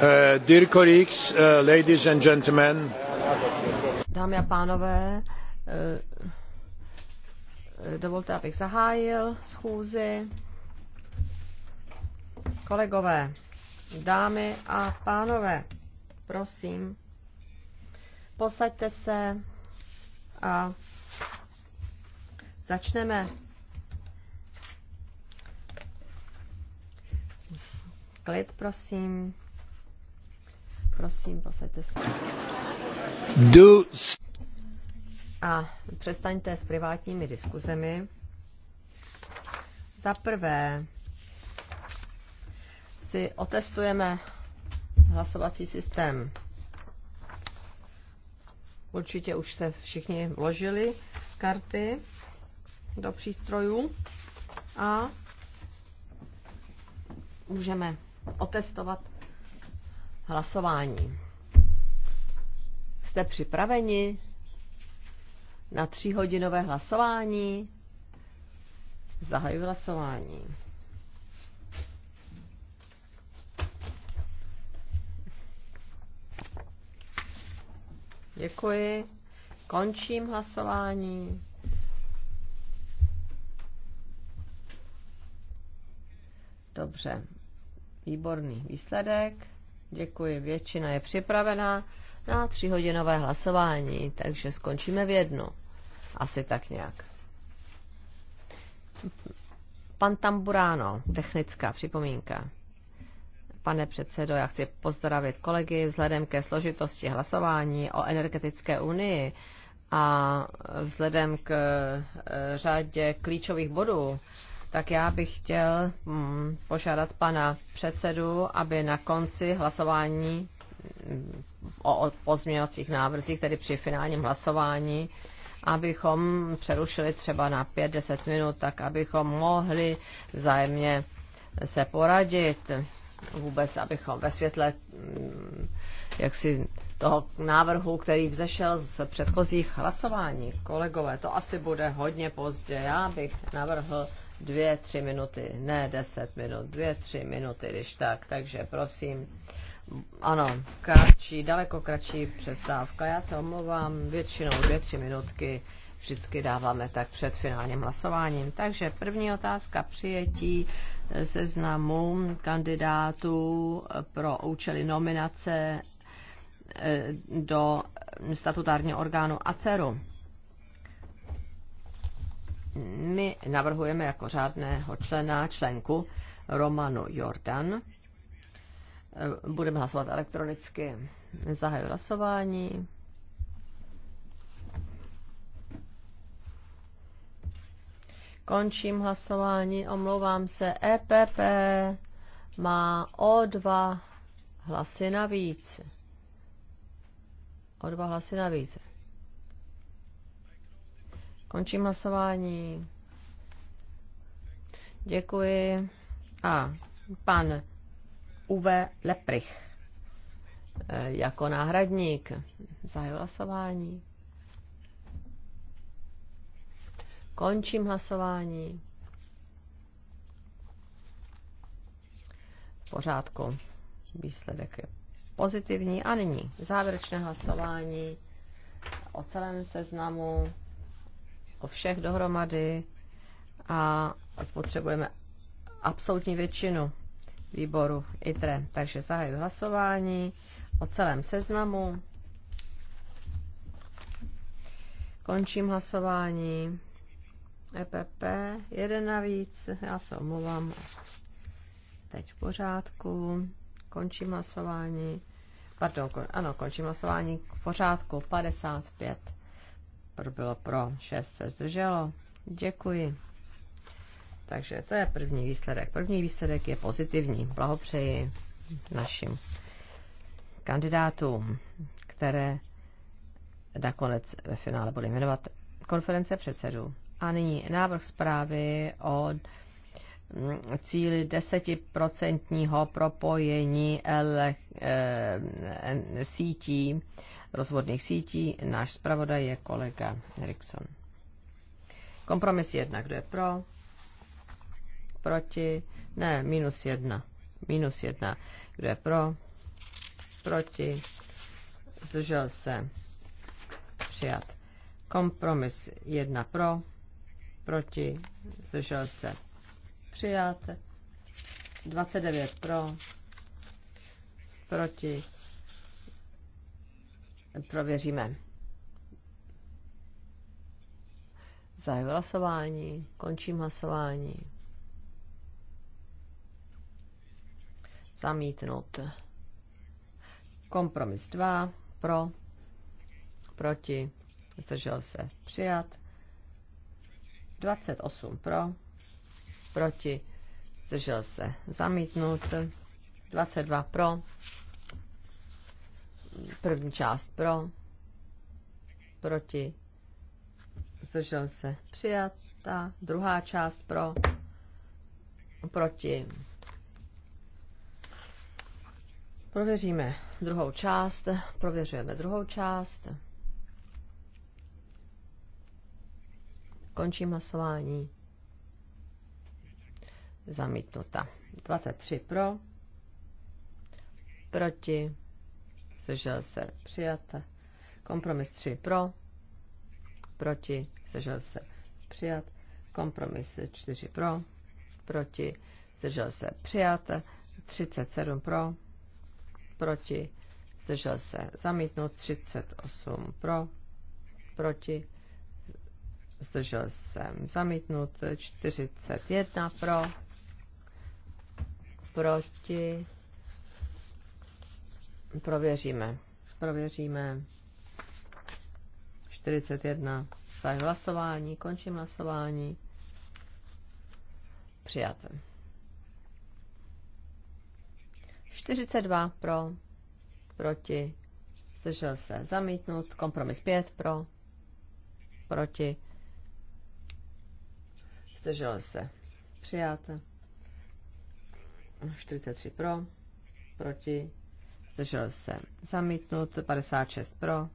Eh, eh, dámy a pánové, eh, dovolte, abych zahájil schůzi. Kolegové, dámy a pánové, prosím, posaďte se a začneme klid, prosím. Prosím, posaďte se. Do... A přestaňte s privátními diskuzemi. Za prvé si otestujeme hlasovací systém. Určitě už se všichni vložili karty do přístrojů a můžeme otestovat hlasování. Jste připraveni na tříhodinové hlasování? Zahajuji hlasování. Děkuji. Končím hlasování. Dobře. Výborný výsledek. Děkuji, většina je připravená na tříhodinové hlasování, takže skončíme v jednu. Asi tak nějak. Pan Tamburáno, technická připomínka. Pane předsedo, já chci pozdravit kolegy vzhledem ke složitosti hlasování o energetické unii a vzhledem k e, řadě klíčových bodů, tak já bych chtěl mm, požádat pana předsedu, aby na konci hlasování mm, o pozměňovacích návrzích, tedy při finálním hlasování, abychom přerušili třeba na 5-10 minut, tak abychom mohli vzájemně se poradit vůbec, abychom ve světle mm, jaksi toho návrhu, který vzešel z předchozích hlasování, kolegové, to asi bude hodně pozdě. Já bych navrhl dvě, tři minuty, ne deset minut, dvě, tři minuty, když tak, takže prosím. Ano, kratší, daleko kratší přestávka. Já se omlouvám, většinou dvě, tři minutky vždycky dáváme tak před finálním hlasováním. Takže první otázka přijetí seznamu kandidátů pro účely nominace eh, do statutárního orgánu ACERu my navrhujeme jako řádného člena, členku Romanu Jordan. Budeme hlasovat elektronicky. Zahajuji hlasování. Končím hlasování, omlouvám se. EPP má o dva hlasy navíc. O dva hlasy navíc. Končím hlasování. Děkuji. A pan Uwe Leprich eh, jako náhradník. Zahajuji hlasování. Končím hlasování. V pořádku. Výsledek je pozitivní. A nyní závěrečné hlasování o celém seznamu o všech dohromady a potřebujeme absolutní většinu výboru ITRE. Takže zahajuji hlasování o celém seznamu. Končím hlasování. EPP, jeden navíc, já se omluvám. Teď v pořádku. Končím hlasování. Pardon, ano, končím hlasování V pořádku 55. Pro bylo pro, 6 se zdrželo. Děkuji. Takže to je první výsledek. První výsledek je pozitivní. Blahopřeji našim kandidátům, které nakonec ve finále bude jmenovat konference předsedů. A nyní návrh zprávy o cíli desetiprocentního propojení ele, e, sítí, rozvodných sítí. Náš zpravodaj je kolega Erikson. Kompromis jedna. Kdo je pro? Proti? Ne, minus jedna. Minus jedna. Kdo je pro? Proti? Zdržel se. Přijat. Kompromis jedna pro, proti, zdržel se Přijat. 29 pro. Proti. Prověříme. Zahajuji hlasování, končím hlasování. Zamítnut. Kompromis 2, pro, proti, zdržel se, přijat. 28 pro, proti, zdržel se zamítnut, 22 pro, první část pro, proti, zdržel se přijata, druhá část pro, proti. Prověříme druhou část, prověřujeme druhou část. Končím hlasování zamítnuta. 23 pro, proti, zdržel se, přijat. Kompromis 3 pro, proti, zdržel se, přijat. Kompromis 4 pro, proti, zdržel se, přijat. 37 pro, proti, zdržel se, zamítnut. 38 pro, proti, zdržel se, zamítnut. 41 pro, proti, prověříme, prověříme, 41, zahajuji hlasování, končím hlasování, přijaté. 42 pro, proti, zdržel se zamítnut, kompromis 5 pro, proti, zdržel se přijat. 43 pro, proti, zdržel se zamítnut, 56 pro,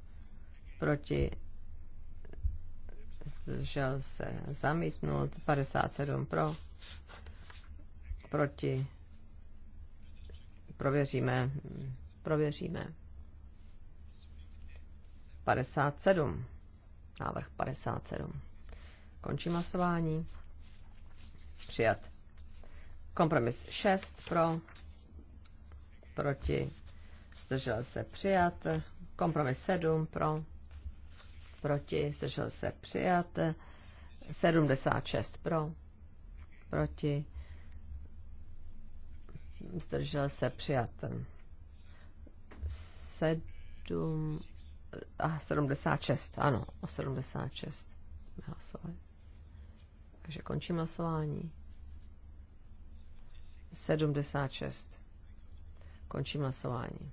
proti, zdržel se zamítnut, 57 pro, proti, prověříme, prověříme. 57. Návrh 57. Končím hlasování. Přijat. Kompromis 6 pro, proti, zdržel se přijat. Kompromis 7 pro, proti, zdržel se přijat. 76 pro, proti, zdržel se přijat. 7 a 76, ano, o 76 jsme hlasovali. Takže končím hlasování. 76. Končím hlasování.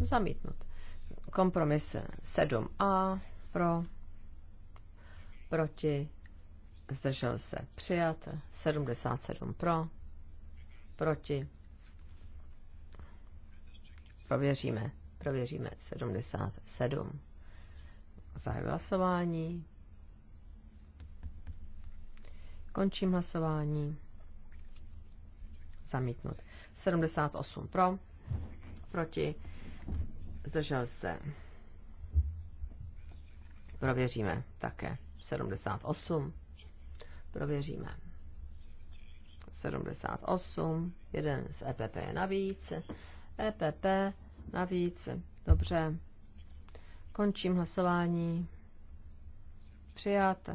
Zamítnut. Kompromis 7a pro, proti, zdržel se přijat, 77 pro, proti, prověříme, prověříme 77. Zahajuji hlasování. Končím hlasování zamítnut. 78 pro, proti, zdržel se. Prověříme také. 78. Prověříme. 78. Jeden z EPP je navíc. EPP navíc. Dobře. Končím hlasování. Přijat.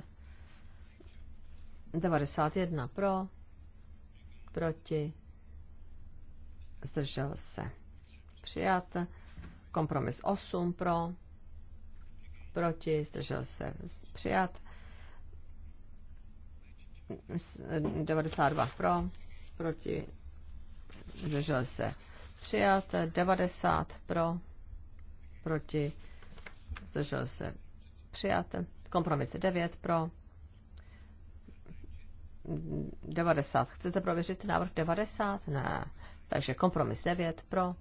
91 pro proti, zdržel se. Přijat. Kompromis 8 pro, proti, zdržel se. Přijat. 92 pro, proti, zdržel se. Přijat. 90 pro, proti, zdržel se. Přijat. Kompromis 9 pro, 90. Chcete prověřit návrh 90? Ne. Takže kompromis 9 pro.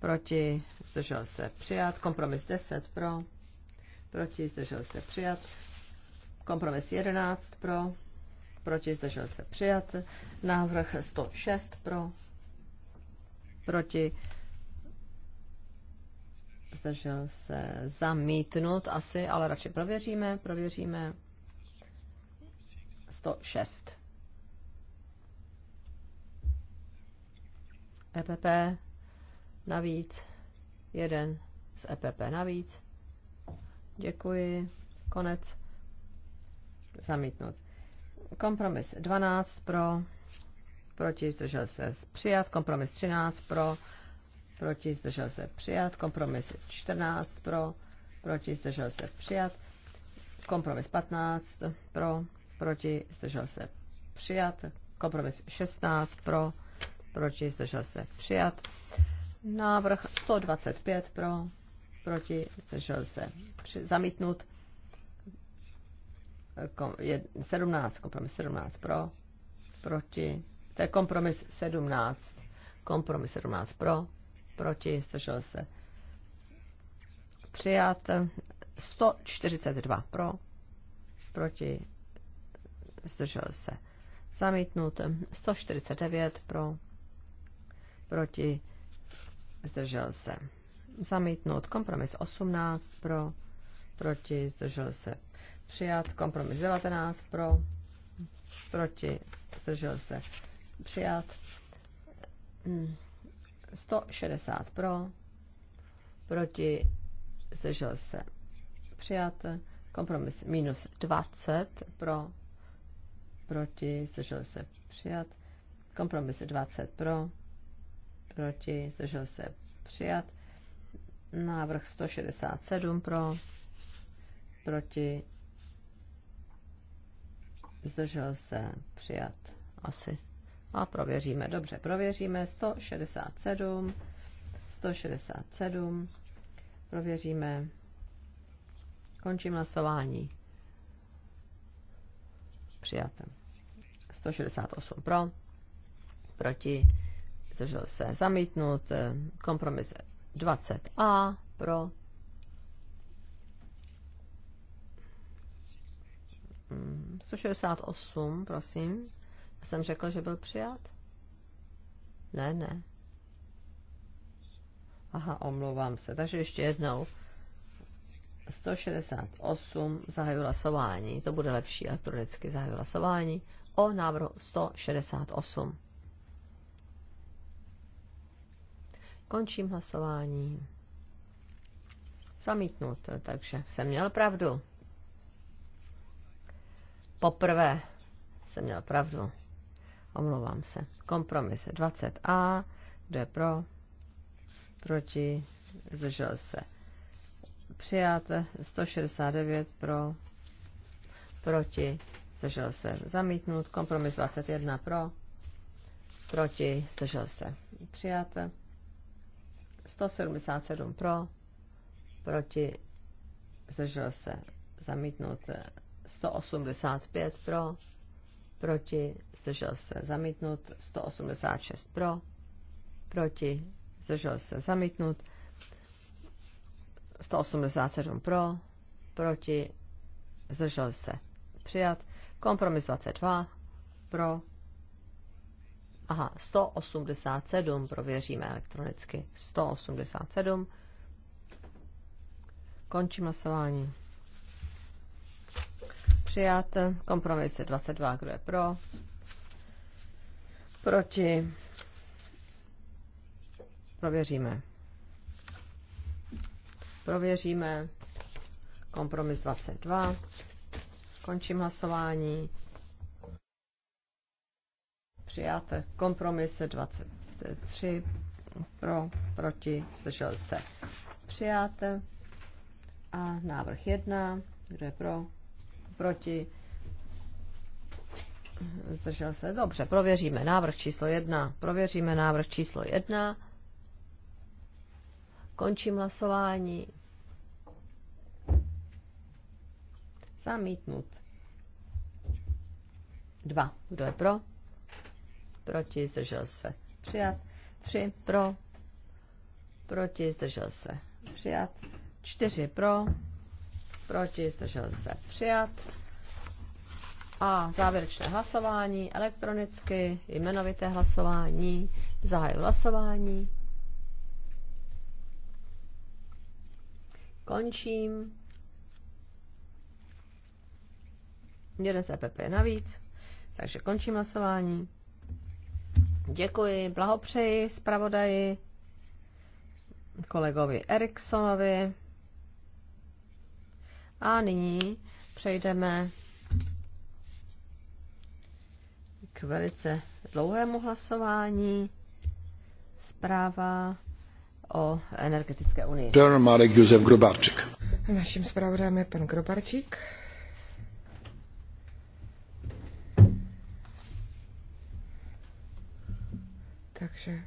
Proti. Zdržel se přijat. Kompromis 10 pro. Proti. Zdržel se přijat. Kompromis 11 pro. Proti. Zdržel se přijat. Návrh 106 pro. Proti. Zdržel se zamítnut asi, ale radši prověříme. Prověříme. 106. EPP navíc, jeden z EPP navíc. Děkuji, konec. Zamítnut. Kompromis 12 pro, proti zdržel se přijat, kompromis 13 pro, proti zdržel se přijat, kompromis 14 pro, proti zdržel se přijat, kompromis 15 pro, proti, zdržel se přijat. Kompromis 16 pro, proti, zdržel se přijat. Návrh 125 pro, proti, zdržel se při, zamítnut. Kom, je, 17, kompromis 17 pro, proti, to je kompromis 17, kompromis 17 pro, proti, zdržel se přijat. 142 pro, proti, zdržel se. Zamítnut 149 pro, proti, zdržel se. Zamítnut kompromis 18 pro, proti, zdržel se. Přijat kompromis 19 pro, proti, zdržel se. Přijat 160 pro, proti, zdržel se. Přijat kompromis minus 20 pro, proti, zdržel se přijat. Kompromis 20 pro, proti, zdržel se přijat. Návrh 167 pro, proti, zdržel se přijat asi. A prověříme, dobře, prověříme 167, 167, prověříme, končím hlasování. Přijatem. 168 pro, proti, zdržel se zamítnut, eh, kompromis 20a pro, Hmm, 168, prosím. Já jsem řekl, že byl přijat? Ne, ne. Aha, omlouvám se. Takže ještě jednou. 168 zahajuji hlasování. To bude lepší elektronicky zahajuji hlasování o návrhu 168. Končím hlasování. Zamítnut, takže jsem měl pravdu. Poprvé jsem měl pravdu. Omlouvám se. Kompromis 20a. Kdo je pro? Proti? Zdržel se. Přijat 169 pro. Proti? zdržel se zamítnut, kompromis 21 pro, proti, zdržel se přijat, 177 pro, proti, zdržel se zamítnut, 185 pro, proti, zdržel se zamítnut, 186 pro, proti, zdržel se zamítnut, 187 pro, proti, zdržel se přijat, Kompromis 22 pro. Aha, 187 prověříme elektronicky. 187. Končím hlasování. Přijat. Kompromis 22. Kdo je pro? Proti? Prověříme. Prověříme. Kompromis 22. Končím hlasování. Přijáte kompromis 23 pro, proti, zdržel se. Přijáte. A návrh 1, kdo je pro, proti, zdržel se. Dobře, prověříme návrh číslo 1. Prověříme návrh číslo 1. Končím hlasování. Zamítnut. Dva. Kdo je pro? Proti, zdržel se. Přijat. Tři. Pro. Proti, zdržel se. Přijat. Čtyři. Pro. Proti, zdržel se. Přijat. A závěrečné hlasování elektronicky, jmenovité hlasování, zahájil hlasování. Končím. Jeden z EPP navíc. Takže končím hlasování. Děkuji, blahopřeji zpravodaji kolegovi Eriksonovi. A nyní přejdeme k velice dlouhému hlasování. Zpráva o energetické unii. Marek Josef Grobarčík. Naším zpravodajem je pan Grobarčík. Takže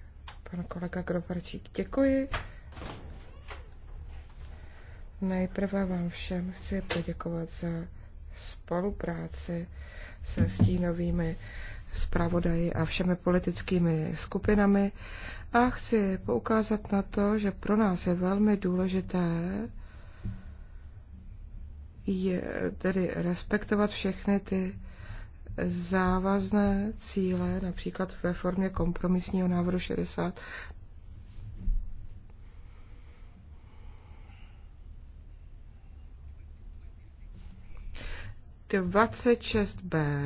pan kolega Grofarčík, děkuji. Nejprve vám všem chci poděkovat za spolupráci se stínovými zpravodaji a všemi politickými skupinami a chci poukázat na to, že pro nás je velmi důležité je tedy respektovat všechny ty závazné cíle, například ve formě kompromisního návrhu 60. Dvacet šest B,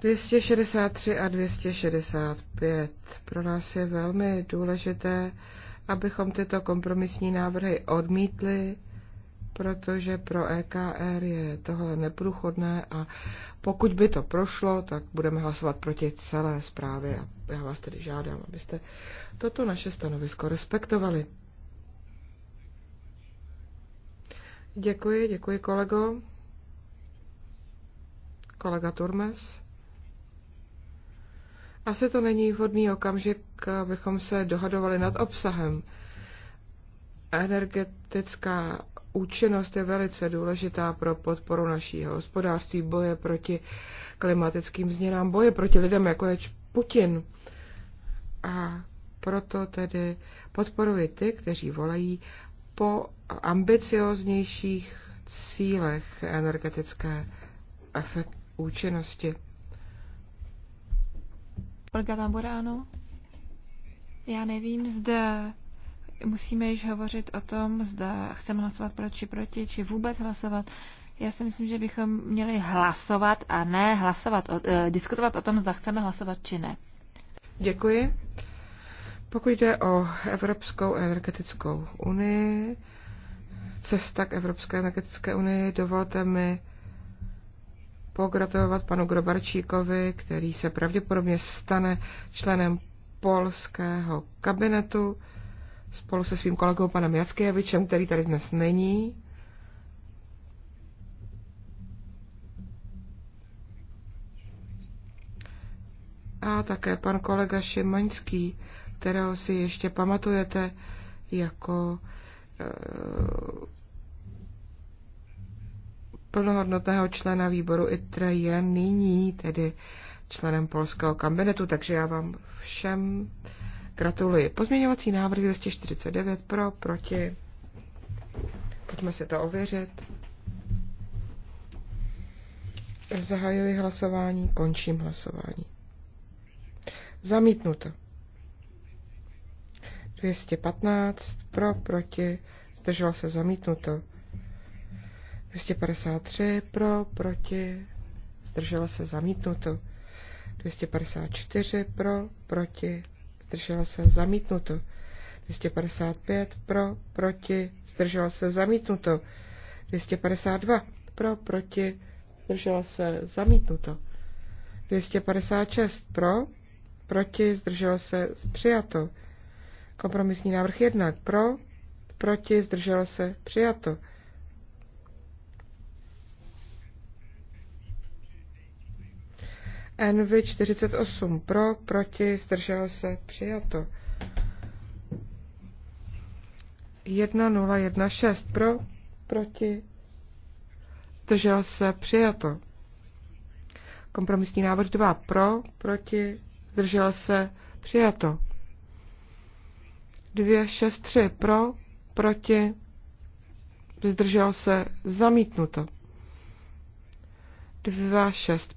dvěstě šedesát tři a dvěstě šedesát pět. Pro nás je velmi důležité, abychom tyto kompromisní návrhy odmítli protože pro EKR je tohle neprůchodné a pokud by to prošlo, tak budeme hlasovat proti celé zprávě a já vás tedy žádám, abyste toto naše stanovisko respektovali. Děkuji, děkuji kolego. Kolega Turmes. Asi to není vhodný okamžik, abychom se dohadovali nad obsahem energetická účinnost je velice důležitá pro podporu našího hospodářství, boje proti klimatickým změnám, boje proti lidem, jako je Putin. A proto tedy podporuji ty, kteří volají po ambicioznějších cílech energetické efekt, účinnosti. Olga Tamburano, já nevím, zde musíme již hovořit o tom, zda chceme hlasovat pro či proti, či vůbec hlasovat. Já si myslím, že bychom měli hlasovat a ne hlasovat, o, eh, diskutovat o tom, zda chceme hlasovat či ne. Děkuji. Pokud jde o Evropskou energetickou unii, cesta k Evropské energetické unii, dovolte mi pogratulovat panu Grobarčíkovi, který se pravděpodobně stane členem polského kabinetu spolu se svým kolegou panem Jackejevičem, který tady dnes není. A také pan kolega Šimaňský, kterého si ještě pamatujete jako eh, plnohodnotného člena výboru ITRE je nyní tedy členem polského kabinetu, takže já vám všem Gratuluji. Pozměňovací návrh 249 pro, proti. Pojďme se to ověřit. Zahajuji hlasování, končím hlasování. Zamítnuto. 215 pro, proti, zdrželo se zamítnuto. 253 pro, proti, zdržela se zamítnuto. 254 pro, proti, zdržel se, zamítnuto. 255 pro, proti, zdržel se, zamítnuto. 252 pro, proti, zdržel se, zamítnuto. 256 pro, proti, zdržel se, přijato. Kompromisní návrh 1 pro, proti, zdržel se, přijato. NV 48 pro, proti, zdržel se, přijato. 1016 pro, proti, zdržel se, přijato. Kompromisní návrh 2 pro, proti, zdržel se, přijato. 263 pro, proti, zdržel se, zamítnuto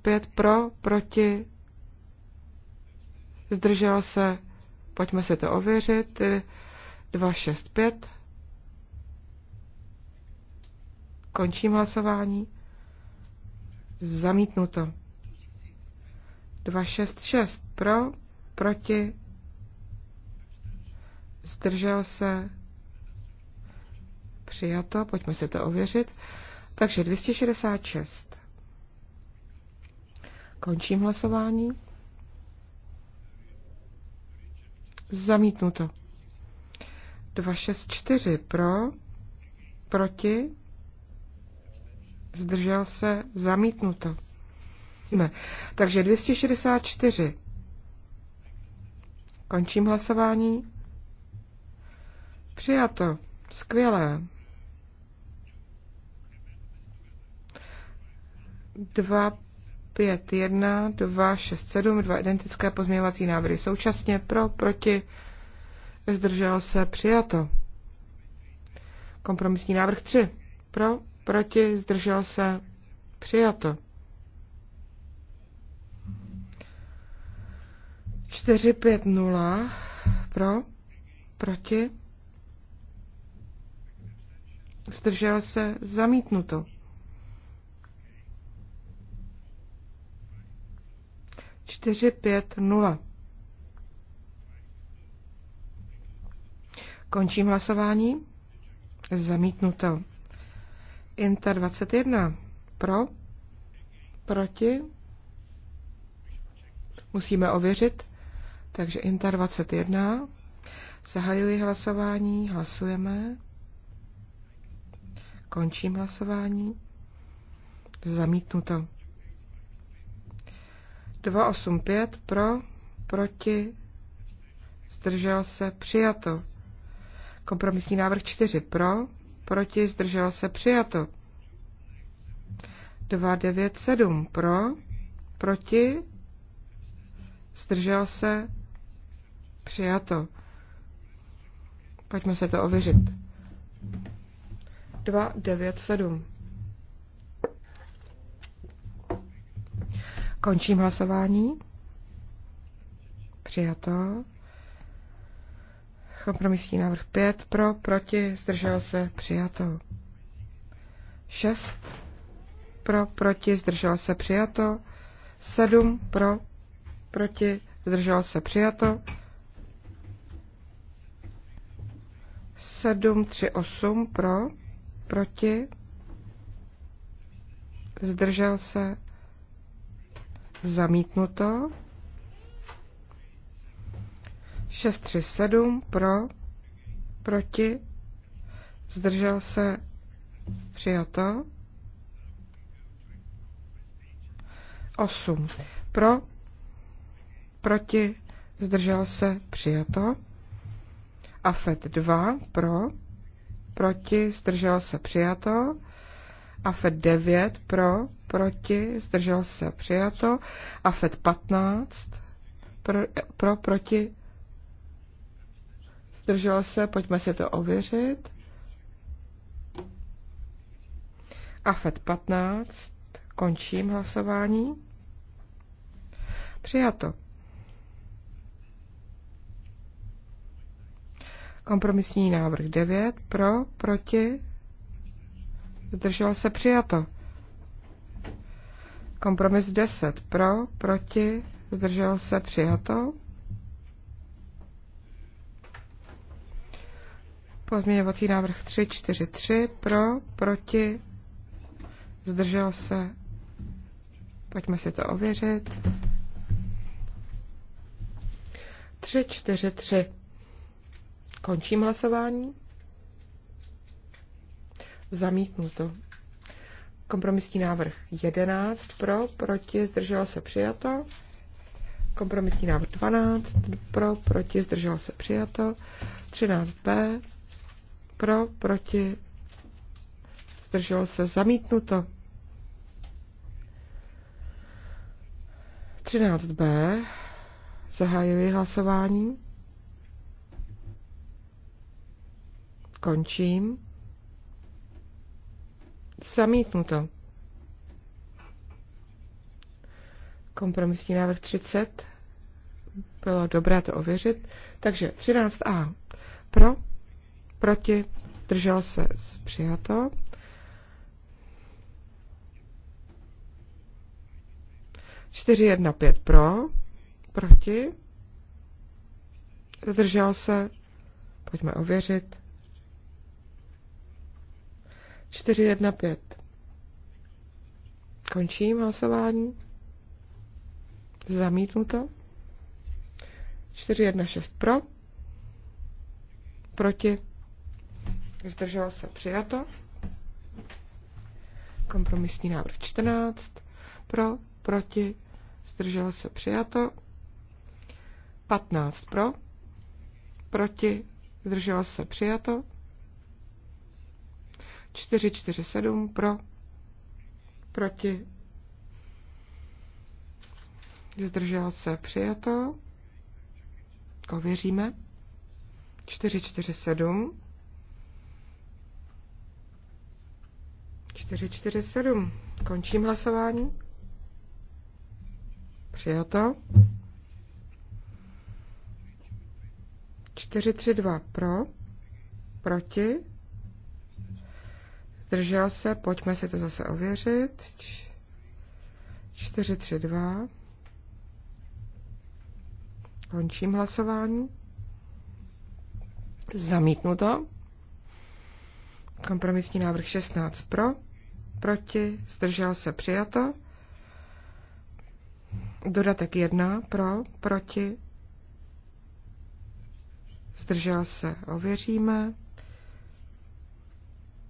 pět pro, proti, zdržel se, pojďme si to ověřit, pět Končím hlasování. Zamítnuto. šest pro, proti, zdržel se, přijato, pojďme si to ověřit. Takže 266. Končím hlasování. Zamítnuto. 264 pro, proti, zdržel se, zamítnuto. Ne. Takže 264. Končím hlasování. Přijato. Skvělé. Dva 5, 1, 2, 6, 7, dva identické pozměňovací návrhy současně pro, proti, zdržel se, přijato. Kompromisní návrh 3. Pro, proti, zdržel se, přijato. 4, 5, 0, pro, proti, zdržel se, zamítnuto. 450. Končím hlasování. Zamítnuto. Inter 21. Pro? Proti? Musíme ověřit. Takže Inter 21. Zahajuji hlasování, hlasujeme. Končím hlasování. Zamítnuto. 285 pro, proti, zdržel se, přijato. Kompromisní návrh 4 pro, proti, zdržel se, přijato. 297 pro, proti, zdržel se, přijato. Pojďme se to ověřit. 297. Končím hlasování. Přijato. Kompromisní návrh 5 pro, proti, zdržel se, přijato. 6 pro, proti, zdržel se, přijato. 7 pro, proti, zdržel se, přijato. 7, 3, 8 pro, proti, zdržel se, zamítnuto. 637 pro, proti, zdržel se, přijato. 8 pro, proti, zdržel se, přijato. AFET 2 pro, proti, zdržel se, přijato. AFED 9 pro, proti, zdržel se, přijato. AFED 15 pro, pro proti, zdržel se, pojďme si to ověřit. AFED 15, končím hlasování. Přijato. Kompromisní návrh 9, pro, proti, zdržel se přijato. Kompromis 10 pro, proti, zdržel se přijato. Pozměňovací návrh 3, 4, 3 pro, proti, zdržel se. Pojďme si to ověřit. 3, 4, 3. Končím hlasování zamítnuto. Kompromisní návrh 11 pro, proti, zdrželo se přijato. Kompromisní návrh 12 pro, proti, zdrželo se přijato. 13b pro, proti, zdrželo se zamítnuto. 13b zahajuji hlasování. Končím. Zamítnuto. Kompromisní návrh 30. Bylo dobré to ověřit. Takže 13a. Pro, proti, držel se přijato. Čtyři jedna pět pro, proti, zdržel se, pojďme ověřit. 415. Končím hlasování. Zamítnuto. 416 pro. Proti. Zdržel se přijato. Kompromisní návrh 14. Pro. Proti. Zdržel se přijato. 15 pro. Proti. Zdržel se přijato. 447 pro, proti, zdržel se, přijato, ověříme, 447, 447, končím hlasování, přijato, 432 pro, proti, Zdržel se, pojďme si to zase ověřit. 2. Končím hlasování. Zamítnu to. Kompromisní návrh 16 pro, proti, zdržel se, přijato. Dodatek 1 pro, proti, zdržel se, ověříme.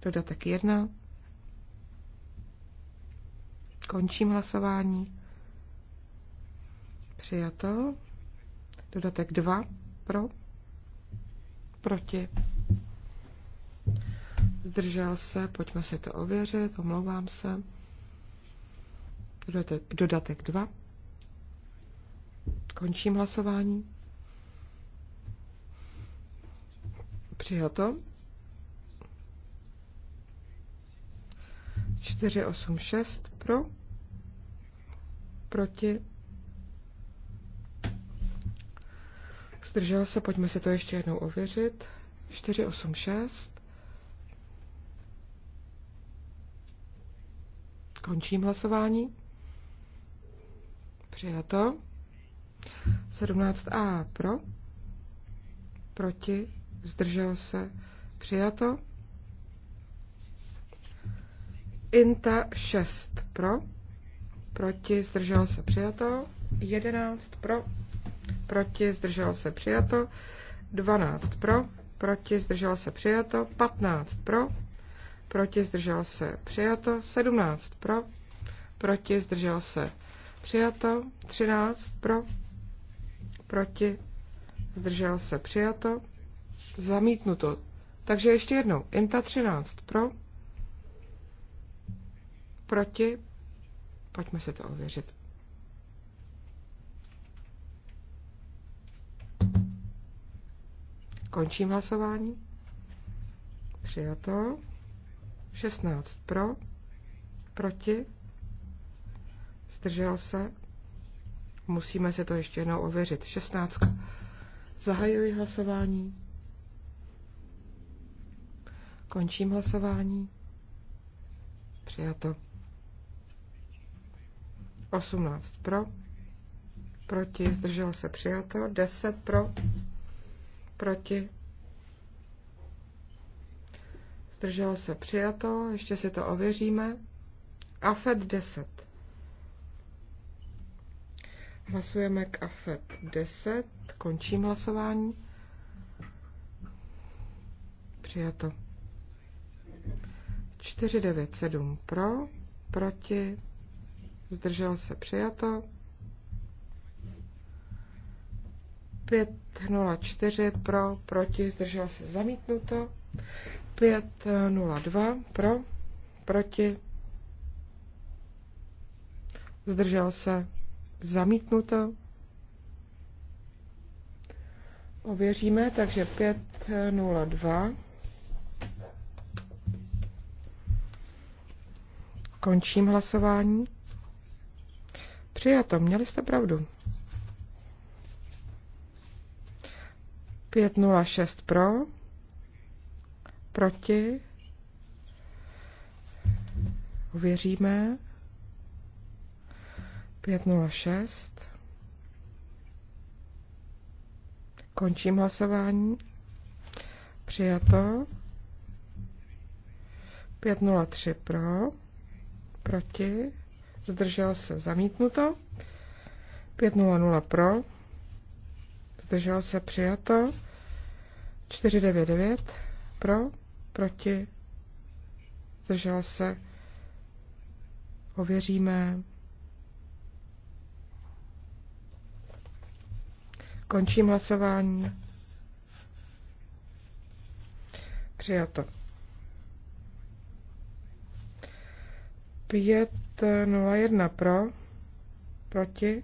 Dodatek 1. Končím hlasování. Přijato. Dodatek 2. Pro. Proti. Zdržel se. Pojďme si to ověřit. Omlouvám se. Dodatek, dodatek 2. Končím hlasování. Přijato. 486 pro, proti, zdržel se, pojďme si to ještě jednou ověřit, 486, končím hlasování, přijato, 17a pro, proti, zdržel se, přijato, Inta 6 pro, proti zdržel se přijato, 11 pro, proti zdržel se přijato, 12 pro, proti zdržel se přijato, 15 pro, proti zdržel se přijato, 17 pro, proti zdržel se přijato, 13 pro, proti zdržel se přijato, zamítnuto. Takže ještě jednou, INTA 13 pro, Proti? Pojďme se to ověřit. Končím hlasování. Přijato. 16 pro. Proti. Zdržel se. Musíme se to ještě jednou ověřit. 16. Zahajuji hlasování. Končím hlasování. Přijato. 18 pro, proti, zdržel se přijato, 10 pro, proti, zdrželo se přijato, ještě si to ověříme, AFED 10. Hlasujeme k AFED 10, končím hlasování. Přijato. 497 pro, proti, zdržel se přijato. 504 pro, proti, zdržel se zamítnuto. 502 pro, proti, zdržel se zamítnuto. Ověříme, takže 502. Končím hlasování. Přijato, měli jste pravdu. 506 pro, proti, uvěříme, 506, končím hlasování, přijato, 503 pro, proti, zdržel se zamítnuto, 5.00 pro, zdržel se přijato, 4.99 pro, proti, zdržel se, ověříme. Končím hlasování. Přijato. 501 pro, proti,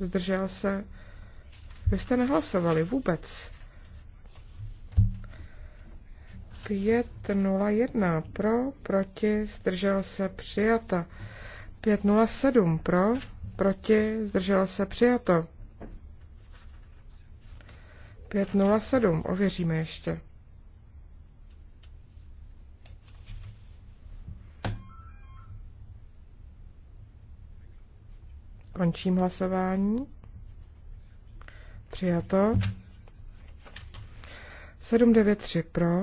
zdržel se. Vy jste nehlasovali vůbec. 501 pro, proti, zdržel se, přijata. 507 pro, proti, zdržel se, přijato. 507, ověříme ještě. Končím hlasování. Přijato. 793 pro.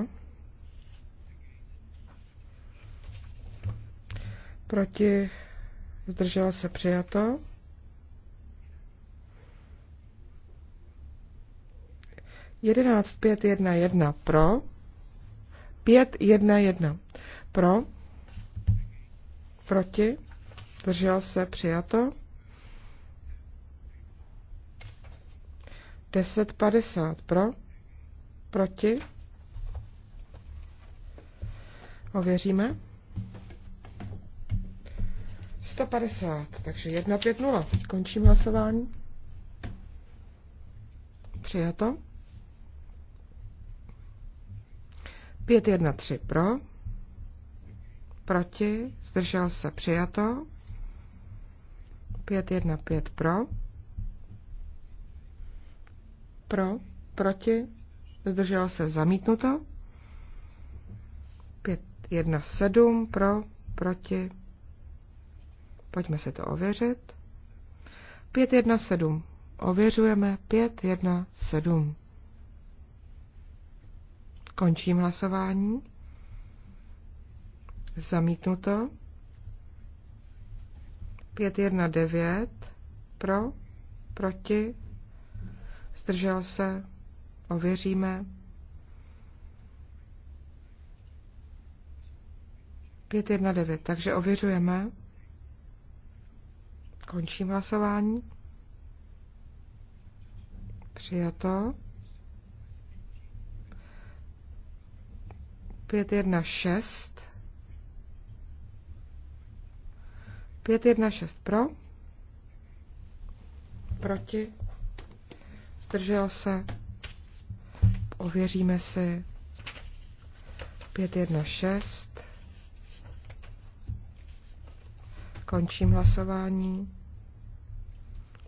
Proti zdržela se přijato. Jedenáct pět jedna jedna pro. Pět jedna jedna pro. Proti. zdržela se přijato. 10.50 pro, proti, ověříme, 150, takže 150, končím hlasování, přijato, 513 pro, proti, zdržel se, přijato, 515 pro, pro, proti, zdržel se zamítnuto. 7, pro, proti. Pojďme si to ověřit. 7. Ověřujeme 7. Končím hlasování. Zamítnuto. 9. pro, proti, zdržel se, ověříme. Pět jedna devět, takže ověřujeme. Končím hlasování. Přijato. pět pět jedna šest jedna šest pro. Proti zdržel se, ověříme si 516, končím hlasování,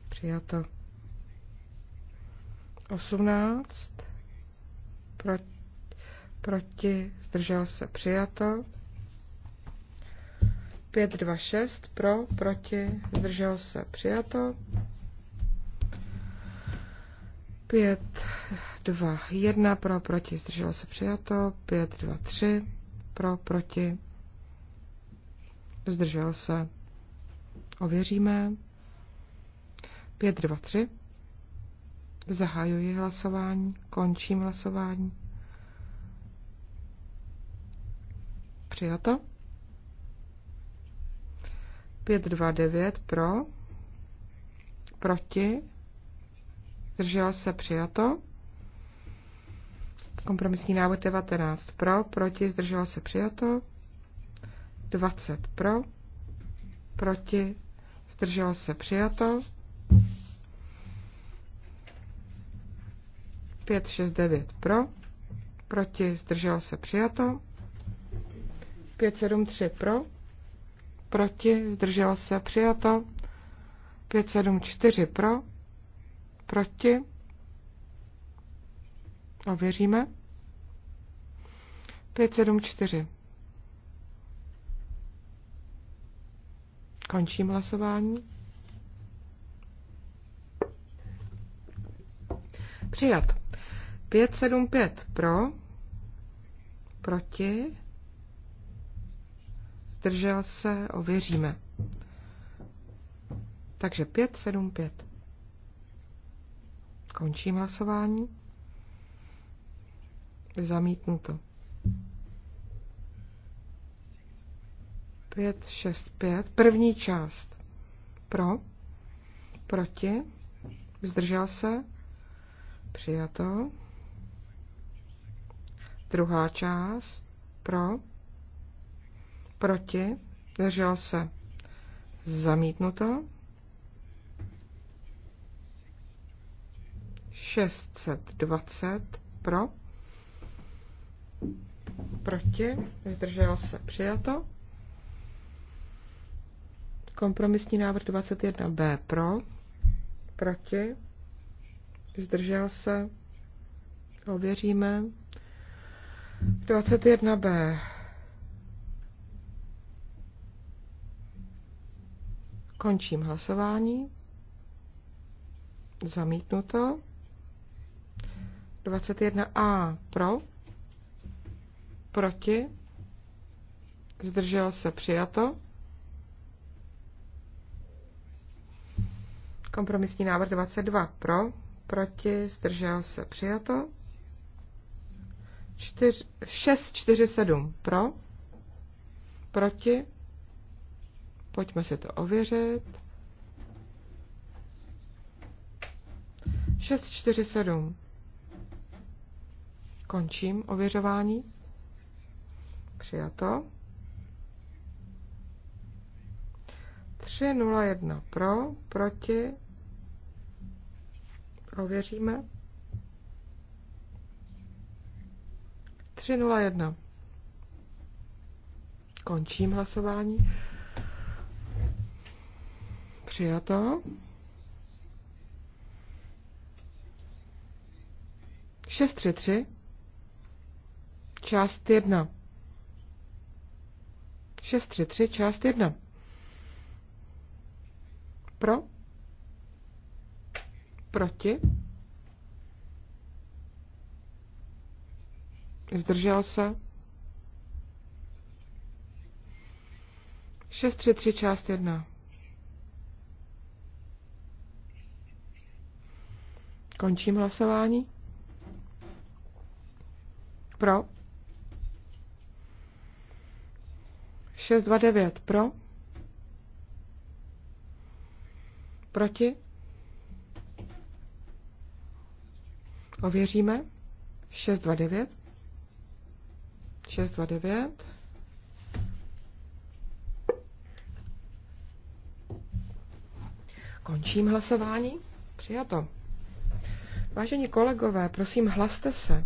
přijato 18, pro, proti, zdržel se, přijato 526, pro, proti, zdržel se, přijato 5, 2, 1 pro, proti, zdrželo se přijato, 5, 2, 3 pro, proti, zdrželo se, ověříme, 5, 2, 3, zahajuji hlasování, končím hlasování, přijato, 5, 2, 9 pro, proti, zdržel se přijato. Kompromisní návrh 19 pro, proti, zdržel se přijato. 20 pro, proti, zdržel se přijato. 569 pro, proti, zdržel se přijato. 573 pro, proti, zdržel se přijato. 574 pro, Proti? Ověříme. 574. Končím hlasování. Přijat. 575 pro, proti, zdržel se, ověříme. Takže 575. Končím hlasování. Zamítnuto. 5, 6, 5. První část. Pro. Proti. Zdržel se. Přijato. Druhá část. Pro. Proti. Zdržel se. Zamítnuto. 620 pro, proti, zdržel se, přijato. Kompromisní návrh 21b pro, proti, zdržel se, ověříme. 21b Končím hlasování. Zamítnuto. 21a pro, proti, zdržel se přijato. Kompromisní návrh 22 pro, proti, zdržel se přijato. 647 pro, proti, pojďme si to ověřit. 647 Končím ověřování. Přijato. 301 pro, proti. Ověříme. 301. Končím hlasování. Přijato. Šest tři tři část 1. 633 část 1. Pro? Proti? Zdržel se? 633 část 1. Končím hlasování. Pro? 629 pro, proti, ověříme, 629, 629, Končím hlasování. Přijato. Vážení kolegové, prosím, hlaste se.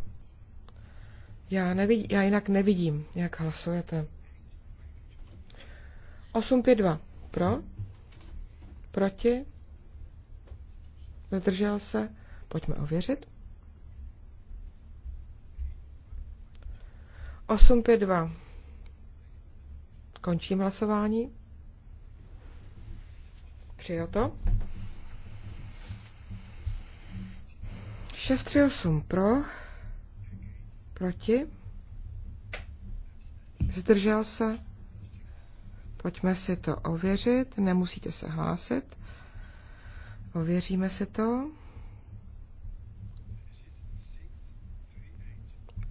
Já, nevidí, já jinak nevidím, jak hlasujete. 852 pro, proti, zdržel se, pojďme ověřit. 852. Končím hlasování. Přijato. 638 pro, proti, zdržel se, Pojďme si to ověřit, nemusíte se hlásit. Ověříme si to.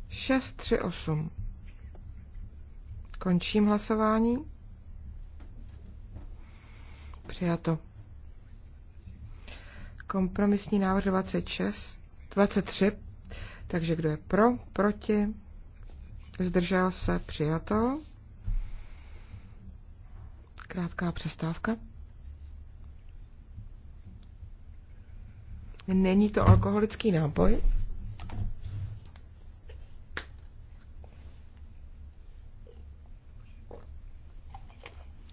638. Končím hlasování. Přijato. Kompromisní návrh 26, 23. Takže kdo je pro, proti, zdržel se, přijato krátká přestávka. Není to alkoholický nápoj.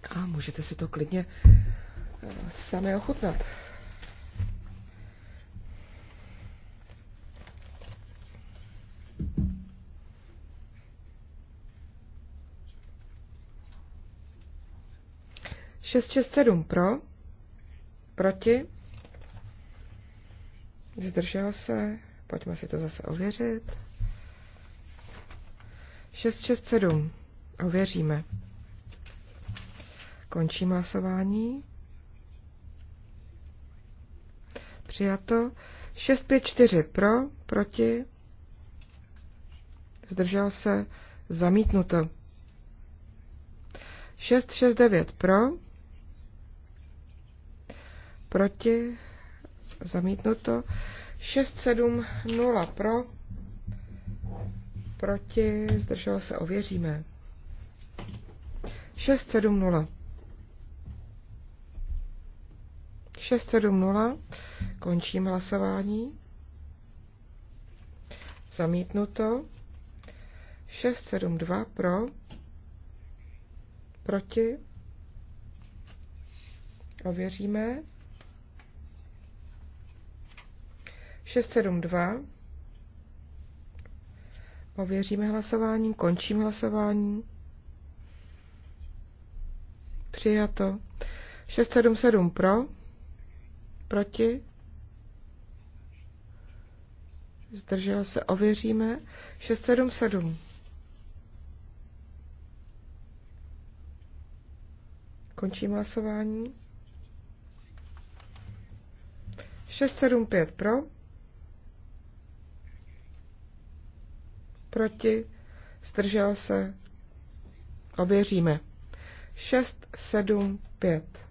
A můžete si to klidně eh, sami ochutnat. 667 pro, proti, zdržel se, pojďme si to zase ověřit. 667, ověříme. Končím hlasování. Přijato. 654 pro, proti, zdržel se, zamítnuto. 669 pro, proti, zamítnuto, 670 pro, proti, zdržel se, ověříme. 670. 670. Končím hlasování. Zamítnuto. 672 pro. Proti. Ověříme. 672. Ověříme hlasováním, končím hlasování. Přijato. 677 pro, proti, zdržel se, ověříme. 677. Končím hlasování. 675 pro. proti, zdržel se, ověříme. 6, 7, 5.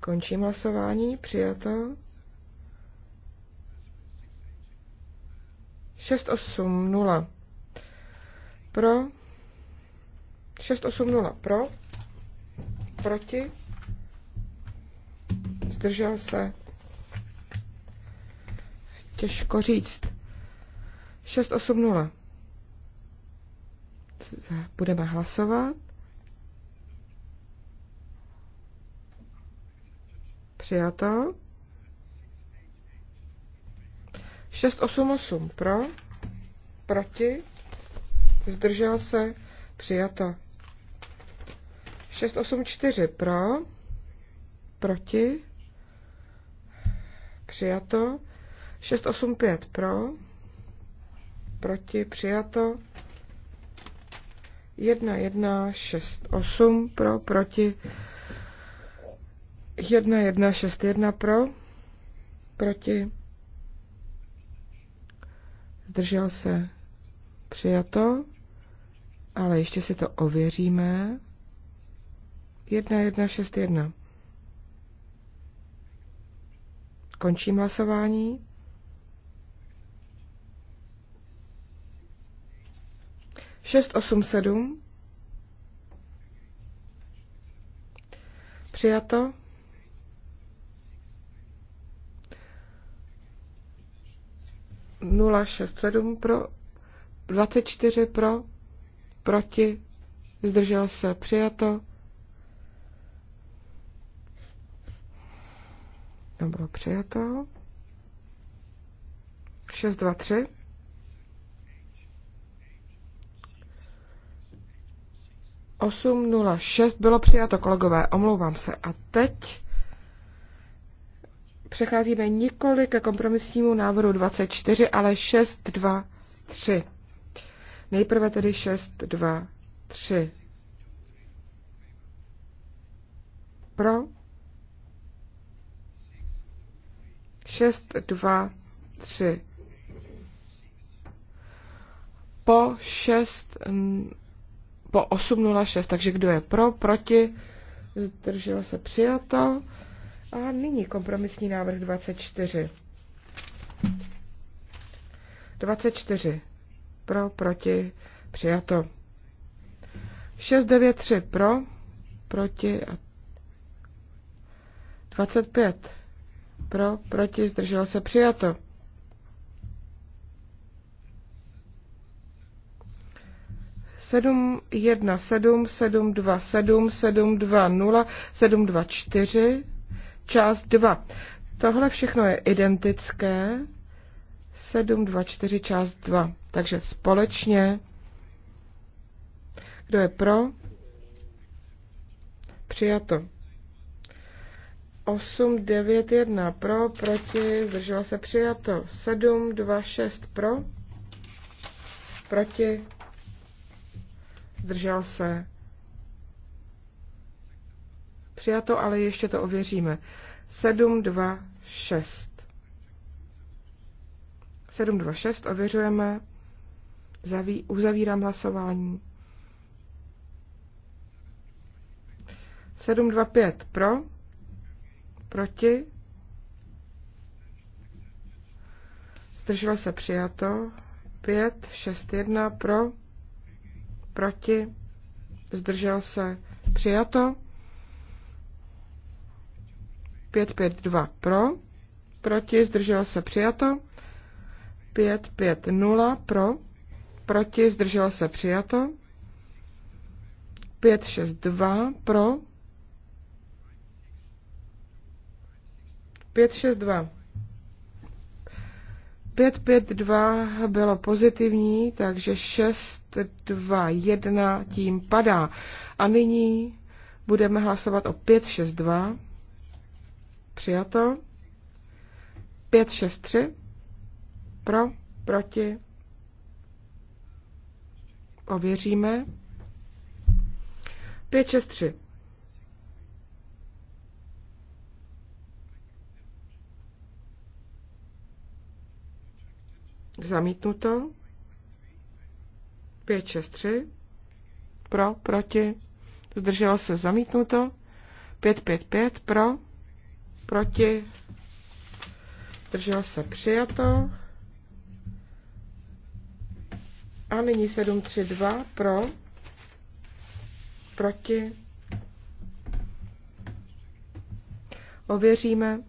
Končím hlasování, přijato. 6, 8, 0. Pro. 6, 8, 0. Pro. Proti. Zdržel se těžko říct. 680. Budeme hlasovat. Přijato. 688 pro, proti, zdržel se, přijato. 684 pro, proti, přijato. 685 pro, proti přijato, 1168 pro, proti 1161 pro, proti zdržel se přijato, ale ještě si to ověříme. 1161. Končím hlasování. 687. Přijato. Nula šest sedm pro, dvacet čtyři pro, proti, zdržel se, přijato. To přijato. šest dva tři 806 bylo přijato, kolegové, omlouvám se. A teď přecházíme nikoli ke kompromisnímu návrhu 24, ale 623. Nejprve tedy 623. Pro 623. Po 6 po 8.06, takže kdo je pro, proti, zdržel se přijato. A nyní kompromisní návrh 24. 24. Pro, proti, přijato. 693 pro, proti a 25 pro, proti, zdrželo se přijato. 717, 727, 720, 724, část 2. Tohle všechno je identické. 724, část 2. Takže společně. Kdo je pro? Přijato. 8, 9, 1 pro, proti, zdržela se přijato. 7, 2, 6 pro, proti, zdržel se. Přijato, ale ještě to ověříme. 7, 2, 6. 7, 2, 6 ověřujeme. Zaví, uzavírám hlasování. 7, 2, 5 pro, proti, zdrželo se přijato, 5, 6, 1 pro, proti, zdržel se, přijato. 552 pro, proti, zdržel se, přijato. 550 pro, proti, zdržel se, přijato. 562 pro, 562 552 bylo pozitivní, takže 621 tím padá. A nyní budeme hlasovat o 562. Přijato. 563. Pro, proti. Ověříme. 563. Zamítnuto. 5, 6, 3. Pro, proti. Zdrželo se zamítnuto. 5, 5, 5. Pro, proti. Zdrželo se přijato. A nyní 7, 3, 2. Pro, proti. Ověříme.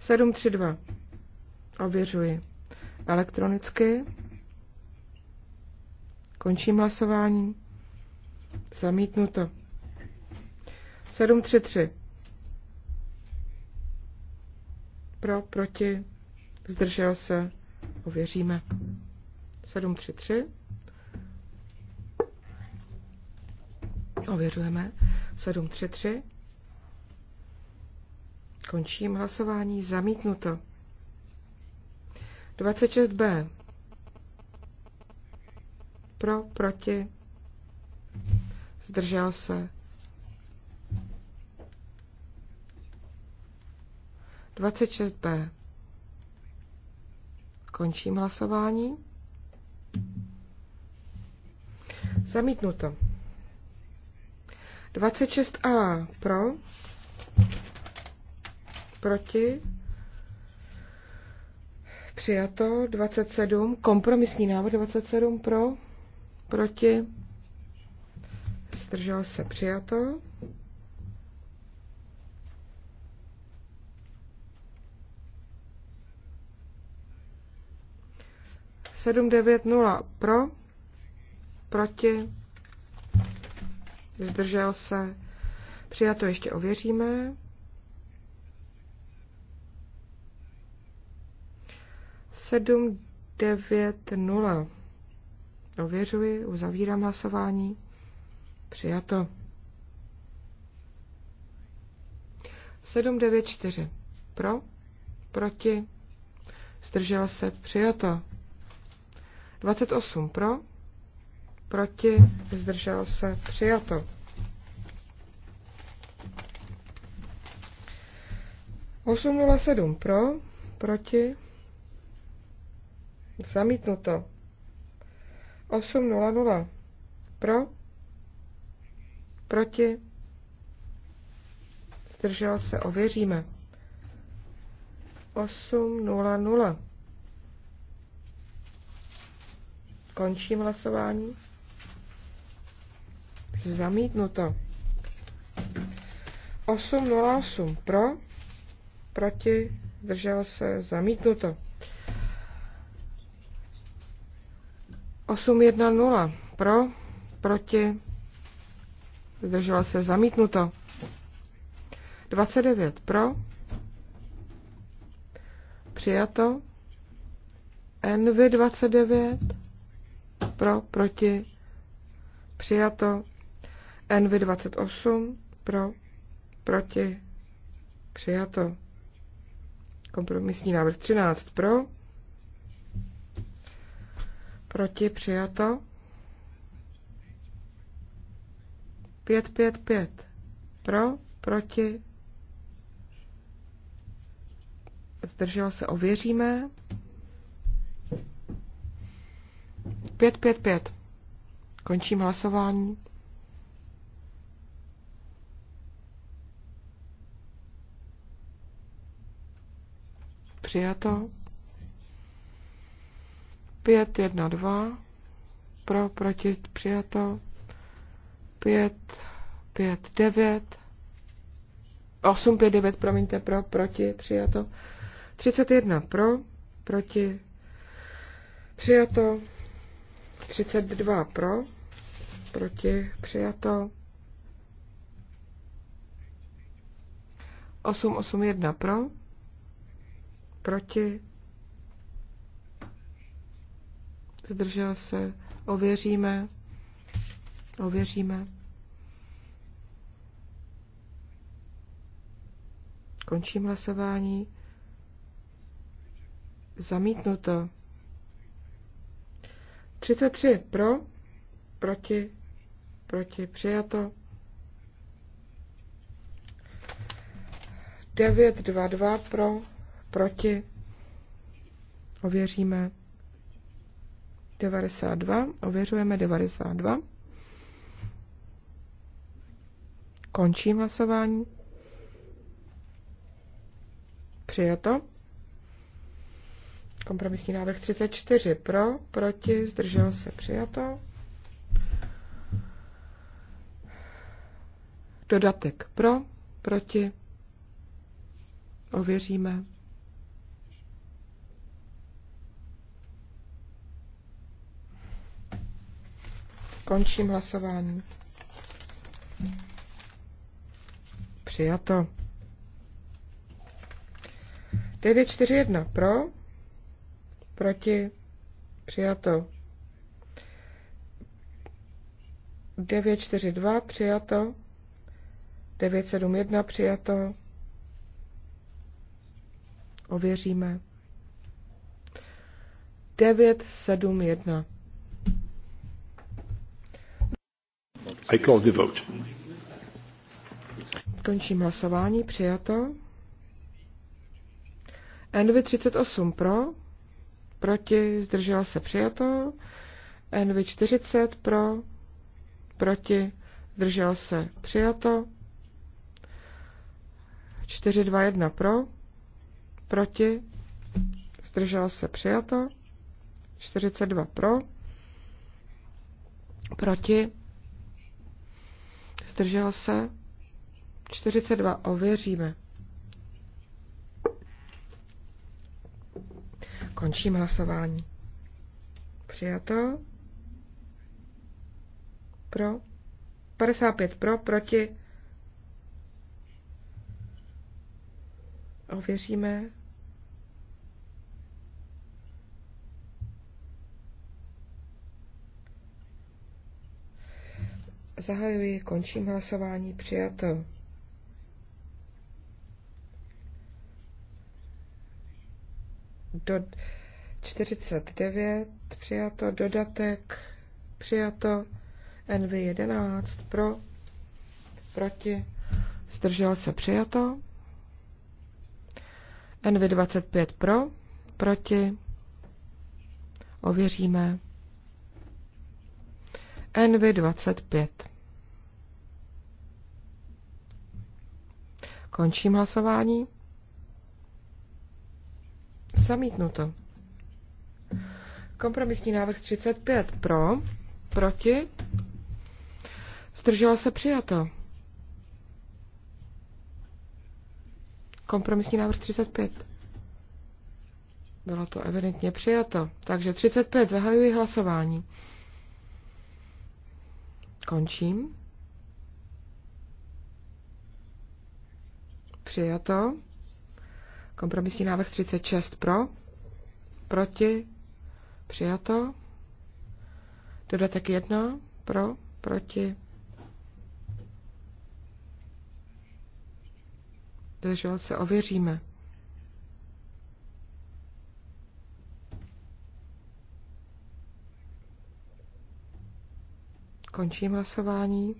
7, 3, 2. Ověřuji elektronicky. Končím hlasování. Zamítnuto. 733. Pro, proti, zdržel se, ověříme. 733. Ověřujeme. 733. Končím hlasování. Zamítnuto. 26b. Pro, proti, zdržel se. 26b. Končím hlasování. Zamítnuto. 26a pro, proti, Přijato 27, kompromisní návrh 27 pro, proti, zdržel se přijato. Sedm devět nula pro, proti, zdržel se, přijato ještě ověříme. 790. Ověřuji, uzavírám hlasování. Přijato. 794. Pro, proti, zdržel se, přijato. 28 pro, proti, zdržel se, přijato. Osm nula sedm pro, proti, Zamítnuto. 8.00. Pro? Proti? Zdržel se, ověříme. 8.00. Končím hlasování. Zamítnuto. 8.08. Pro? Proti? Zdržel se, zamítnuto. 810 pro, proti, zdržela se zamítnuto. 29 pro, přijato. NV 29 pro, proti, přijato. NV 28 pro, proti, přijato. Kompromisní návrh 13 pro, proti přijato. 555 pro, proti, zdrželo se, ověříme. 555. Končím hlasování. Přijato. 5, 1, 2, pro, proti, přijato, 5, 5, 9, 8, 5, 9, promiňte, pro, proti, přijato, 31, pro, proti, přijato, 32, pro, proti, přijato, 8, 8, 1, pro, proti, zdržel se, ověříme, ověříme. Končím hlasování. Zamítnuto. 33 pro, proti, proti, přijato. 922 pro, proti, ověříme. 92. Ověřujeme 92. Končím hlasování. Přijato. Kompromisní návrh 34 pro, proti, zdržel se přijato. Dodatek pro, proti, ověříme. Končím hlasování. Přijato. 941 pro, proti, přijato. 942 přijato. 971 přijato. Ověříme. 971. I close the vote. Končím hlasování. Přijato. NV 38 pro, proti, zdržela se přijato. NV 40 pro, proti, zdržela se přijato. 421 pro, proti, zdržela se přijato. 42 pro, proti, zdržel se, 42 ověříme. Končím hlasování. Přijato. Pro. 55 pro, proti. Ověříme. Zahajuji, končím hlasování, přijato. Do 49, přijato, dodatek, přijato, NV11, pro, proti, zdržel se, přijato. NV25 pro, proti, ověříme. NV25. Končím hlasování. Zamítnuto. Kompromisní návrh 35 pro, proti, zdrželo se přijato. Kompromisní návrh 35. Bylo to evidentně přijato. Takže 35 zahajuji hlasování. Končím. Přijato. Kompromisní návrh 36 pro. Proti. Přijato. Dodatek 1 pro. Proti. Držel se ověříme. Končím hlasování.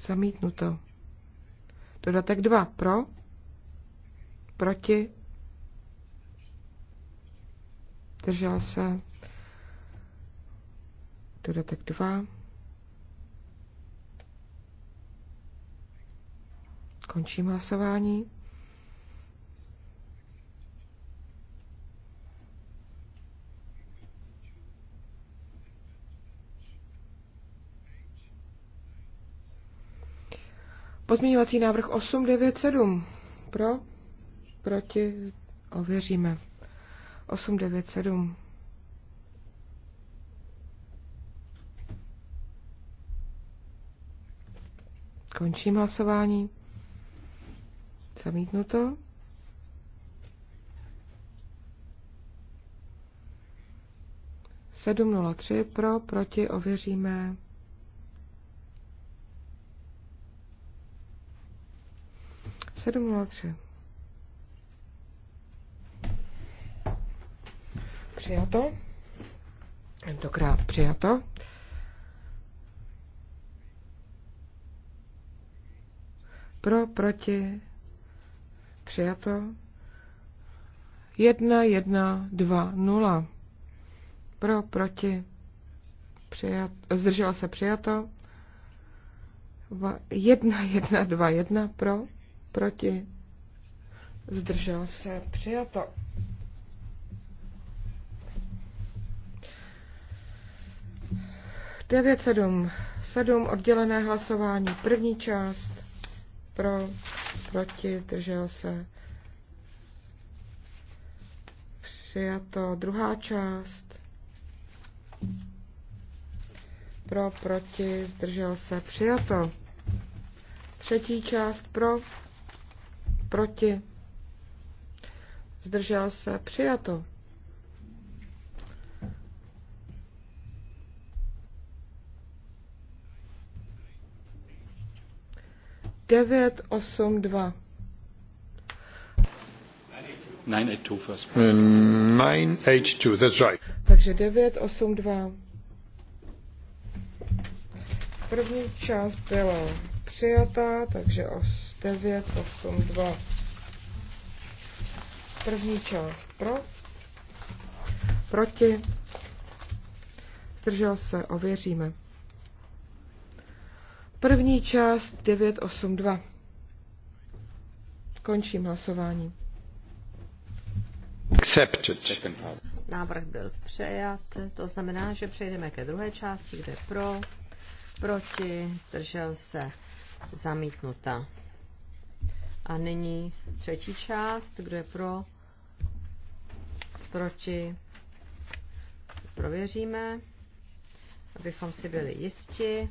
Zamítnuto. Dodatek 2 pro, proti, držel se. Dodatek 2. Končím hlasování. Pozměňovací návrh 897. Pro? Proti? Ověříme. 897. Končím hlasování. Zamítnuto. Sedm nula tři pro, proti ověříme. 703. Přijato. Tentokrát přijato. Pro, proti, přijato. 1, 1, 2, 0. Pro, proti, přijato. zdrželo se přijato. 1, 1, 2, 1, pro, Proti? Zdržel se. Přijato. Devět sedm. Sedm oddělené hlasování. První část. Pro, proti, zdržel se. Přijato. Druhá část. Pro, proti, zdržel se. Přijato. Třetí část pro, Proti? Zdržel se? Přijato. Devět, osm, dva. Nine, eight, two first. Uh, nine, eight, two, that's right. Takže devět osm dva. První část byla přijatá, takže os. 9, 8, 2. První část pro, proti, zdržel se, ověříme. První část 982. Končím hlasování. Návrh byl přejat, to znamená, že přejdeme ke druhé části, kde pro, proti, zdržel se, zamítnuta. A nyní třetí část, kdo je pro, proti, prověříme, abychom si byli jisti.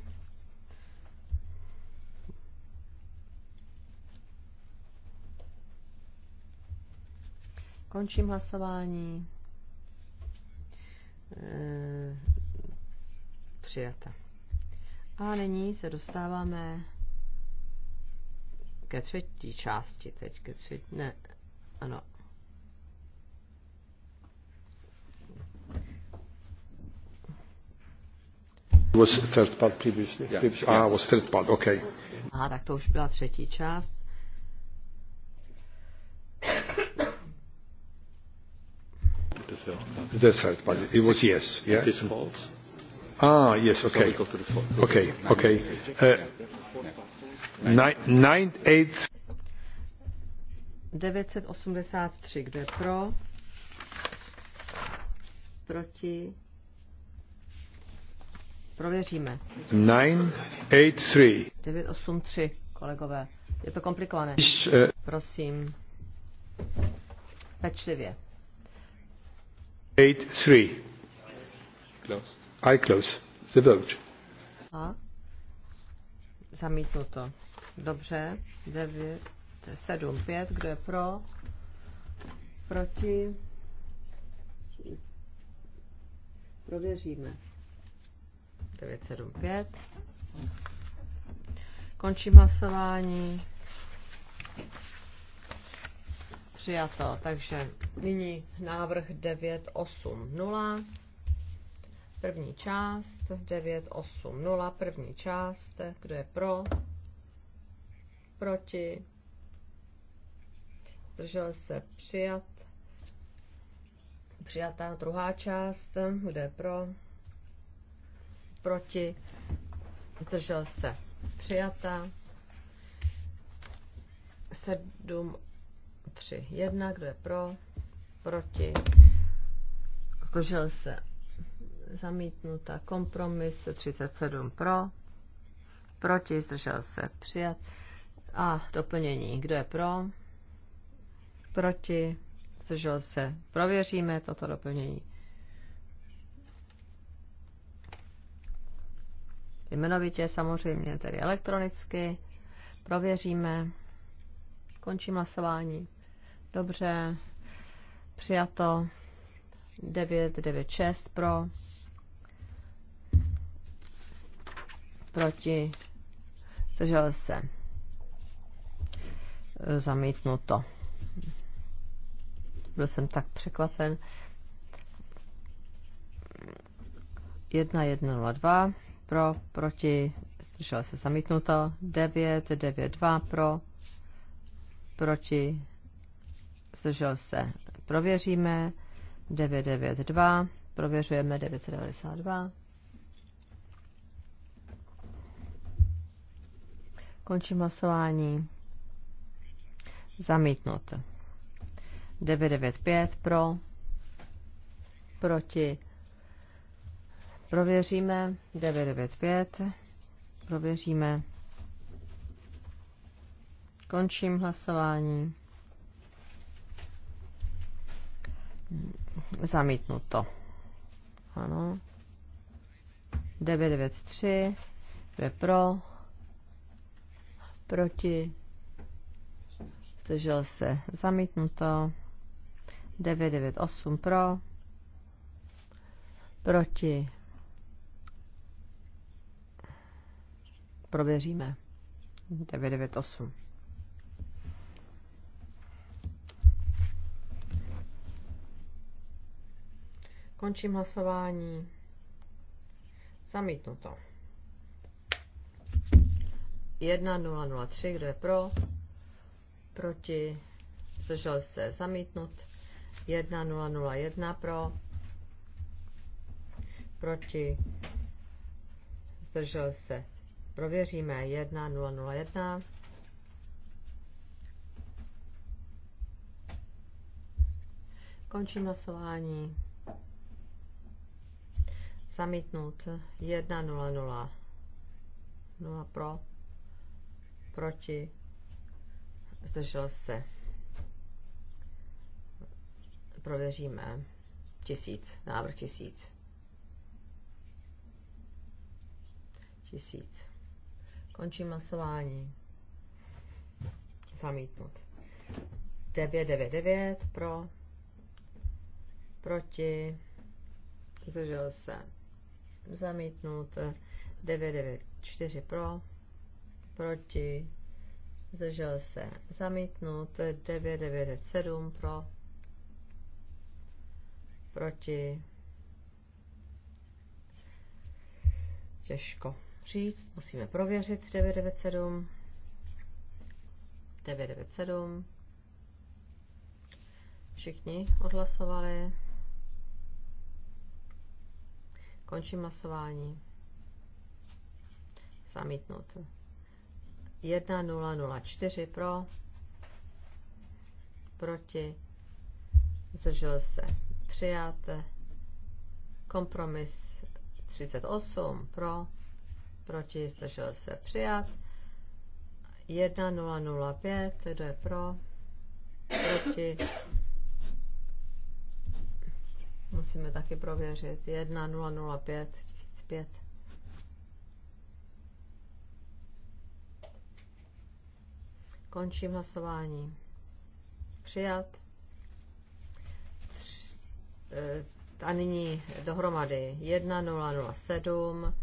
Končím hlasování. E, přijata. A nyní se dostáváme ke třetí části teď, ke třetí, ne, ano. Was third part previously? Yeah. Ah, was third part, okay. Aha, tak to už byla třetí část. The third part, it was yes, yeah? This false. Ah, yes, okay. okay, okay. Uh, 983, kdo je pro? Proti? Prověříme. 983. 983, kolegové. Je to komplikované. Eh, Prosím. Pečlivě. 83. 3 I close the vote. A Zamítnuto. Dobře. 9, 7, 5. Kdo je pro? Proti? Prověříme. 9, 7, 5. Končím hlasování. Přijato. Takže nyní návrh devět osm nula. První část, 980, první část, kdo je pro, proti, zdržel se přijat, přijatá druhá část, kdo je pro, proti, zdržel se přijatá, 7, 3, 1, kdo je pro, proti, zdržel se zamítnuta. Kompromis 37 pro, proti, zdržel se, přijat. A doplnění, kdo je pro, proti, zdržel se, prověříme toto doplnění. Jmenovitě samozřejmě, tedy elektronicky, prověříme. Končím hlasování. Dobře, přijato 996 pro, proti, zdržel se, e, zamítnuto. Byl jsem tak překvapen. 1-1-0-2 pro, proti, zdržel se zamítnuto, 9-9-2 pro, proti, zdržel se, prověříme, 992, prověřujeme 992. Končím hlasování. Zamítnut. 995 pro, proti. Prověříme. 995. Prověříme. Končím hlasování. Zamítnuto. Ano. 993. Kdo je pro? proti, zdržel se zamítnuto, 998 pro, proti, prověříme, 998. Končím hlasování. Zamítnuto. 1003, kdo je pro, proti, zdržel se zamítnut, 1001 pro, proti, zdržel se, prověříme, 1001, končím hlasování, zamítnut, 1 0 0, 0 pro, proti, zdržel se. Prověříme tisíc, návrh tisíc. Tisíc. Končím hlasování. Zamítnut. 999 pro, proti, zdržel se. Zamítnut. 994 pro, proti, zdržel se zamítnut, 997 pro, proti, těžko říct, musíme prověřit 997, 997, všichni odhlasovali, končím hlasování, zamítnout. 1004 pro, proti, zdržel se přijat, kompromis 38 pro, proti, zdržel se přijat, 1005, kdo je pro, proti, musíme taky prověřit, 1005, 1005. Končím hlasování. Přijat. Tři, e, a nyní dohromady 7,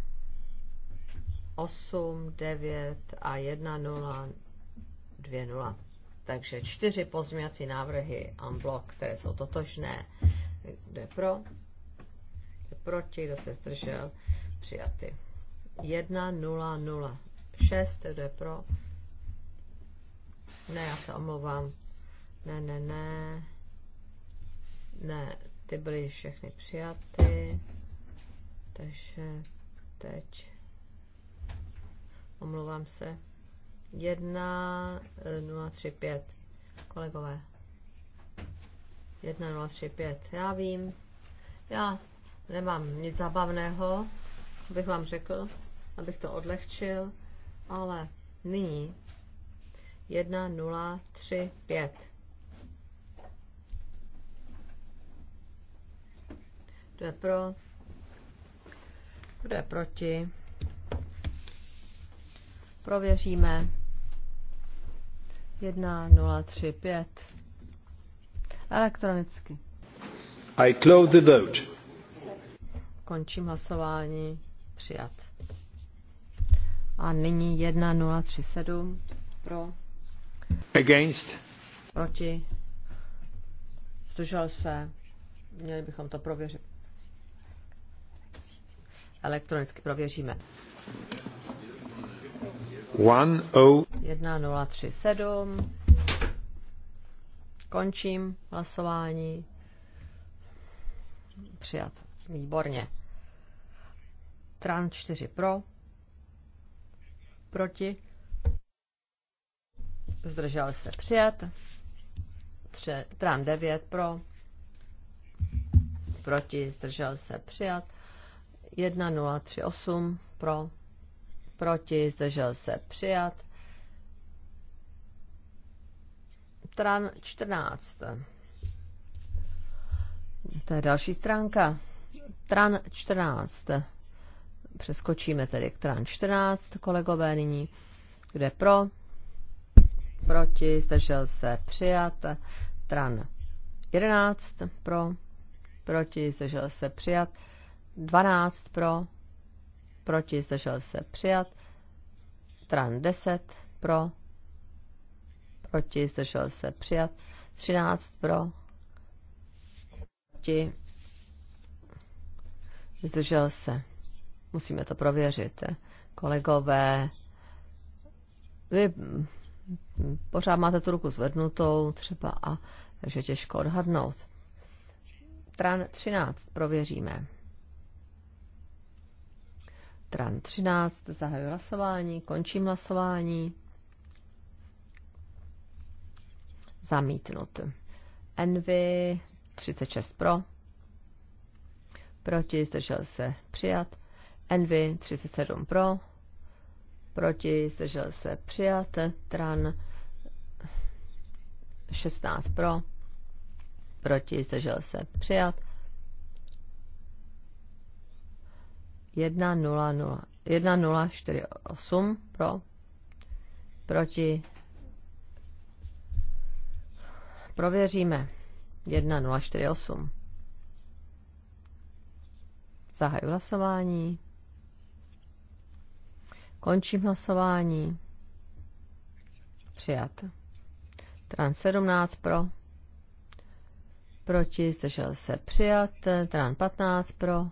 8, 9 a 1020. Takže čtyři pozměňovací návrhy blok, které jsou totožné. Kdo je pro? Kdo je proti? Kdo se zdržel? Přijaty. 1006, kdo je pro? Ne, já se omlouvám. Ne, ne, ne. Ne, ty byly všechny přijaty. Takže teď. Omlouvám se. 1035. Kolegové. pět. Já vím. Já nemám nic zabavného, co bych vám řekl, abych to odlehčil, ale nyní 1035. Kdo je pro? Kdo je proti? Prověříme. 1035. Elektronicky. I close the vote. Končím hlasování. Přijat. A nyní 1037 pro Against. Proti. Zdržel se. Měli bychom to prověřit. Elektronicky prověříme. 1037. Končím hlasování. Přijat. Výborně. Tran 4 pro. Proti zdržel se přijat, Tře, 9 pro, proti, zdržel se přijat, 1038 pro, proti, zdržel se přijat, tran 14. To je další stránka. Tran 14. Přeskočíme tedy k tran 14, kolegové, nyní. Kde pro? proti, zdržel se přijat, tran 11 pro, proti, zdržel se přijat, 12 pro, proti, zdržel se přijat, tran 10 pro, proti, zdržel se přijat, 13 pro, proti, zdržel se. Musíme to prověřit. Kolegové, vy pořád máte tu ruku zvednutou třeba a takže těžko odhadnout. Tran 13 prověříme. Tran 13 zahajuji hlasování, končím hlasování. Zamítnut. Envy 36 pro. Proti zdržel se přijat. Envy 37 pro proti, zdržel se přijat, tran 16 pro, proti, zdržel se přijat, 1-0-0-1-0-4-8 pro, proti, prověříme, 1-0-4-8. Zahaju hlasování. Končím hlasování. Přijat. Tran 17 pro. Proti. Zdržel se přijat. Tran 15 pro.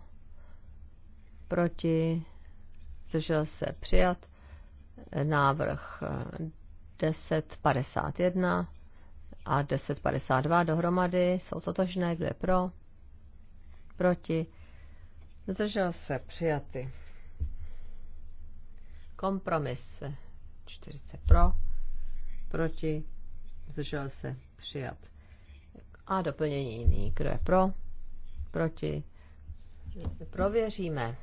Proti. Zdržel se přijat. Návrh 1051 a 1052 dohromady jsou totožné. Kdo je pro? Proti. Zdržel se přijaty. Kompromis 40 pro, proti, zdržel se, přijat. A doplnění jiný, kdo je pro, proti, prověříme,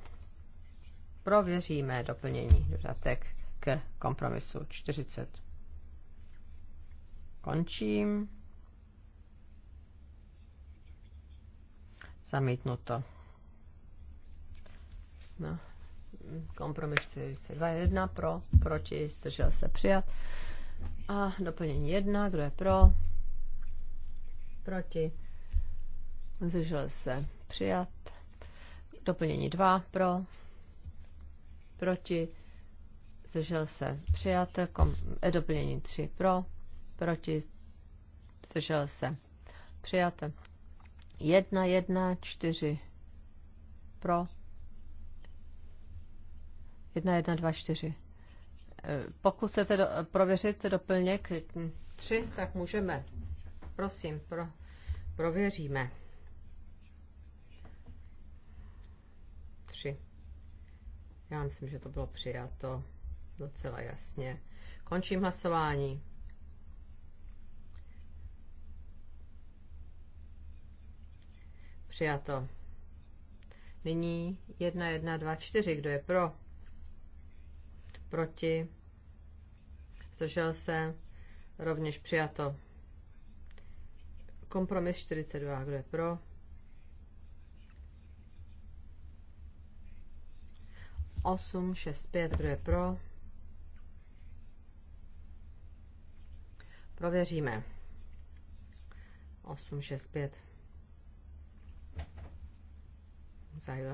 prověříme doplnění, dodatek k kompromisu 40. Končím. Zamítnuto. No kompromis 42.1 pro, proti, zdržel se přijat. A doplnění 1, kdo je pro, proti, zdržel se přijat. Doplnění 2 pro, proti, zdržel se přijat. Kom, e, doplnění 3 pro, proti, zdržel se přijat. 1, 1, 4 pro, 1124. E, pokud chcete do, prověřit doplněk 3, tak můžeme. Prosím, pro, prověříme. 3. Já myslím, že to bylo přijato docela jasně. Končím hlasování. Přijato. Nyní 1, 1, 2, 4. Kdo je pro? proti, zdržel se, rovněž přijato. Kompromis 42, kdo je pro? Osm, šest, pět, kdo je pro? Prověříme. šest pět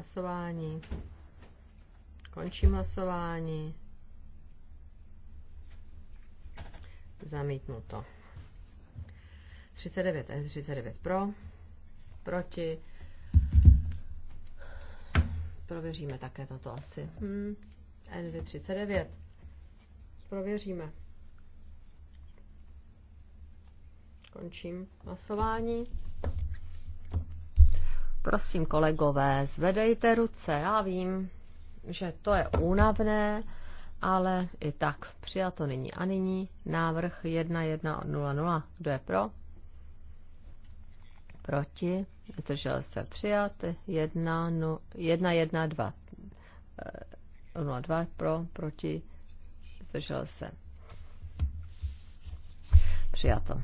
hlasování. Končím hlasování. Zamítnuto. 39, N39 eh, pro, proti. Prověříme také toto asi. Hmm. N239. Prověříme. Končím hlasování. Prosím, kolegové, zvedejte ruce. Já vím, že to je únavné ale i tak přijato nyní. A nyní návrh 1100. Kdo je pro? Proti? Zdržel se přijat. 1102. No, eh, pro, proti? Zdržel se. Přijato.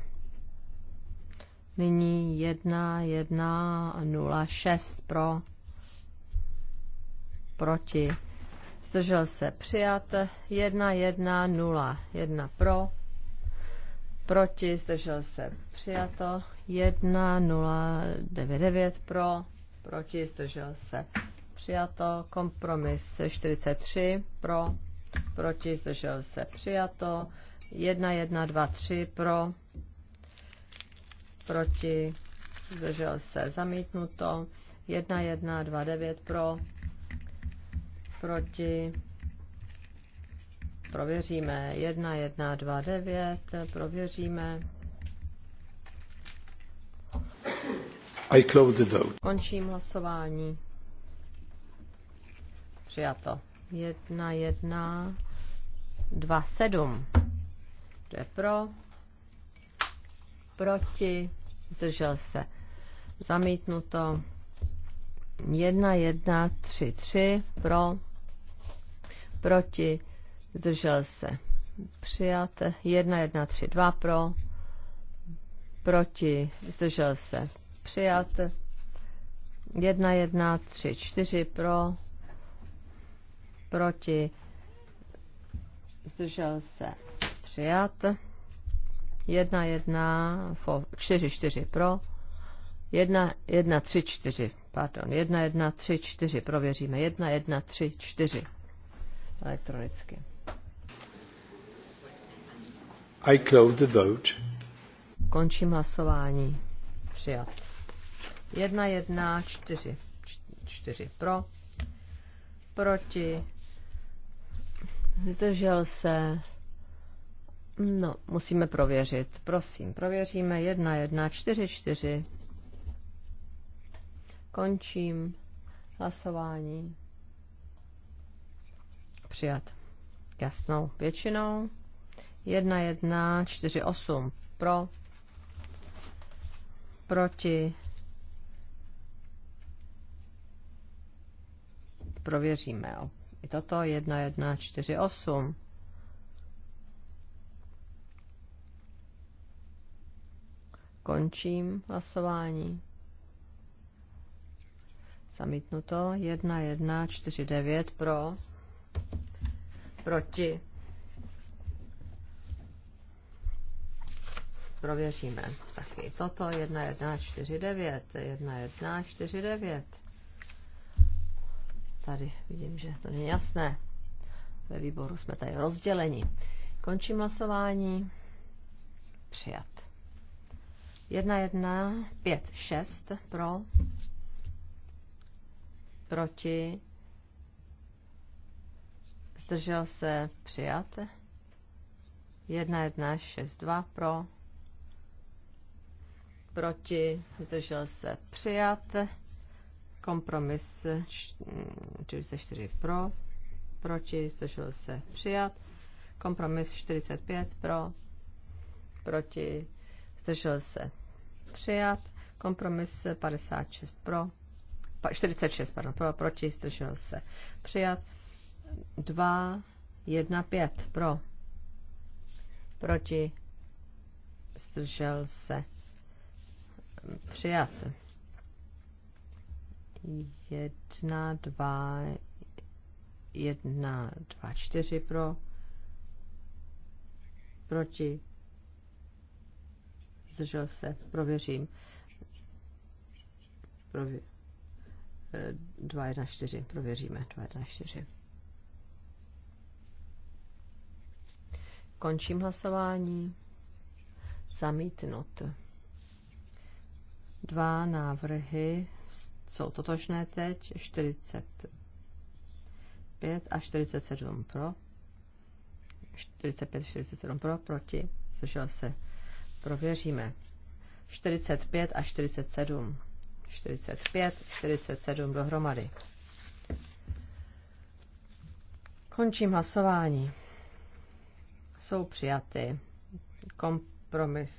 Nyní 1106 pro, proti? zdržel se přijat, 1, 1, 0, 1 pro, proti, zdržel se přijato, 1, 0, 9, 9 pro, proti, zdržel se přijato, kompromis 43 pro, proti, zdržel se přijato, 1, 1, 2, 3 pro, proti, zdržel se zamítnuto, 1, 1, 2, 9 pro, proti, prověříme 1129, prověříme. I close the vote. Končím hlasování. Přijato. 1127. 1, To je pro, proti, zdržel se. Zamítnuto. 1, 1, pro, proti, zdržel se přijat, 1, 1, 3, 2 pro, proti, zdržel se přijat, 1, 1, 3, 4 pro, proti, zdržel se přijat, 1, 1, 4, 4 pro, 1, 1, 3, 4, pardon, 1, 1, 3, 4, prověříme, 1, 1, 3, 4 elektronicky. I close the vote. Končím hlasování. Přijat. 1, 1, 4, 4 pro, proti, zdržel se, no, musíme prověřit, prosím, prověříme, 1, 1, 4, 4, končím hlasování přijat jasnou většinou. 1, 1, 4, 8 pro, proti, prověříme. Jo. I toto 1, 1, 4, 8. Končím hlasování. Zamítnuto 1, 1, 4, 9 pro proti. Prověříme taky toto 1149, 1149. Tady vidím, že to není jasné. Ve výboru jsme tady rozděleni. Končím hlasování. Přijat. 1, 1, 5, 6 pro, proti, zdržel se, přijat. 1162 pro, proti, zdržel se, přijat. Kompromis 44 pro, proti, zdržel se, přijat. Kompromis 45 pro, proti, zdržel se, přijat. Kompromis 56 pro, 46 pardon, pro, proti, zdržel se, přijat. 2, 1, 5 pro. Proti. Zdržel se. Přijat. 1, 2, 1, 2, 4 pro. Proti. Zdržel se. Prověřím. Prověřím. Eh, 4. prověříme 2, 1, 4. Končím hlasování. Zamítnut. Dva návrhy jsou totožné teď. 45 a 47 pro. 45, a 47 pro, proti. Zdržel se. Prověříme. 45 a 47. 45, 47 dohromady. Končím hlasování jsou přijaty. Kompromis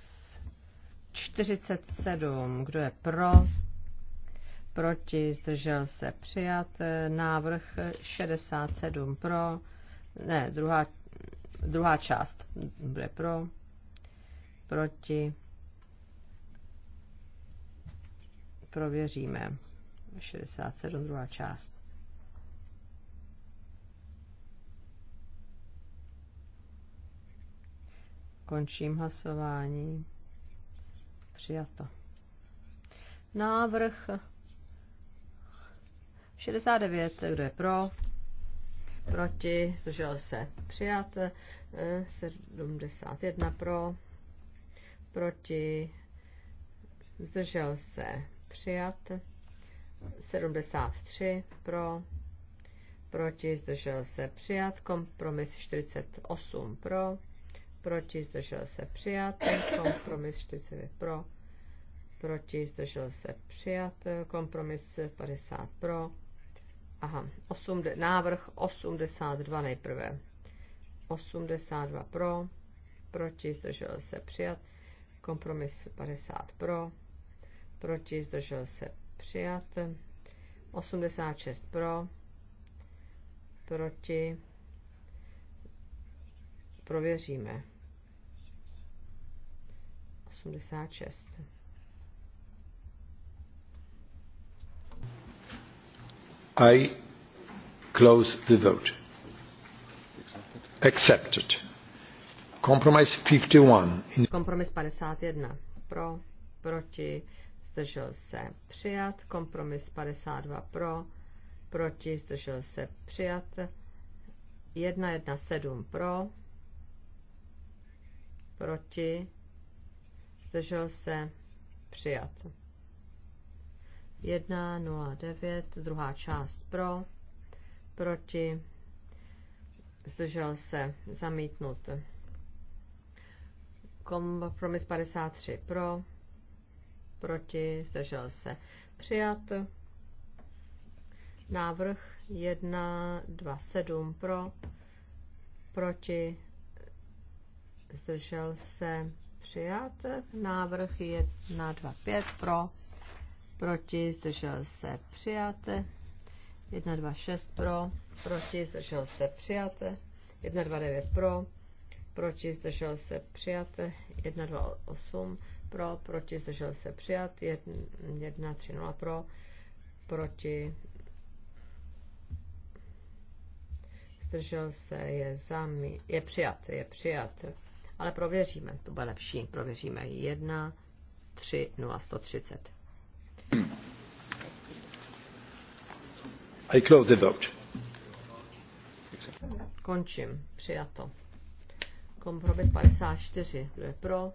47. Kdo je pro? Proti? Zdržel se přijat. Návrh 67 pro. Ne, druhá, druhá část. Kdo je pro? Proti? Prověříme. 67. druhá část. Končím hlasování. Přijato. Návrh 69, kdo je pro? Proti, zdržel se. Přijat 71 pro, proti, zdržel se. Přijat 73 pro, proti, zdržel se. Přijat kompromis 48 pro proti, zdržel se přijat, kompromis 49 pro, proti, zdržel se přijat, kompromis 50 pro, aha, 8, návrh 82 nejprve, 82 pro, proti, zdržel se přijat, kompromis 50 pro, proti, zdržel se přijat, 86 pro, proti, prověříme. 86. I close the vote. Accepted. Compromise 51. Kompromis 51. Pro, proti, zdržel se, přijat. Kompromis 52. Pro, proti, zdržel se, přijat. 117 pro, proti, zdržel se, přijat. 1.09, druhá část pro, proti, zdržel se, zamítnut. Kompromis 53 pro, proti, zdržel se, přijat. Návrh 1.27 pro, proti, zdržel se, přijat. Návrh 1, 2, 5 pro, proti, zdržel se přijat. 1, 2, 6 pro, proti, zdržel se přijat. 1, 2, 9 pro, proti, zdržel se přijat. 1, 2, 8 pro, proti, zdržel se přijat. 1, 3, 0 pro, proti, zdržel se, je, zamí, je přijat, je přijat ale prověříme, to bude lepší. Prověříme 1, 3, 0, 130. I close the vote. Končím. Přijato. Kompromis 54. Kdo je pro?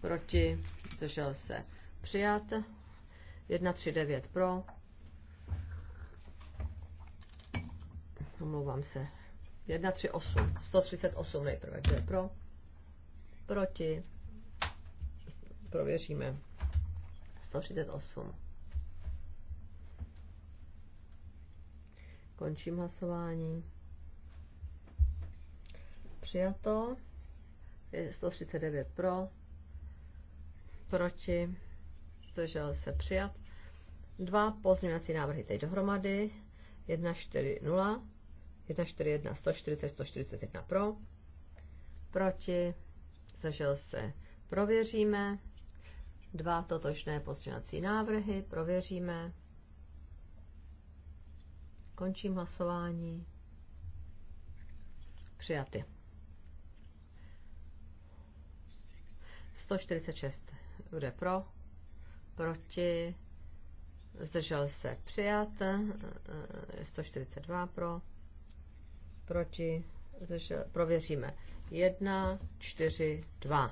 Proti? Zdržel se. Přijat. 139 pro. Omlouvám se. 138. 138 nejprve. Kdo je pro? proti, prověříme, 138. Končím hlasování. Přijato. 139 pro. Proti. Zdržel se přijat. Dva pozměňovací návrhy teď dohromady. 140. 141, 140, 141 pro. Proti zdržel se, prověříme. Dva totožné pozměňovací návrhy, prověříme. Končím hlasování. Přijaty. 146. bude je pro? Proti? Zdržel se přijat. 142 pro. Proti? zdržel, prověříme. 1, 4, 2.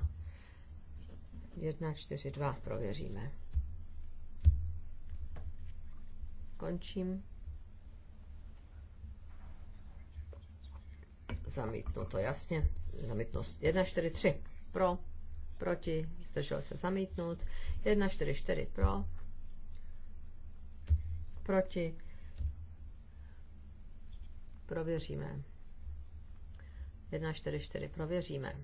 1, 4, 2 prověříme. Končím. Zamítnu to, jasně. Zamítnuto. 1, 4, 3. Pro, proti, zdržel se zamítnout. 1, 4, 4 pro, proti. Prověříme. 144 prověříme.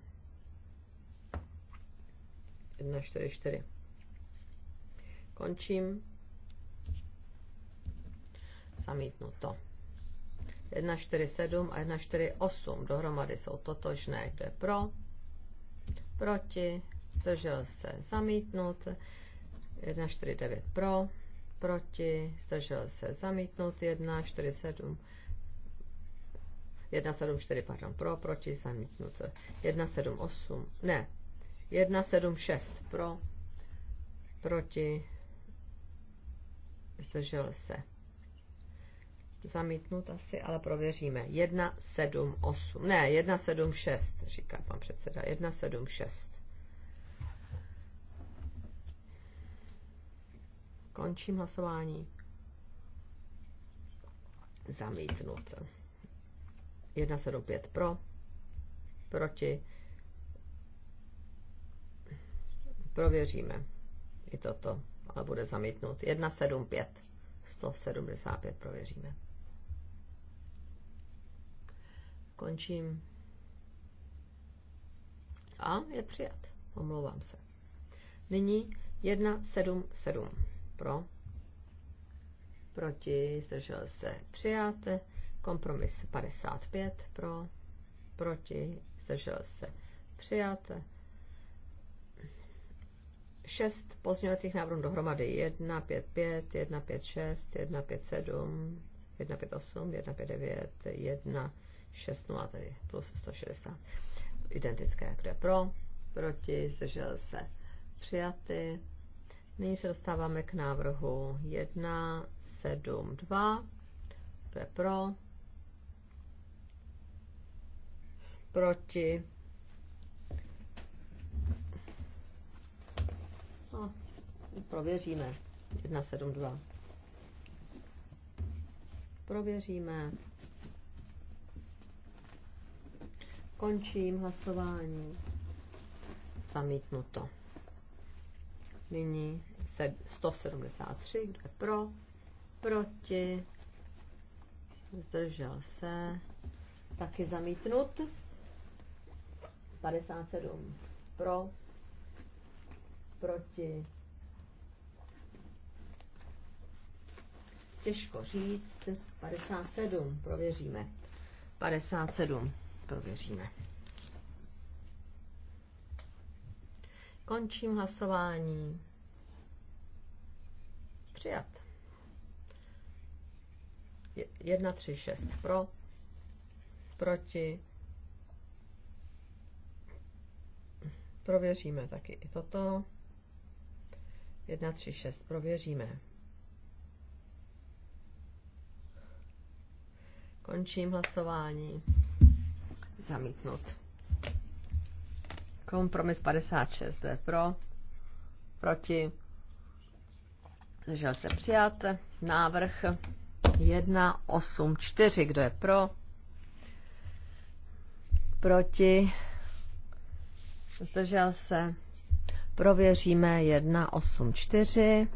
144. Končím. Zamítnuto. 147 a 148 dohromady jsou totožné. Kdo je pro? Proti? Zdržel se? Zamítnut. 149 pro? Proti? Zdržel se? Zamítnut. 147 174, pardon, pro, proti, zamítnuté. 178, ne, 176 pro, proti, zdržel se. Zamítnut asi, ale prověříme. 178, ne, 176, říká pan předseda, 176. Končím hlasování. Zamítnut. 175 pro, proti. Prověříme i toto, ale bude zamítnut. 175, 175 prověříme. Končím. A je přijat. Omlouvám se. Nyní 177 pro, proti, zdržel se, přijáte, Kompromis 55 pro, proti, zdržel se přijat. Šest pozměňovacích návrhů dohromady 1, 5, 5, 1, 5, 6, 1, 5, 7, 1, 5, 8, 1, 5, 9, 1, 6, 0, tedy plus 160. Identické, jak je pro, proti, zdržel se přijaty. Nyní se dostáváme k návrhu 1, 7, 2, kdo je pro, proti. No, prověříme. 172. Prověříme. Končím hlasování. Zamítnuto. Nyní 173, kdo je pro, proti, zdržel se, taky zamítnut. 57 pro, proti. Těžko říct, 57, prověříme. 57, prověříme. Končím hlasování. Přijat. 1, 3, 6 pro, proti, Prověříme taky i toto. 1, 3, 6. Prověříme. Končím hlasování. Zamítnut. Kompromis 56. Je pro. Proti. Zdržel se přijat. Návrh 1, 8, 4. Kdo je pro? Proti zdržel se, prověříme 184.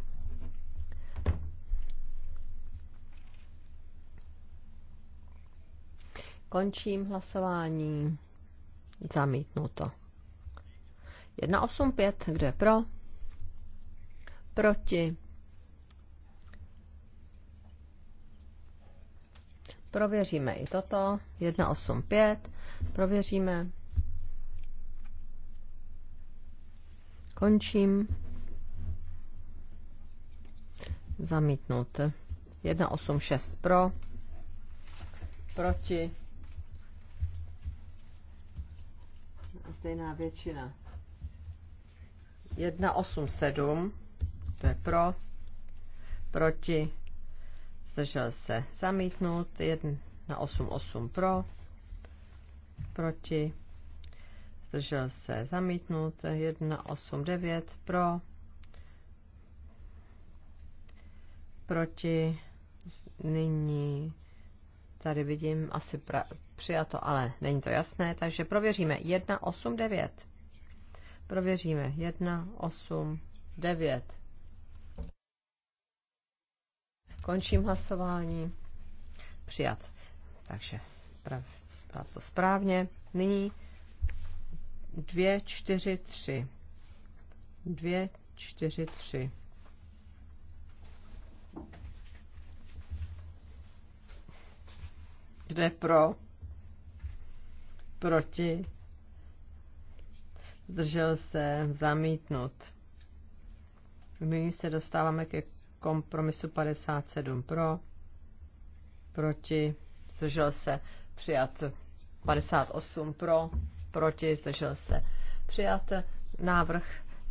Končím hlasování. Zamítnuto. 185, kdo je pro? Proti. Prověříme i toto. 185. Prověříme. Končím. Zamítnut. 186 pro. Proti. Stejná většina. 187. To je pro. Proti. Zdržel se. Zamítnut. 188 pro. Proti zdržel se zamítnut, 189 pro, proti, nyní tady vidím asi pra, přijato, ale není to jasné, takže prověříme 189. Prověříme 189. Končím hlasování. Přijat. Takže to správně. Nyní 2, 4, 3. 2, 4, 3. kde pro? Proti? Zdržel se zamítnut. My se dostáváme ke kompromisu 57 pro, proti, zdržel se přijat 58 pro, proti, zdržel se přijat. Návrh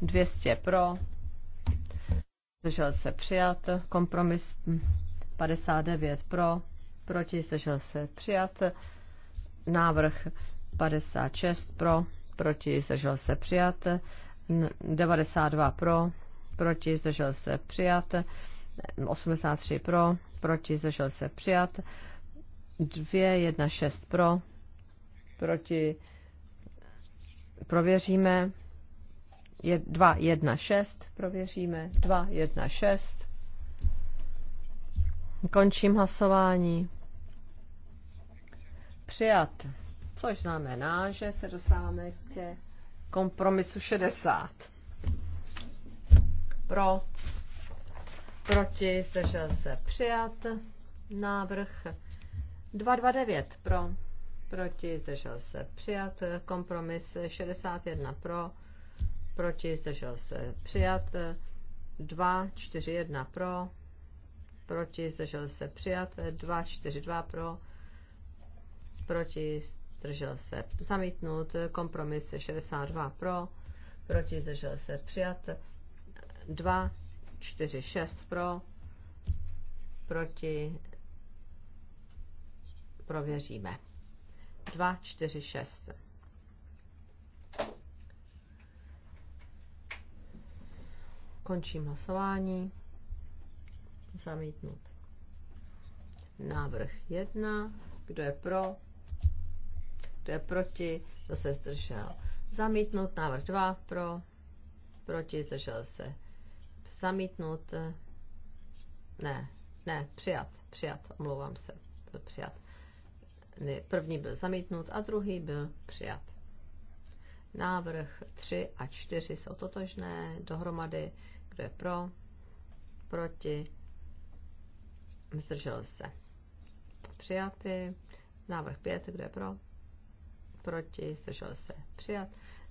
200 pro, zdržel se přijat. Kompromis 59 pro, proti, zdržel se přijat. Návrh 56 pro, proti, zdržel se přijat. 92 pro, proti, zdržel se přijat. 83 pro, proti, zdržel se přijat. 216 pro, proti, prověříme. Je 2, 1, 6, prověříme. 2, 1, 6. Končím hlasování. Přijat. Což znamená, že se dostáváme k kompromisu 60. Pro, proti, zdržel se přijat. Návrh 229 pro proti, zdržel se přijat, kompromis 61 pro, proti, zdržel se přijat, 2, 4, 1 pro, proti, zdržel se přijat, 2, 4, 2 pro, proti, zdržel se zamítnut, kompromis 62 pro, proti, zdržel se přijat, 2, 4, 6 pro, proti, prověříme. 2, 4, 6. Končím hlasování. Zamítnut. Návrh 1. Kdo je pro? Kdo je proti? Kdo se zdržel? Zamítnut. Návrh 2. Pro? Proti? Zdržel se? Zamítnut. Ne, ne, přijat, přijat, omlouvám se, přijat. První byl zamítnut a druhý byl přijat. Návrh 3 a 4 jsou totožné dohromady. Kdo je pro? Proti? Zdržel se. Přijaty. Návrh 5, kdo je pro? Proti? Zdržel se. Přijat.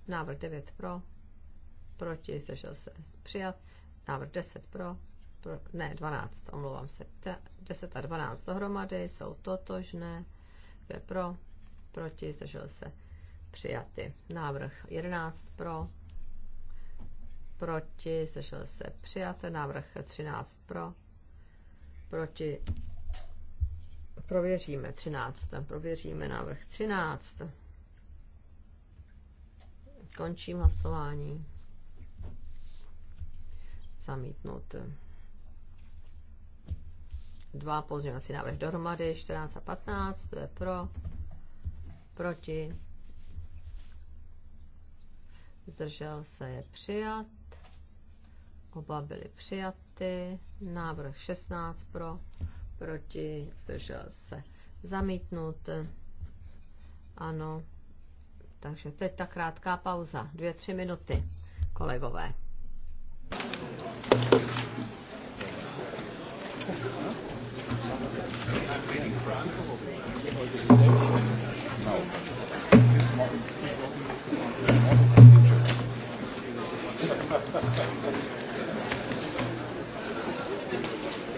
Návrh 9 pro? Proti? Zdržel se. Přijat. Návrh 10 pro? pro ne, 12, omlouvám se. 10 a 12 dohromady jsou totožné. 2 pro? Proti? Zdržel se? Přijaty. Návrh 11 pro. Proti? Zdržel se? Přijaty. Návrh 13 pro. Proti? Prověříme 13. Prověříme návrh 13. Končím hlasování. Zamítnout dva pozměňovací návrhy dohromady, 14 a 15, to je pro, proti, zdržel se je přijat, oba byly přijaty, návrh 16 pro, proti, zdržel se zamítnut, ano, takže teď ta krátká pauza, dvě, tři minuty, kolegové. Thank you.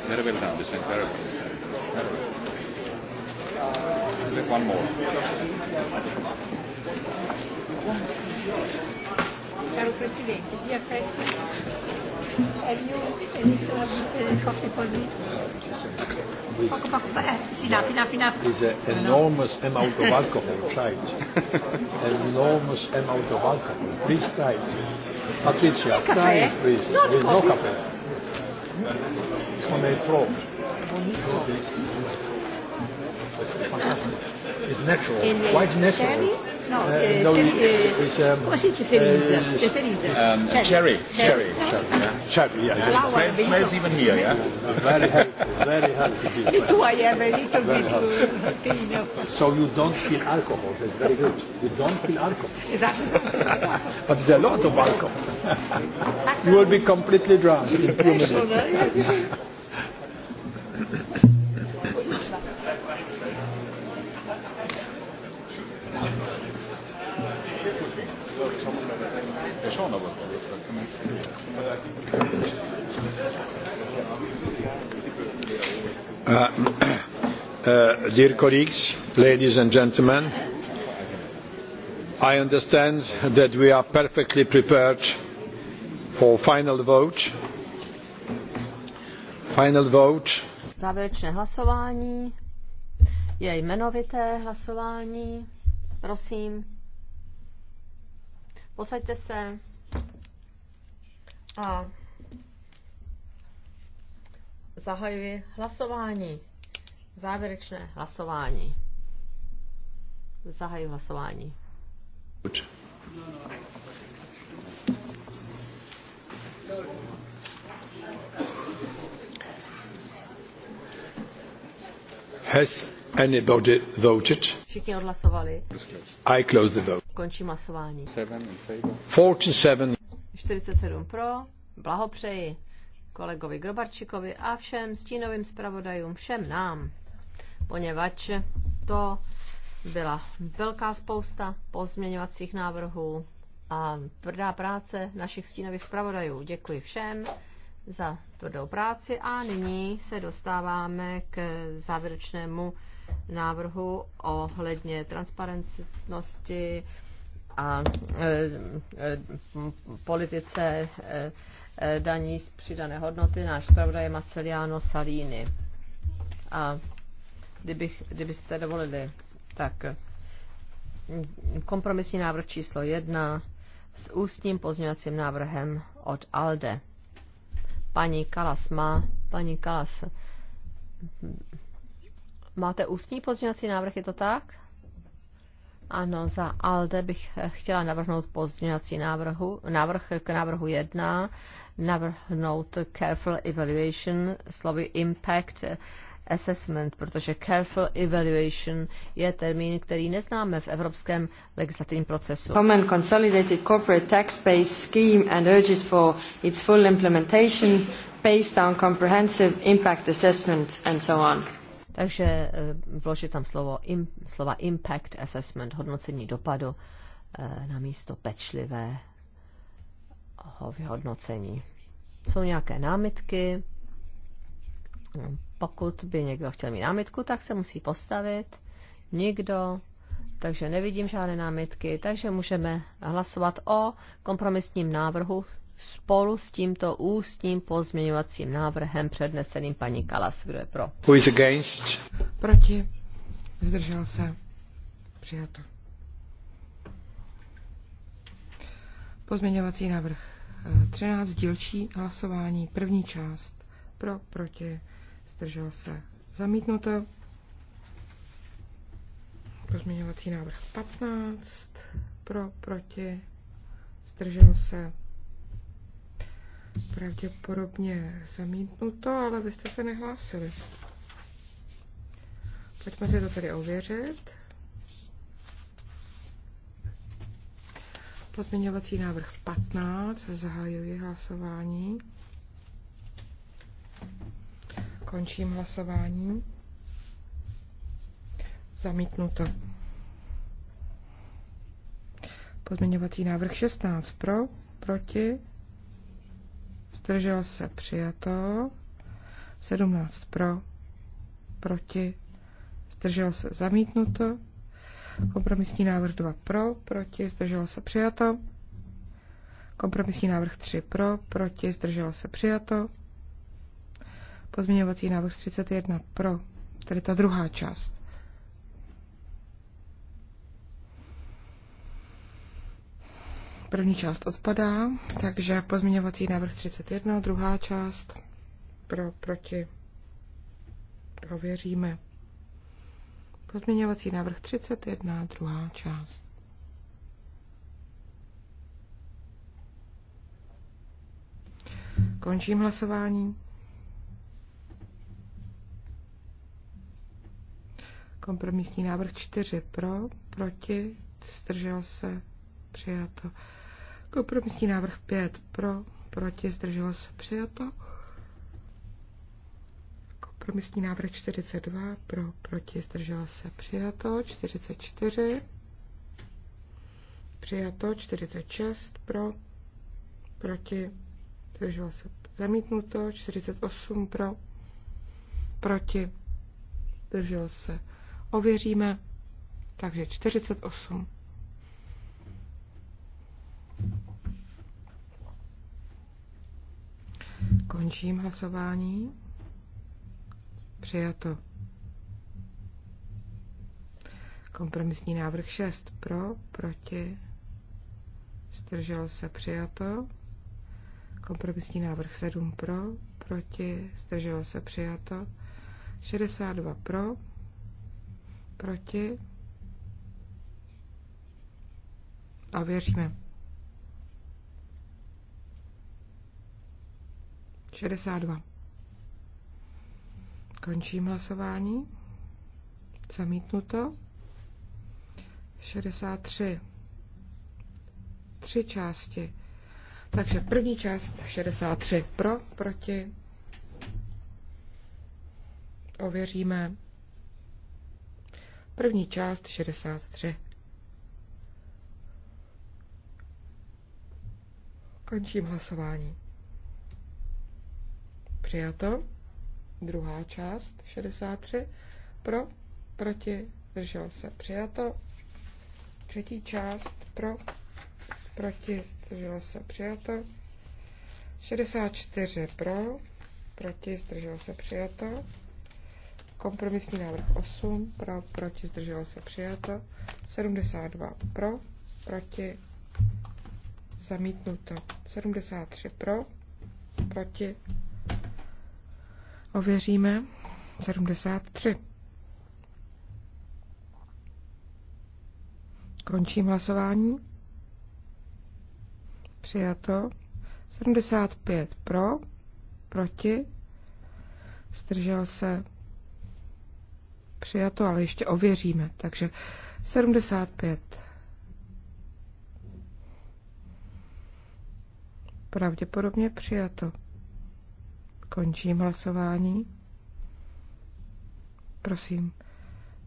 Very well done. It's been very well. one more. Caro Presidente, dia festa. E io inizio la buttare coffee così. Poco poco, eh, sì, da, no, fino a, fino an er enormous amount of alcohol, child. enormous amount of alcohol. Please try Patricia, try please. Not With no cafe. On a throat. Buonissimo. It's fantastic. It's natural. Quite eh, natural. No, eh, eh no eh, eh, eh come si dice cerisa? Eh, c'è Um, cherry. Cherry. Cherry, yeah. cherry yeah. yeah. It smells, even here, yeah? Very healthy, very healthy. It's why I have a little bit uh, thing of... So you don't feel alcohol, that's very good. You don't feel alcohol. Exactly. but there's a lot of alcohol. you will be completely drunk in two minutes. Uh, uh, dear colleagues, ladies and gentlemen, I understand that we are perfectly prepared for final vote. Final vote. Závěrečné hlasování je jmenovité hlasování. Prosím, posaďte se. A zahajuji hlasování. Závěrečné hlasování. Zahajuji hlasování. Has anybody voted? Všichni odhlasovali. I close the vote. Končím hlasování. 47. 47 pro, blahopřeji kolegovi Grobarčikovi a všem stínovým zpravodajům, všem nám, poněvadž to byla velká spousta pozměňovacích návrhů a tvrdá práce našich stínových zpravodajů. Děkuji všem za tvrdou práci a nyní se dostáváme k závěrečnému návrhu ohledně transparentnosti a e, e, politice e, daní z přidané hodnoty náš zpravodaj je Masiliano Salini. A kdybych, kdybyste dovolili, tak kompromisní návrh číslo jedna s ústním pozměňovacím návrhem od ALDE. Paní Kalas má, paní Kalas, máte ústní pozměňovací návrh, je to tak? Ano, za ALDE bych eh, chtěla navrhnout pozměňovací návrhu, návrh k návrhu 1, navrhnout careful evaluation, slovy impact assessment, protože careful evaluation je termín, který neznáme v evropském legislativním procesu. Common Consolidated Corporate Tax Base Scheme and urges for its full implementation based on comprehensive impact assessment and so on. Takže eh, vložit tam slovo, im, slova impact assessment, hodnocení dopadu eh, na místo pečlivé vyhodnocení. Jsou nějaké námitky? Pokud by někdo chtěl mít námitku, tak se musí postavit. Nikdo. Takže nevidím žádné námitky, takže můžeme hlasovat o kompromisním návrhu spolu s tímto ústním pozměňovacím návrhem předneseným paní Kalas. Kdo je pro? Who is against? Proti. Zdržel se. Přijato. Pozměňovací návrh 13 eh, dílčí hlasování, první část pro, proti, zdržel se, zamítnuto. Pozměňovací návrh 15 pro, proti, zdržel se, pravděpodobně zamítnuto, ale vy jste se nehlásili. Pojďme si to tedy ověřit. Podměňovací návrh 15, zahajuji hlasování. Končím hlasování. Zamítnuto. Podměňovací návrh 16 pro, proti, zdržel se přijato, 17 pro, proti, zdržel se zamítnuto, kompromisní návrh 2 pro, proti, zdržel se přijato, kompromisní návrh 3 pro, proti, zdržel se přijato, pozměňovací návrh 31 pro, tedy ta druhá část První část odpadá, takže pozměňovací návrh 31, druhá část pro, proti, prověříme. Pozměňovací návrh 31, druhá část. Končím hlasování. Kompromisní návrh 4 pro, proti, zdržel se přijato. Kompromisní návrh 5 pro, proti, zdrželo se, přijato. Kompromisní návrh 42 pro, proti, zdrželo se, přijato. 44 přijato. 46 pro, proti, zdrželo se, zamítnuto. 48 pro, proti, zdrželo se, ověříme. Takže 48. Končím hlasování. Přijato. Kompromisní návrh 6. Pro, proti, zdržel se přijato. Kompromisní návrh 7 pro, proti, zdržel se přijato. 62 pro, proti. A věříme. 62. Končím hlasování. Zamítnuto. 63. Tři části. Takže první část 63 pro, proti. Ověříme. První část 63. Končím hlasování. Přijato. Druhá část 63. Pro, proti, zdržel se. Přijato. Třetí část pro, proti, zdržel se. Přijato. 64 pro, proti, zdržel se. Přijato. Kompromisní návrh 8 pro, proti, zdržel se. Přijato. 72 pro, proti, zamítnuto. 73 pro, proti, Ověříme 73. Končím hlasování. Přijato. 75 pro, proti, zdržel se. Přijato, ale ještě ověříme. Takže 75. Pravděpodobně přijato. Končím hlasování. Prosím,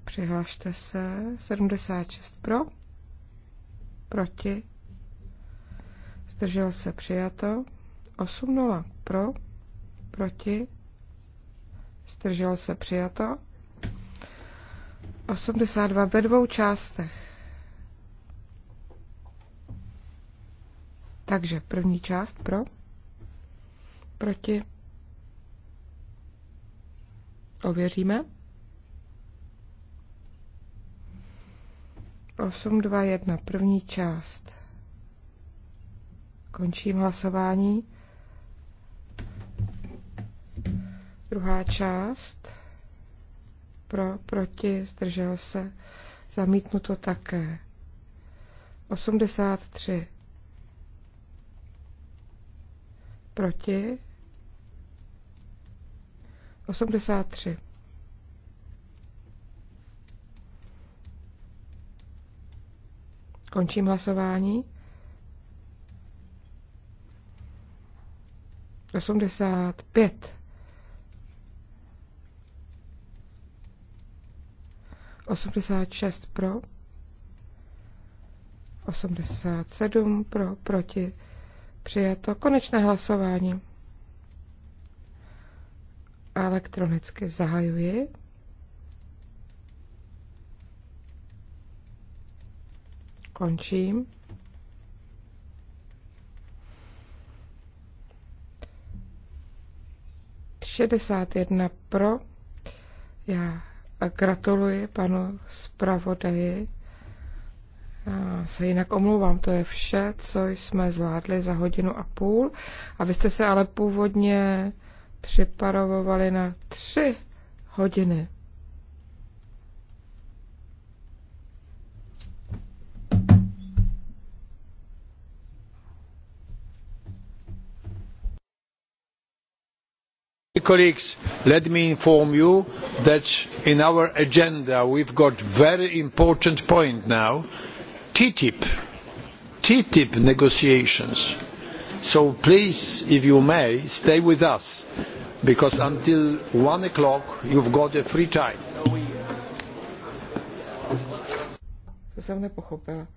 přihlašte se. 76 pro, proti, zdržel se přijato. 8-0 pro, proti, zdržel se přijato. 82 ve dvou částech. Takže první část pro, proti, Ověříme. 8, 2, 1, první část. Končím hlasování. Druhá část. Pro, proti, zdržel se. Zamítnu to také. 83. Proti. 83. Končím hlasování. 85. 86 pro. 87 pro, proti. Přijato konečné hlasování elektronicky zahajuji. Končím. Šedesát jedna pro. Já gratuluji panu zpravodaji. Já se jinak omlouvám, to je vše, co jsme zvládli za hodinu a půl. A vy jste se ale původně připravovali na tři hodiny. colleagues let me inform you that in our agenda we've got very important point now ttip ttip negotiations so please if you may stay with us because until one o'clock you've got a free time. To jsem nepochopila.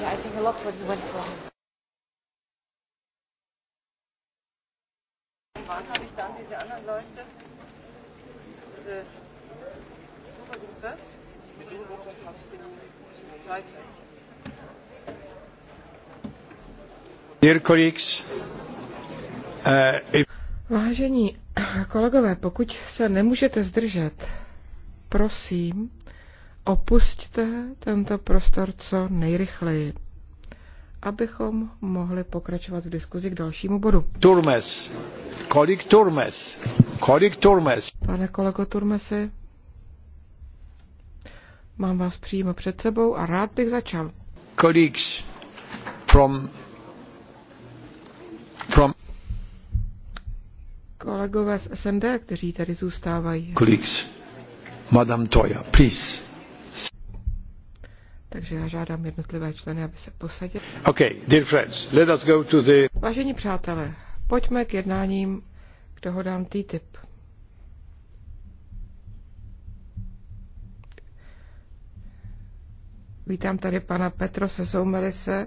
Yeah, I think a lot what you went from. Wann habe ich dann diese anderen Leute? Diese Supergruppe? Supergruppe hast du Leute. Dear colleagues, uh, if Vážení kolegové, pokud se nemůžete zdržet, prosím, opusťte tento prostor co nejrychleji, abychom mohli pokračovat v diskuzi k dalšímu bodu. Turmes, kolik Turmes, kolik Turmes. Pane kolego Turmesy, mám vás přímo před sebou a rád bych začal. Colleagues from, from kolegové z SND, kteří tady zůstávají. Colleagues, Madame Toya, please. Takže já žádám jednotlivé členy, aby se posadili. Okay, dear friends, let us go to the... Vážení přátelé, pojďme k jednáním k dohodám TTIP. Vítám tady pana Petro Soumelise,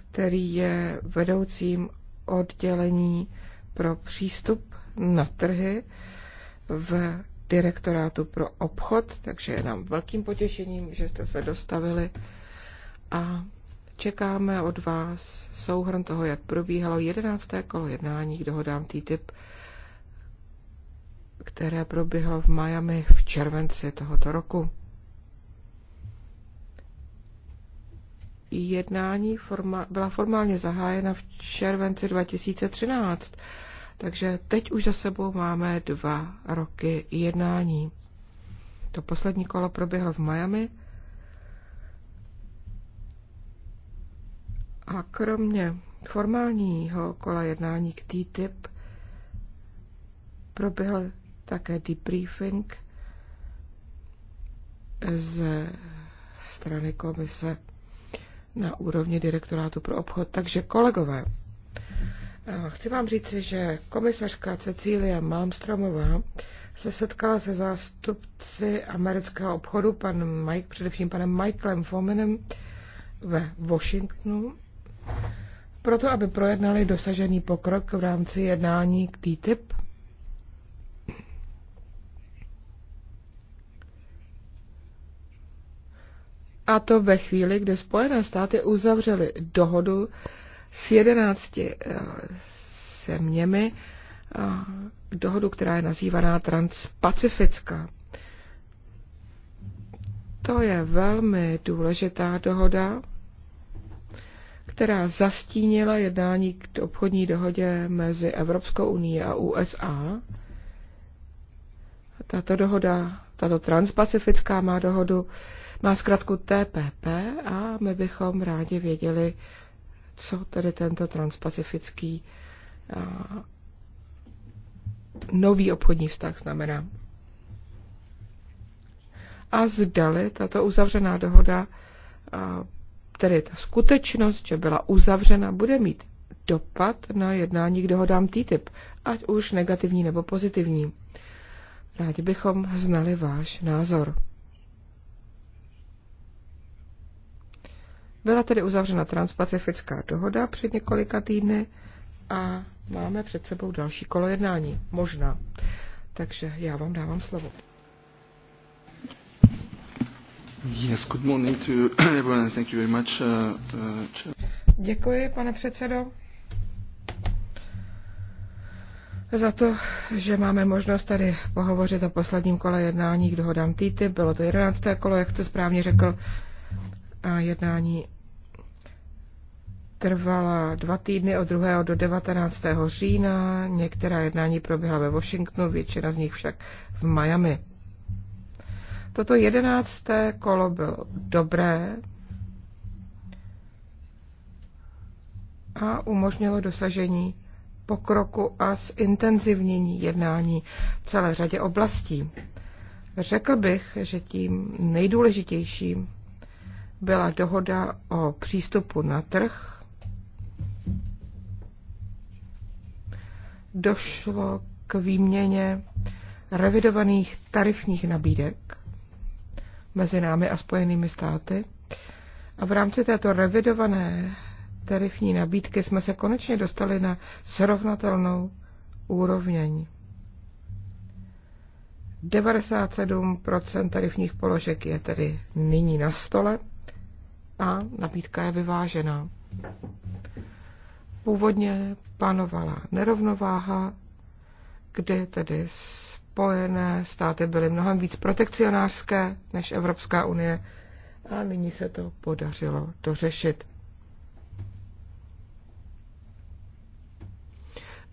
který je vedoucím oddělení pro přístup na trhy v direktorátu pro obchod, takže je nám velkým potěšením, že jste se dostavili a čekáme od vás souhrn toho, jak probíhalo 11. kolo jednání k dohodám TTIP, které proběhlo v Miami v červenci tohoto roku. jednání forma, byla formálně zahájena v červenci 2013 takže teď už za sebou máme dva roky jednání. To poslední kolo proběhlo v Miami. A kromě formálního kola jednání k TTIP proběhl také debriefing ze strany komise na úrovni direktorátu pro obchod. Takže kolegové, Chci vám říct, že komisařka Cecília Malmstromová se setkala se zástupci amerického obchodu, pan Mike, především panem Michaelem Fominem ve Washingtonu, proto aby projednali dosažený pokrok v rámci jednání k TTIP. A to ve chvíli, kdy Spojené státy uzavřely dohodu s 11 eh, zeměmi eh, dohodu, která je nazývaná Transpacifická. To je velmi důležitá dohoda, která zastínila jednání k obchodní dohodě mezi Evropskou unii a USA. Tato dohoda, tato transpacifická má dohodu, má zkratku TPP a my bychom rádi věděli, co tedy tento transpacifický nový obchodní vztah znamená. A zdali tato uzavřená dohoda, tedy ta skutečnost, že byla uzavřena, bude mít dopad na jednání k dohodám TTIP, ať už negativní nebo pozitivní. Rádi bychom znali váš názor. Byla tedy uzavřena transpacifická dohoda před několika týdny a máme před sebou další kolo jednání. Možná. Takže já vám dávám slovo. Yes, good morning to everyone. Thank you very much. Uh, uh, Děkuji, pane předsedo, za to, že máme možnost tady pohovořit o posledním kole jednání k dohodám TTIP. Bylo to 11. kolo, jak jste správně řekl, a jednání trvala dva týdny od 2. do 19. října, některá jednání proběhla ve Washingtonu, většina z nich však v Miami. Toto jedenácté kolo bylo dobré a umožnilo dosažení pokroku a zintenzivnění jednání v celé řadě oblastí. Řekl bych, že tím nejdůležitějším byla dohoda o přístupu na trh došlo k výměně revidovaných tarifních nabídek mezi námi a Spojenými státy. A v rámci této revidované tarifní nabídky jsme se konečně dostali na srovnatelnou úroveň. 97% tarifních položek je tedy nyní na stole a nabídka je vyvážená. Původně panovala nerovnováha, kdy tedy Spojené státy byly mnohem víc protekcionářské než Evropská unie a nyní se to podařilo dořešit.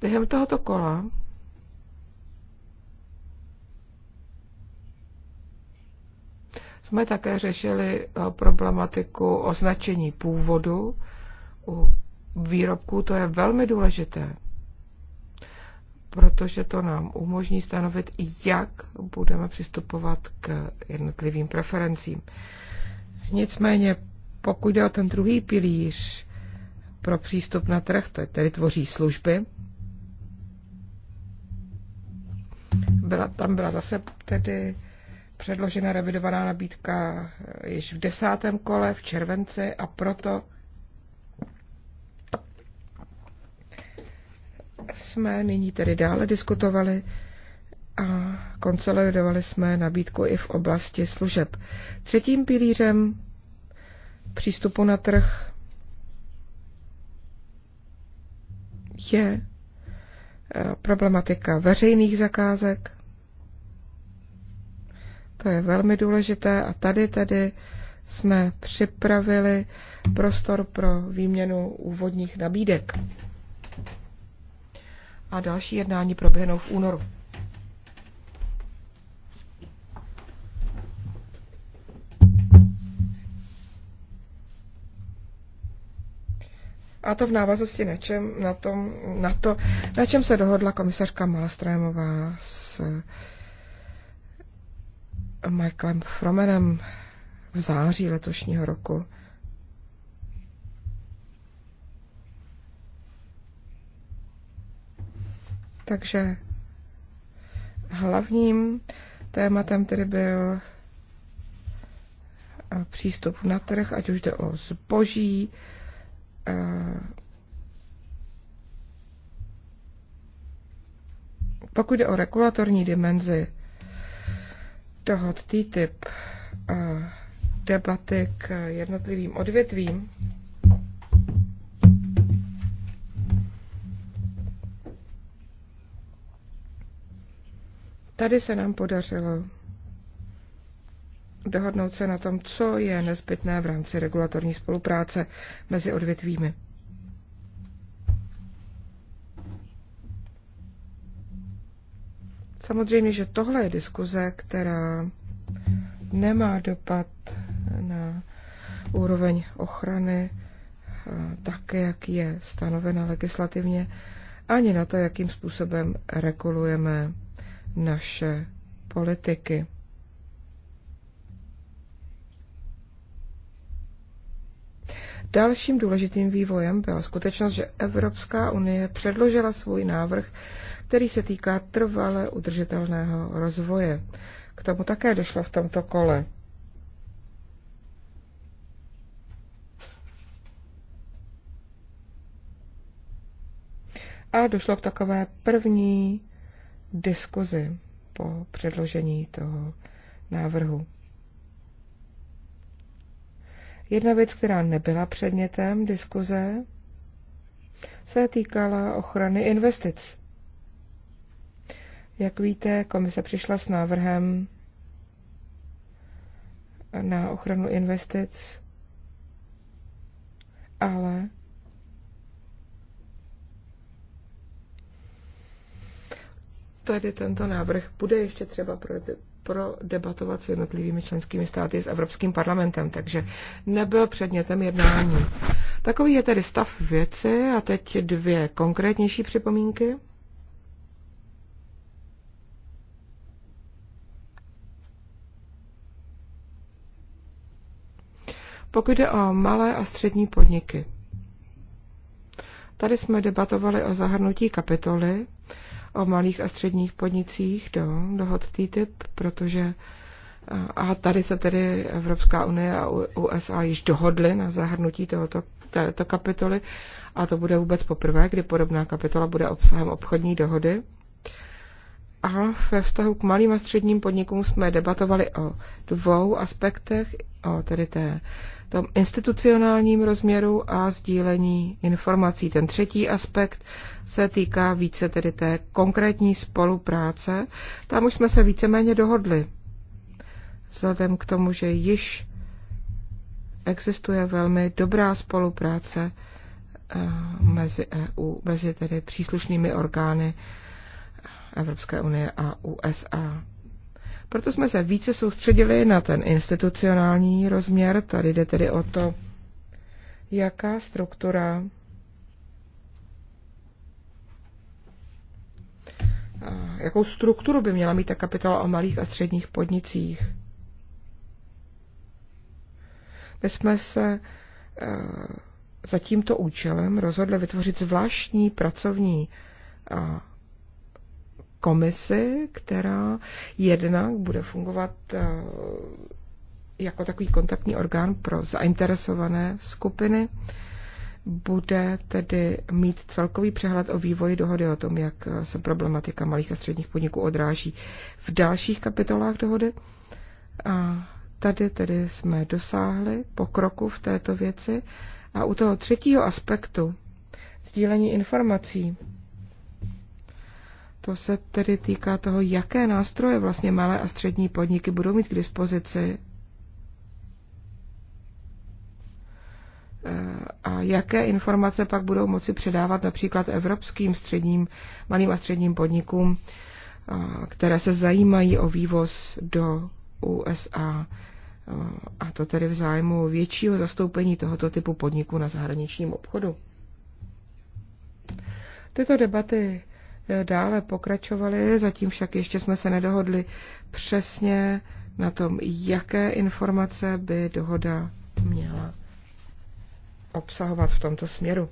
Během tohoto kola jsme také řešili eh, problematiku označení původu u výrobků, to je velmi důležité, protože to nám umožní stanovit, jak budeme přistupovat k jednotlivým preferencím. Nicméně, pokud jde o ten druhý pilíř pro přístup na trh, to tedy tvoří služby, byla, tam byla zase tedy předložena revidovaná nabídka již v desátém kole v červenci a proto jsme nyní tedy dále diskutovali a konsolidovali jsme nabídku i v oblasti služeb. Třetím pilířem přístupu na trh je eh, problematika veřejných zakázek. To je velmi důležité a tady tedy jsme připravili prostor pro výměnu úvodních nabídek a další jednání proběhnou v únoru. A to v návaznosti na, čem, na, tom, na to, na čem se dohodla komisařka Malastrémová s Michaelem Fromenem v září letošního roku. Takže hlavním tématem tedy byl eh, přístup na trh, ať už jde o zboží, eh, pokud jde o regulatorní dimenzi dohod TTIP, eh, debaty k jednotlivým odvětvím, Tady se nám podařilo dohodnout se na tom, co je nezbytné v rámci regulatorní spolupráce mezi odvětvími. Samozřejmě, že tohle je diskuze, která nemá dopad na úroveň ochrany tak, jak je stanovena legislativně, ani na to, jakým způsobem regulujeme naše politiky. Dalším důležitým vývojem byla skutečnost, že Evropská unie předložila svůj návrh, který se týká trvale udržitelného rozvoje. K tomu také došlo v tomto kole. A došlo k takové první diskuzi po předložení toho návrhu. Jedna věc, která nebyla předmětem diskuze, se týkala ochrany investic. Jak víte, komise přišla s návrhem na ochranu investic, ale tady tento návrh bude ještě třeba pro debatovat s jednotlivými členskými státy s Evropským parlamentem, takže nebyl předmětem jednání. Takový je tedy stav věci a teď dvě konkrétnější připomínky. Pokud jde o malé a střední podniky, tady jsme debatovali o zahrnutí kapitoly o malých a středních podnicích do dohod TTIP, protože a tady se tedy Evropská unie a USA již dohodly na zahrnutí tohoto, této kapitoly a to bude vůbec poprvé, kdy podobná kapitola bude obsahem obchodní dohody. A ve vztahu k malým a středním podnikům jsme debatovali o dvou aspektech, o tedy té tom institucionálním rozměru a sdílení informací. Ten třetí aspekt se týká více tedy té konkrétní spolupráce. Tam už jsme se víceméně dohodli. Vzhledem k tomu, že již existuje velmi dobrá spolupráce eh, mezi EU, mezi tedy příslušnými orgány Evropské unie a USA. Proto jsme se více soustředili na ten institucionální rozměr. Tady jde tedy o to, jaká struktura jakou strukturu by měla mít ta kapitola o malých a středních podnicích. My jsme se eh, za tímto účelem rozhodli vytvořit zvláštní pracovní komisi, která jednak bude fungovat eh, jako takový kontaktní orgán pro zainteresované skupiny, bude tedy mít celkový přehled o vývoji dohody o tom, jak se problematika malých a středních podniků odráží v dalších kapitolách dohody. A tady tedy jsme dosáhli pokroku v této věci. A u toho třetího aspektu, sdílení informací, to se tedy týká toho, jaké nástroje vlastně malé a střední podniky budou mít k dispozici eh, a jaké informace pak budou moci předávat například evropským středním, malým a středním podnikům, eh, které se zajímají o vývoz do USA. Eh, a to tedy v zájmu většího zastoupení tohoto typu podniku na zahraničním obchodu. Tyto debaty dále pokračovali, zatím však ještě jsme se nedohodli přesně na tom, jaké informace by dohoda měla obsahovat v tomto směru.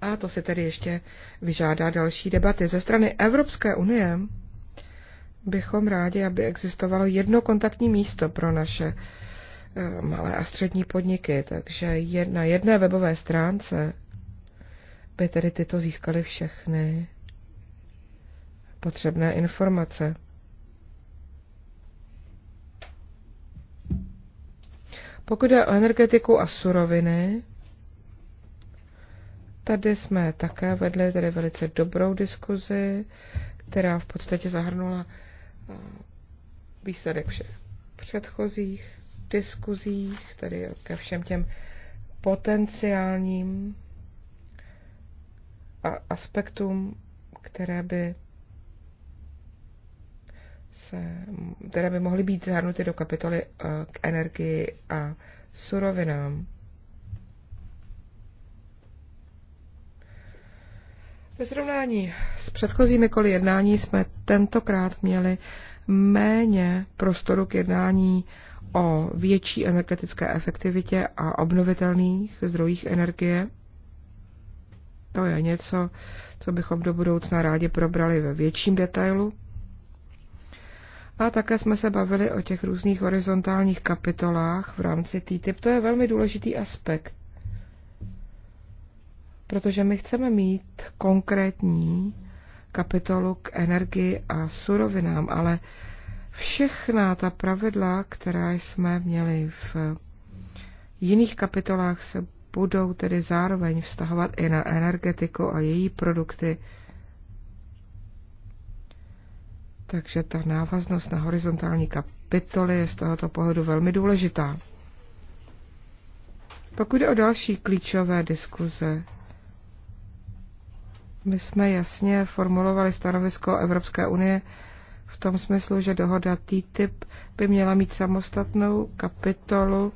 A to se tedy ještě vyžádá další debaty. Ze strany Evropské unie bychom rádi, aby existovalo jedno kontaktní místo pro naše eh, malé a střední podniky, takže na jedné webové stránce by tedy tyto získaly všechny potřebné informace. Pokud jde o energetiku a suroviny, tady jsme také vedli tady velice dobrou diskuzi, která v podstatě zahrnula eh, výsledek všech předchozích diskuzích, tedy ke všem těm potenciálním aspektům, které by se, které by mohly být zahrnuty do kapitoly eh, k energii a surovinám. Ve srovnání s předchozími koly jednání jsme tentokrát měli méně prostoru k jednání o větší energetické efektivitě a obnovitelných zdrojích energie. To je něco, co bychom do budoucna rádi probrali ve větším detailu. A také jsme se bavili o těch různých horizontálních kapitolách v rámci TTIP. To je velmi důležitý aspekt, protože my chceme mít konkrétní kapitolu k energii a surovinám, ale všechna ta pravidla, která jsme měli v jiných kapitolách, se budou tedy zároveň vztahovat i na energetiku a její produkty. Takže ta návaznost na horizontální kapitoly je z tohoto pohledu velmi důležitá. Pokud jde o další klíčové diskuze, my jsme jasně formulovali stanovisko Evropské unie v tom smyslu, že dohoda TTIP by měla mít samostatnou kapitolu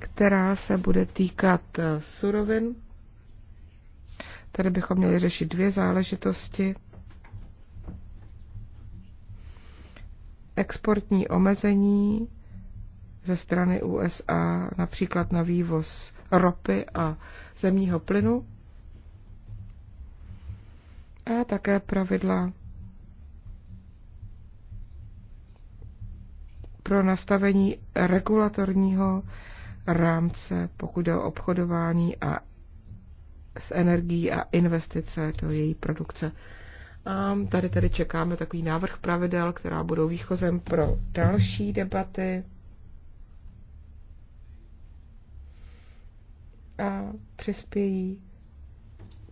která se bude týkat eh, surovin. Tady bychom měli řešit dvě záležitosti. Exportní omezení ze strany USA, například na vývoz ropy a zemního plynu. A také pravidla pro nastavení regulatorního rámce, pokud jde o obchodování a s energií a investice do její produkce. A tady tady čekáme takový návrh pravidel, která budou výchozem pro další debaty. A přispějí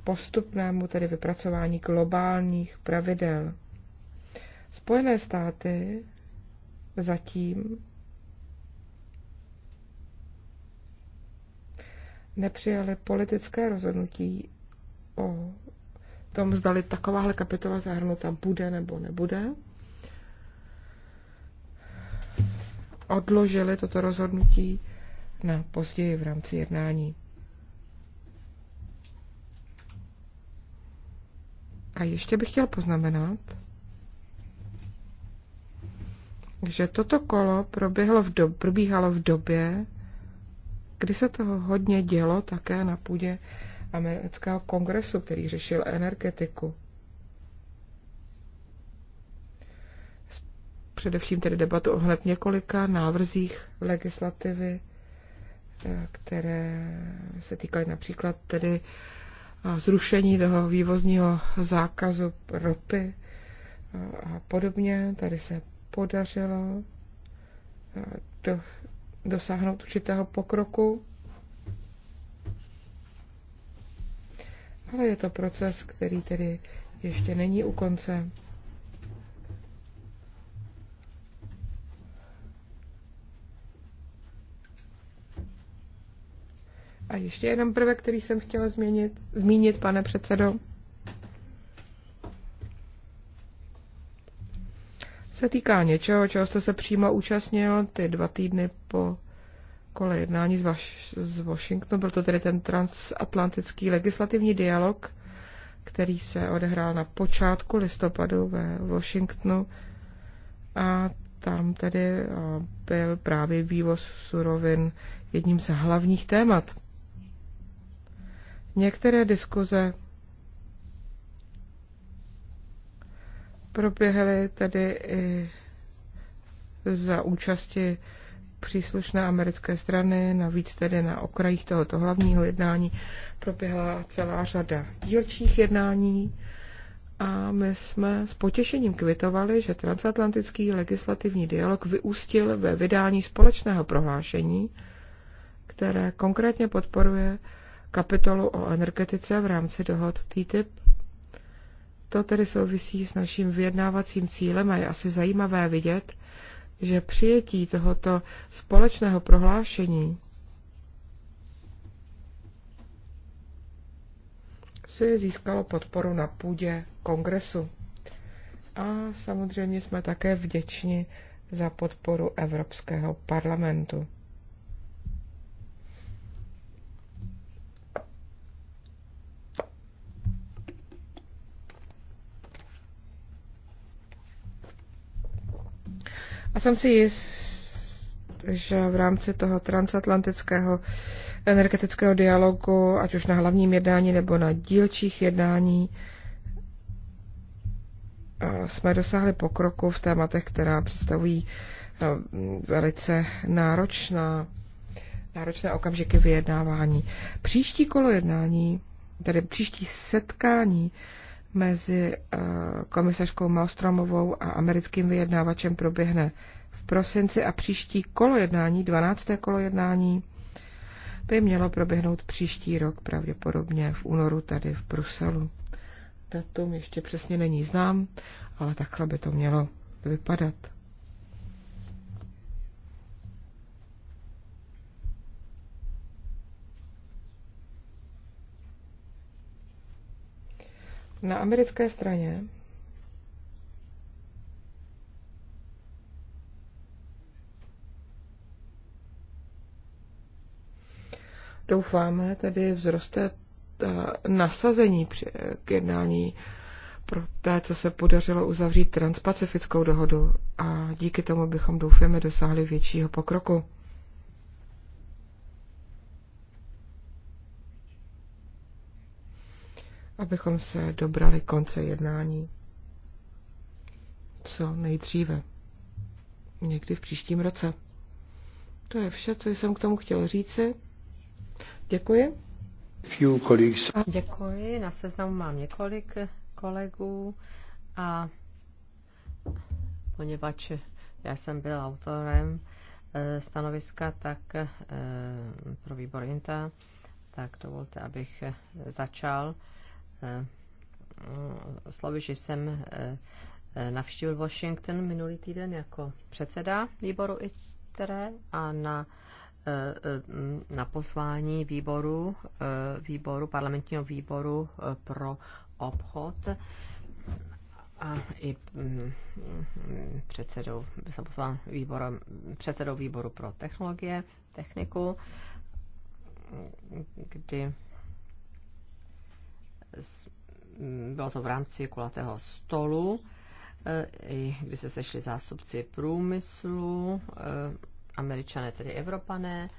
postupnému tedy vypracování globálních pravidel. Spojené státy zatím nepřijali politické rozhodnutí o tom, zdali takováhle kapitola zahrnuta bude nebo nebude. Odložili toto rozhodnutí na později v rámci jednání. A ještě bych chtěl poznamenat, že toto kolo proběhlo v do, probíhalo v době, kdy se toho hodně dělo také na půdě amerického kongresu, který řešil energetiku. Především tedy debatu o hned několika návrzích legislativy, eh, které se týkaly například tedy eh, zrušení toho vývozního zákazu ropy eh, a podobně. Tady se podařilo do, dosáhnout určitého pokroku. Ale je to proces, který tedy ještě není u konce. A ještě jeden prvek, který jsem chtěla změnit, zmínit, pane předsedo. se týká něčeho, čeho jste se přímo účastnil ty dva týdny po kole jednání z, Vaš- z Washingtonu, proto tedy ten transatlantický legislativní dialog, který se odehrál na počátku listopadu ve Washingtonu a tam tedy byl právě vývoz surovin jedním z hlavních témat. Některé diskuze Proběhly tedy i za účasti příslušné americké strany, navíc tedy na okrajích tohoto hlavního jednání proběhla celá řada dílčích jednání a my jsme s potěšením kvitovali, že transatlantický legislativní dialog vyústil ve vydání společného prohlášení, které konkrétně podporuje kapitolu o energetice v rámci dohod TTIP to tedy souvisí s naším vyjednávacím cílem a je asi zajímavé vidět, že přijetí tohoto společného prohlášení si získalo podporu na půdě kongresu. A samozřejmě jsme také vděční za podporu Evropského parlamentu. A jsem si jist, že v rámci toho transatlantického energetického dialogu, ať už na hlavním jednání nebo na dílčích jednání, eh, jsme dosáhli pokroku v tématech, která představují eh, velice náročná, náročné okamžiky vyjednávání. Příští kolo jednání, tedy příští setkání mezi eh, komisařkou Malstromovou a americkým vyjednávačem proběhne v prosinci a příští kolo jednání, 12. kolo jednání, by mělo proběhnout příští rok, pravděpodobně v únoru tady v Bruselu. Datum ještě přesně není znám, ale takhle by to mělo vypadat. Na americké straně doufáme, tedy vzroste eh, nasazení při, k jednání pro té, co se podařilo uzavřít transpacifickou dohodu a díky tomu bychom doufáme dosáhli většího pokroku. abychom se dobrali konce jednání co nejdříve. Někdy v příštím roce. To je vše, co jsem k tomu chtěl říci. Děkuji. Few colleagues. Děkuji. Na seznamu mám několik kolegů a poněvadž já jsem byl autorem eh, stanoviska tak eh, pro výbor INTA, tak dovolte, abych eh, začal. Eh, eh, slovy, že jsem eh, navštívil Washington minulý týden jako předseda výboru ITRE a na, na pozvání výboru, výboru, parlamentního výboru pro obchod a i mm, předsedou, jsem pozván výborem, předsedou výboru pro technologie, techniku, kdy bylo to v rámci kulatého stolu, eh, kdy se sešli zástupci průmyslu, eh, američané, tedy evropané,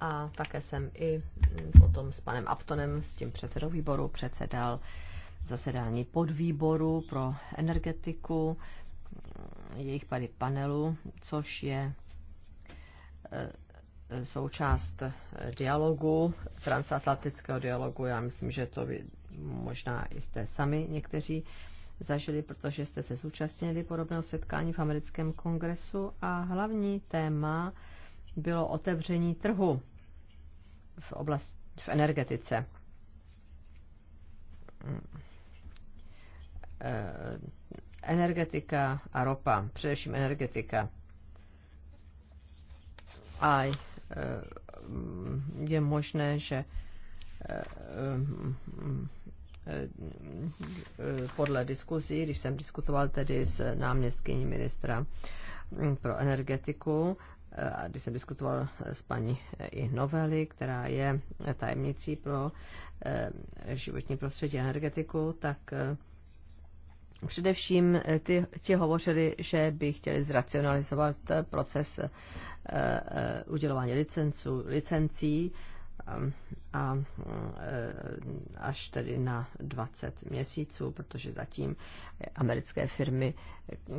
a také jsem i mm, potom s panem Aptonem, s tím předsedou výboru, předsedal zasedání podvýboru pro energetiku, eh, jejich tady panelu, což je součást dialogu, transatlantického dialogu. Já myslím, že to možná i jste sami někteří zažili, protože jste se zúčastnili podobného setkání v americkém kongresu a hlavní téma bylo otevření trhu v oblasti v energetice. Eh, energetika a ropa, především energetika. A eh, je možné, že eh, Eh, podle diskuzí, když jsem diskutoval tedy s náměstkyní ministra mm, pro energetiku, eh, a když jsem diskutoval s paní eh, i Novely, která je tajemnicí pro životní prostředí a energetiku, tak Především ty, ti hovořili, že by chtěli zracionalizovat proces udělování licencu, licencí Ehm, a eh, až tedy na 20 měsíců, protože zatím americké firmy,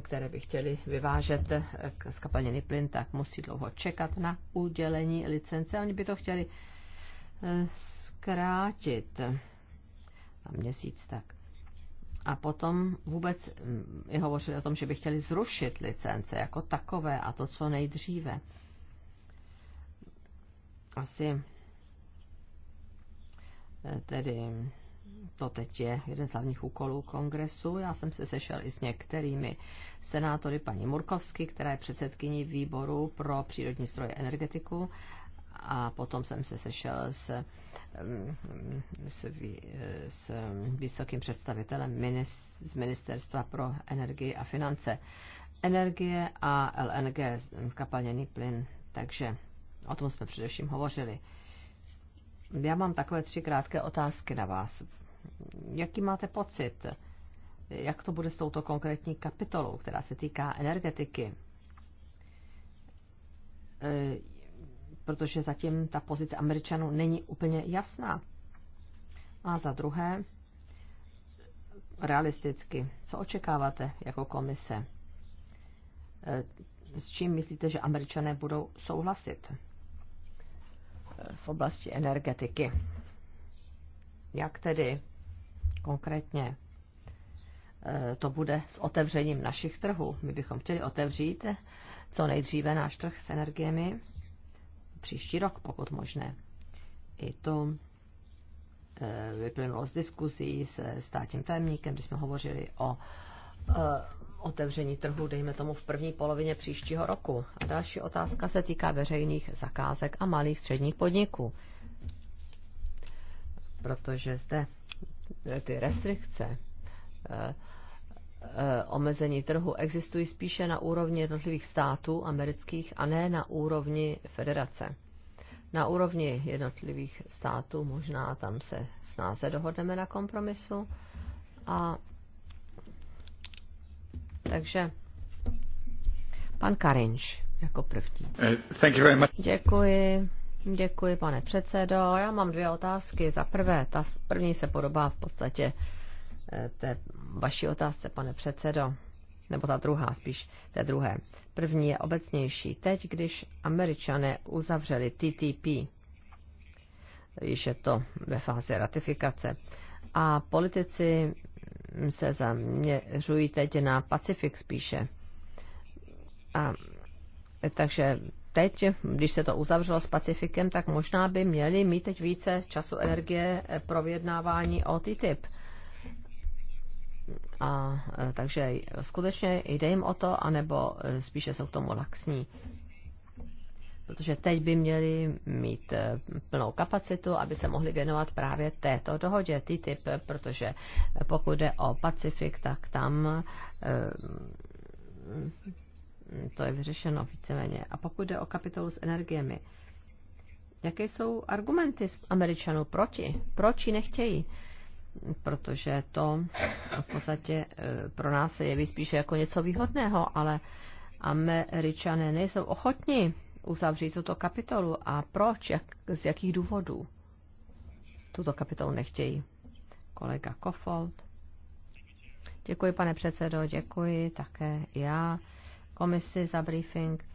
které by chtěly vyvážet z eh, kapalněný plyn, tak musí dlouho čekat na udělení licence. Oni by to chtěli eh, zkrátit na měsíc tak. A potom vůbec je mm, hovořili o tom, že by chtěli zrušit licence jako takové a to co nejdříve. Asi tedy to teď je jeden z hlavních úkolů kongresu. Já jsem se sešel i s některými senátory, paní Murkovsky, která je předsedkyní výboru pro přírodní stroje energetiku a potom jsem se sešel s, mm, s, s vysokým představitelem z Ministerstva pro energii a finance energie a LNG, kapalněný plyn. Takže o tom jsme především hovořili. Já mám takové tři krátké otázky na vás. Jaký máte pocit, jak to bude s touto konkrétní kapitolou, která se týká energetiky? E, protože zatím ta pozice Američanů není úplně jasná. A za druhé, realisticky, co očekáváte jako komise? E, s čím myslíte, že američané budou souhlasit? v oblasti energetiky. Jak tedy konkrétně eh, to bude s otevřením našich trhů? My bychom chtěli otevřít eh, co nejdříve náš trh s energiemi příští rok, pokud možné. I to eh, vyplynulo z diskuzí s státním tajemníkem, kdy jsme hovořili o otevření trhu, dejme tomu v první polovině příštího roku. A další otázka se týká veřejných zakázek a malých středních podniků. Protože zde ty restrikce, eh, eh, omezení trhu existují spíše na úrovni jednotlivých států amerických a ne na úrovni federace. Na úrovni jednotlivých států možná tam se snáze dohodneme na kompromisu a takže pan Karinč jako první. Eh, děkuji. Děkuji, pane předsedo. Já mám dvě otázky. Za prvé, ta první se podobá v podstatě eh, té vaší otázce, pane předsedo, nebo ta druhá spíš, té druhé. První je obecnější. Teď, když američané uzavřeli TTP, již je to ve fázi ratifikace, a politici se zaměřují teď na Pacifik spíše. A takže teď, když se to uzavřelo s Pacifikem, tak možná by měli mít teď více času energie eh, pro vyjednávání o TTIP. A, eh, takže skutečně jde jim o to, anebo eh, spíše jsou k tomu laxní protože teď by měli mít eh, plnou kapacitu, aby se mohli věnovat právě této dohodě TTIP, protože pokud jde o Pacifik, tak tam eh, to je vyřešeno víceméně. A pokud jde o kapitolu s energiemi, jaké jsou argumenty Američanů proti? Proč ji nechtějí? Protože to v podstatě eh, pro nás je jeví spíše jako něco výhodného, ale Američané nejsou ochotní uzavřít tuto kapitolu a proč, jak, z jakých důvodů tuto kapitolu nechtějí. Kolega Kofold. Děkuji, pane předsedo, děkuji také já komisi za briefing.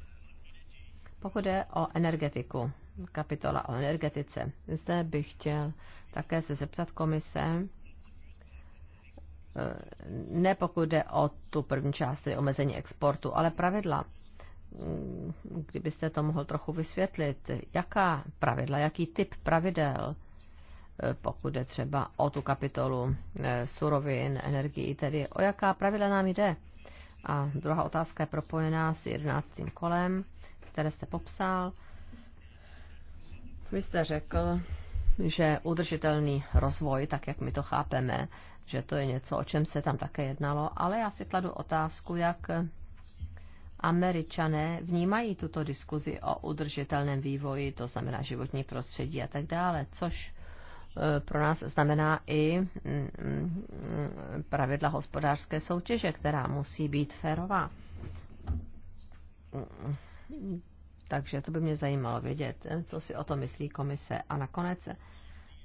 Pokud jde o energetiku, kapitola o energetice, zde bych chtěl také se zeptat komise, eh, ne pokud jde o tu první část, tedy omezení exportu, ale pravidla Mm, kdybyste to mohl trochu vysvětlit, jaká pravidla, jaký typ pravidel, eh, pokud jde třeba o tu kapitolu eh, surovin, energii, tedy o jaká pravidla nám jde. A druhá otázka je propojená s jedenáctým kolem, které jste popsal. Vy jste řekl, že udržitelný rozvoj, tak jak my to chápeme, že to je něco, o čem se tam také jednalo, ale já si kladu otázku, jak Američané vnímají tuto diskuzi o udržitelném vývoji, to znamená životní prostředí a tak dále, což e, pro nás znamená i mm, pravidla hospodářské soutěže, která musí být férová. Takže to by mě zajímalo vědět, co si o to myslí komise. A nakonec,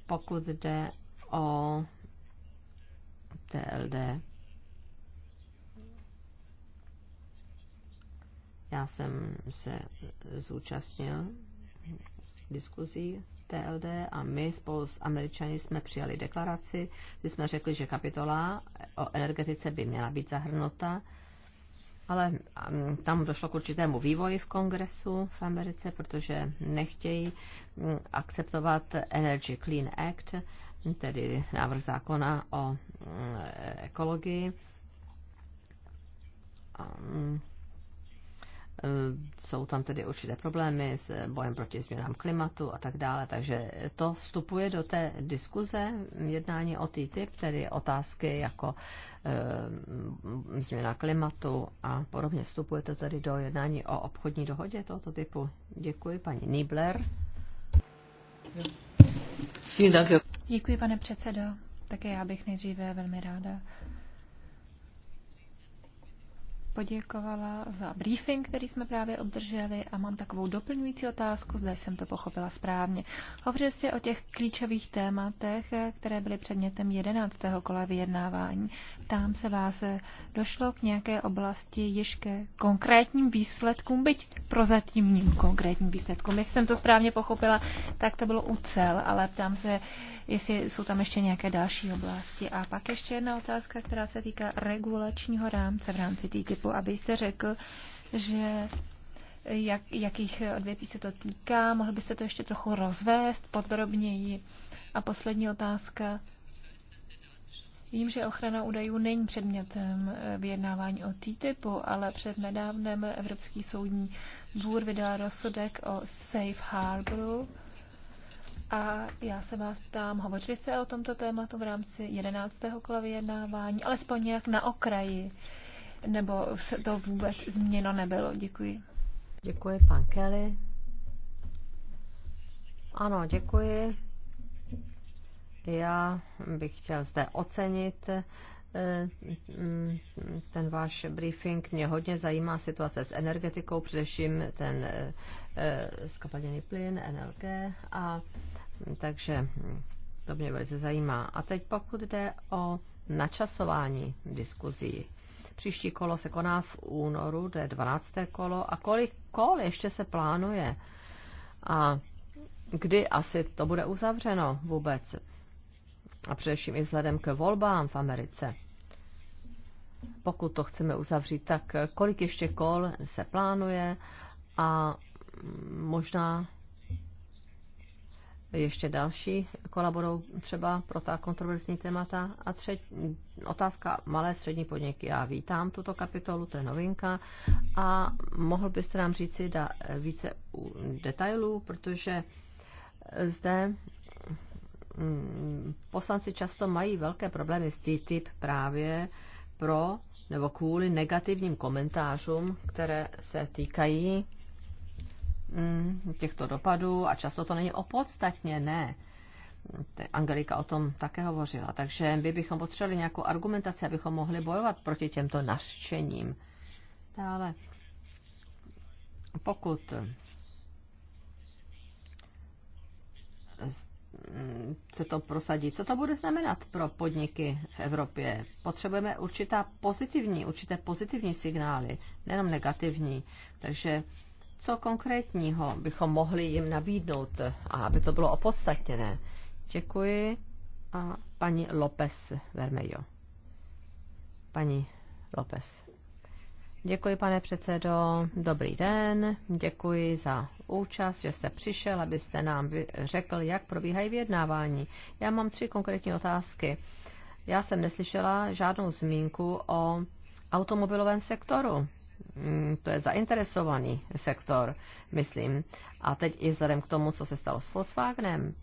pokud jde o TLD, Já jsem se zúčastnil diskuzí TLD a my spolu s Američany jsme přijali deklaraci, kdy jsme řekli, že kapitola o energetice by měla být zahrnuta, ale mm, tam došlo k určitému vývoji v kongresu v Americe, protože nechtějí mm, akceptovat Energy Clean Act, tedy návrh zákona o mm, ekologii. Ehm, jsou tam tedy určité problémy s bojem proti změnám klimatu a tak dále, takže to vstupuje do té diskuze jednání o TTIP, tedy otázky jako ehm, změna klimatu a podobně. Vstupuje to tedy do jednání o obchodní dohodě tohoto typu. Děkuji, paní Nibler. Děkuji, pane předsedo. Také já bych nejdříve velmi ráda poděkovala za briefing, který jsme právě obdrželi a mám takovou doplňující otázku, zda jsem to pochopila správně. Hovořil jste o těch klíčových tématech, které byly předmětem 11. kola vyjednávání. Tam se vás, došlo k nějaké oblasti již ke konkrétním výsledkům, byť prozatímním konkrétním výsledkům. Jestli jsem to správně pochopila, tak to bylo u ale ptám se, jestli jsou tam ještě nějaké další oblasti. A pak ještě jedna otázka, která se týká regulačního rámce v rámci TTIP principu, abyste řekl, že jak, jakých odvětví se to týká, mohl byste to ještě trochu rozvést podrobněji. A poslední otázka. Vím, že ochrana údajů není předmětem vyjednávání o TTIPu, ale před nedávnem Evropský soudní dvůr vydal rozsudek o Safe Harboru. A já se vás ptám, hovořili jste o tomto tématu v rámci 11. kola vyjednávání, alespoň nějak na okraji nebo se to vůbec změno nebylo. Děkuji. Děkuji, pan Kelly. Ano, děkuji. Já bych chtěl zde ocenit eh, mm, ten váš briefing. Mě hodně zajímá situace s energetikou, především ten eh, eh, skapaděný plyn, NLG. A, takže hm, to mě velice zajímá. A teď pokud jde o načasování diskuzí, Příští kolo se koná v únoru, to je 12. kolo. A kolik kol ještě se plánuje? A kdy asi to bude uzavřeno vůbec? A především i vzhledem k volbám v Americe. Pokud to chceme uzavřít, tak kolik ještě kol se plánuje a možná ještě další kolaborou třeba pro ta kontroverzní témata. A třetí otázka malé střední podniky. Já vítám tuto kapitolu, to je novinka. A mohl byste nám říci da, více detailů, protože zde mm, poslanci často mají velké problémy s TTIP právě pro nebo kvůli negativním komentářům, které se týkají Mm, těchto dopadů a často to není opodstatněné. Angelika o tom také hovořila. Takže my bychom potřebovali nějakou argumentaci, abychom mohli bojovat proti těmto naštěním. Dále, pokud se to prosadí. Co to bude znamenat pro podniky v Evropě? Potřebujeme určitá pozitivní, určité pozitivní signály, nejenom negativní. Takže co konkrétního bychom mohli jim nabídnout a aby to bylo opodstatněné. Děkuji. A paní López Vermejo. Paní López. Děkuji, pane předsedo. Dobrý den. Děkuji za účast, že jste přišel, abyste nám řekl, jak probíhají vyjednávání. Já mám tři konkrétní otázky. Já jsem neslyšela žádnou zmínku o automobilovém sektoru. Mm, to je zainteresovaný sektor, myslím. A teď i vzhledem k tomu, co se stalo s Volkswagenem,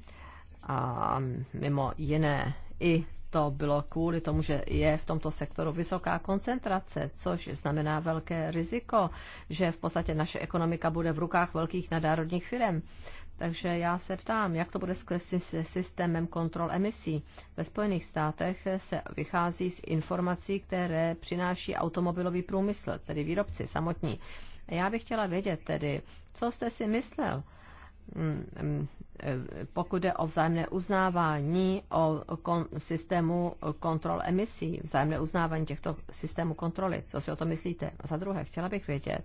a mimo jiné i to bylo kvůli tomu, že je v tomto sektoru vysoká koncentrace, což znamená velké riziko, že v podstatě naše ekonomika bude v rukách velkých nadárodních firm. Takže já se ptám, jak to bude s systémem kontrol emisí. Ve Spojených státech se vychází z informací, které přináší automobilový průmysl, tedy výrobci samotní. Já bych chtěla vědět tedy, co jste si myslel Mm, mm, eh, pokud jde o vzájemné uznávání o kon, systému kontrol emisí, vzájemné uznávání těchto systémů kontroly. Co si o to myslíte? A za druhé, chtěla bych vědět,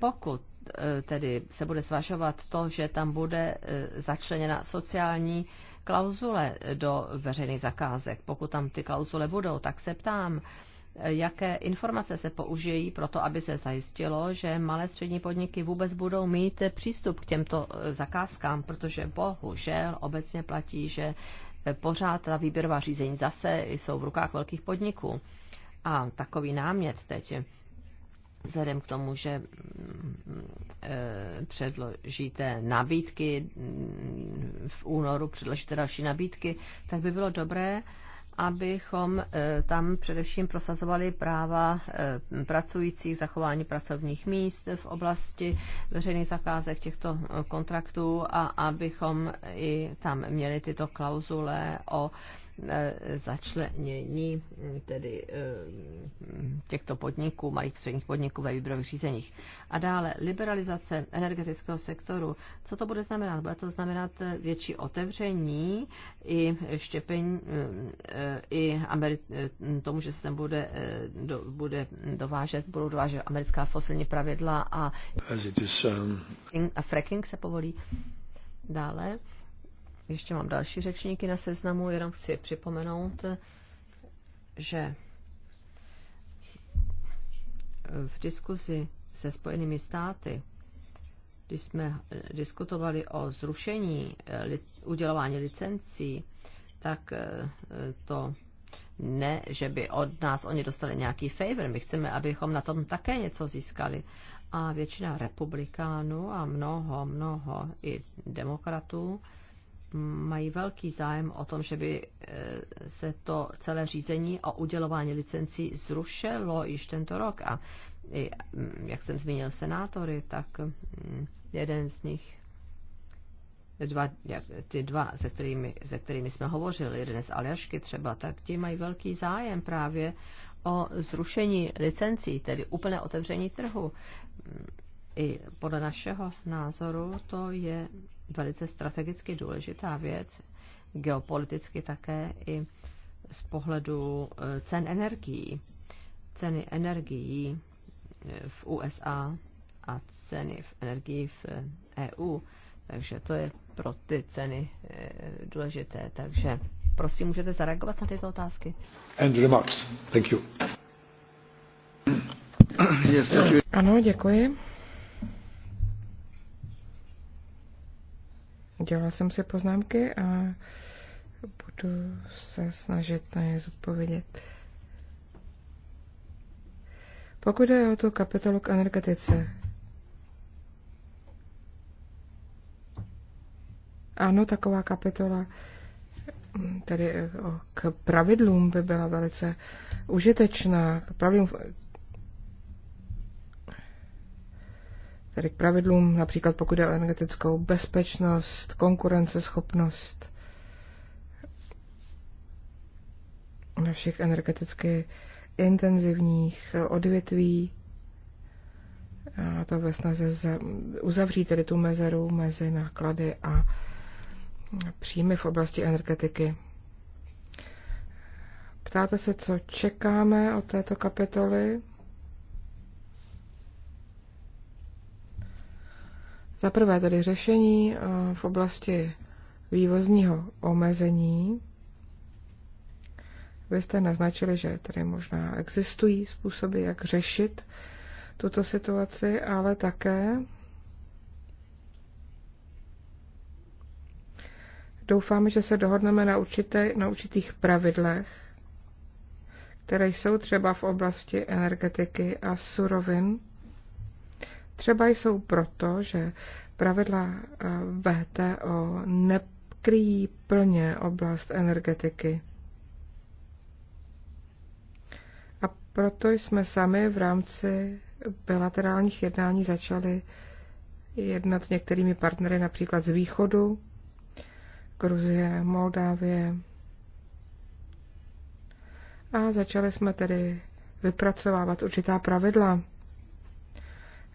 pokud eh, tedy se bude zvažovat to, že tam bude eh, začleněna sociální klauzule do veřejných zakázek, pokud tam ty klauzule budou, tak se ptám, jaké informace se použijí pro to, aby se zajistilo, že malé střední podniky vůbec budou mít přístup k těmto eh, zakázkám, protože bohužel obecně platí, že eh, pořád ta výběrová řízení zase jsou v rukách velkých podniků. A takový námět teď, vzhledem k tomu, že mm, eh, předložíte nabídky, mm, v únoru předložíte další nabídky, tak by bylo dobré, abychom eh, tam především prosazovali práva eh, pracujících, zachování pracovních míst v oblasti veřejných zakázek těchto eh, kontraktů a abychom i tam měli tyto klauzule o Eh, začlenění mm, tedy eh, těchto podniků, malých středních podniků ve výběrových řízeních. A dále liberalizace energetického sektoru. Co to bude znamenat? Bude to znamenat eh, větší otevření i štěpení i Ameri- tomu, že se sem bude, do, bude dovážet, budou dovážet americká fosilní pravidla a, is, um... a fracking se povolí dále ještě mám další řečníky na seznamu, jenom chci připomenout, že v diskuzi se Spojenými státy, když jsme diskutovali o zrušení eh, udělování licencí, tak eh, to ne, že by od nás oni dostali nějaký favor. My chceme, abychom na tom také něco získali. A většina republikánů a mnoho, mnoho i demokratů mají velký zájem o tom, že by eh, se to celé řízení o udělování licencí zrušilo již tento rok. A mm, jak jsem zmínil senátory, tak mm, jeden z nich, dva, ty dva, se kterými, se kterými jsme hovořili, jeden z Aljašky třeba, tak ti mají velký zájem právě o zrušení licencí, tedy úplné otevření trhu i podle našeho názoru to je velice strategicky důležitá věc, geopoliticky také i z pohledu eh, cen energií. Ceny energií eh, v USA a ceny v energii v EU. Eh, e Takže to je pro ty ceny důležité. Takže prosím, můžete zareagovat na tyto otázky? Andrew Marks, thank you. Ano, děkuji. Dělala jsem si poznámky a budu se snažit na ně zodpovědět. Pokud je o tu kapitolu k energetice, ano, taková kapitola tedy eh, k pravidlům by byla velice užitečná, k pravidlům tedy k pravidlům, například pokud je o energetickou bezpečnost, konkurenceschopnost našich energeticky intenzivních odvětví, a to ve snaze uzavřít tedy tu mezeru mezi náklady a příjmy v oblasti energetiky. Ptáte se, co čekáme od této kapitoly? Za prvé tedy řešení eh, v oblasti vývozního omezení. Vy jste naznačili, že tedy možná existují způsoby, jak řešit tuto situaci, ale také doufáme, že se dohodneme na, určité, na určitých pravidlech, které jsou třeba v oblasti energetiky a surovin, Třeba jsou proto, že pravidla eh, VTO nekryjí plně oblast energetiky. A proto jsme sami v rámci bilaterálních jednání začali jednat s některými partnery, například z východu, Gruzie, Moldávie. A začali jsme tedy vypracovávat určitá pravidla.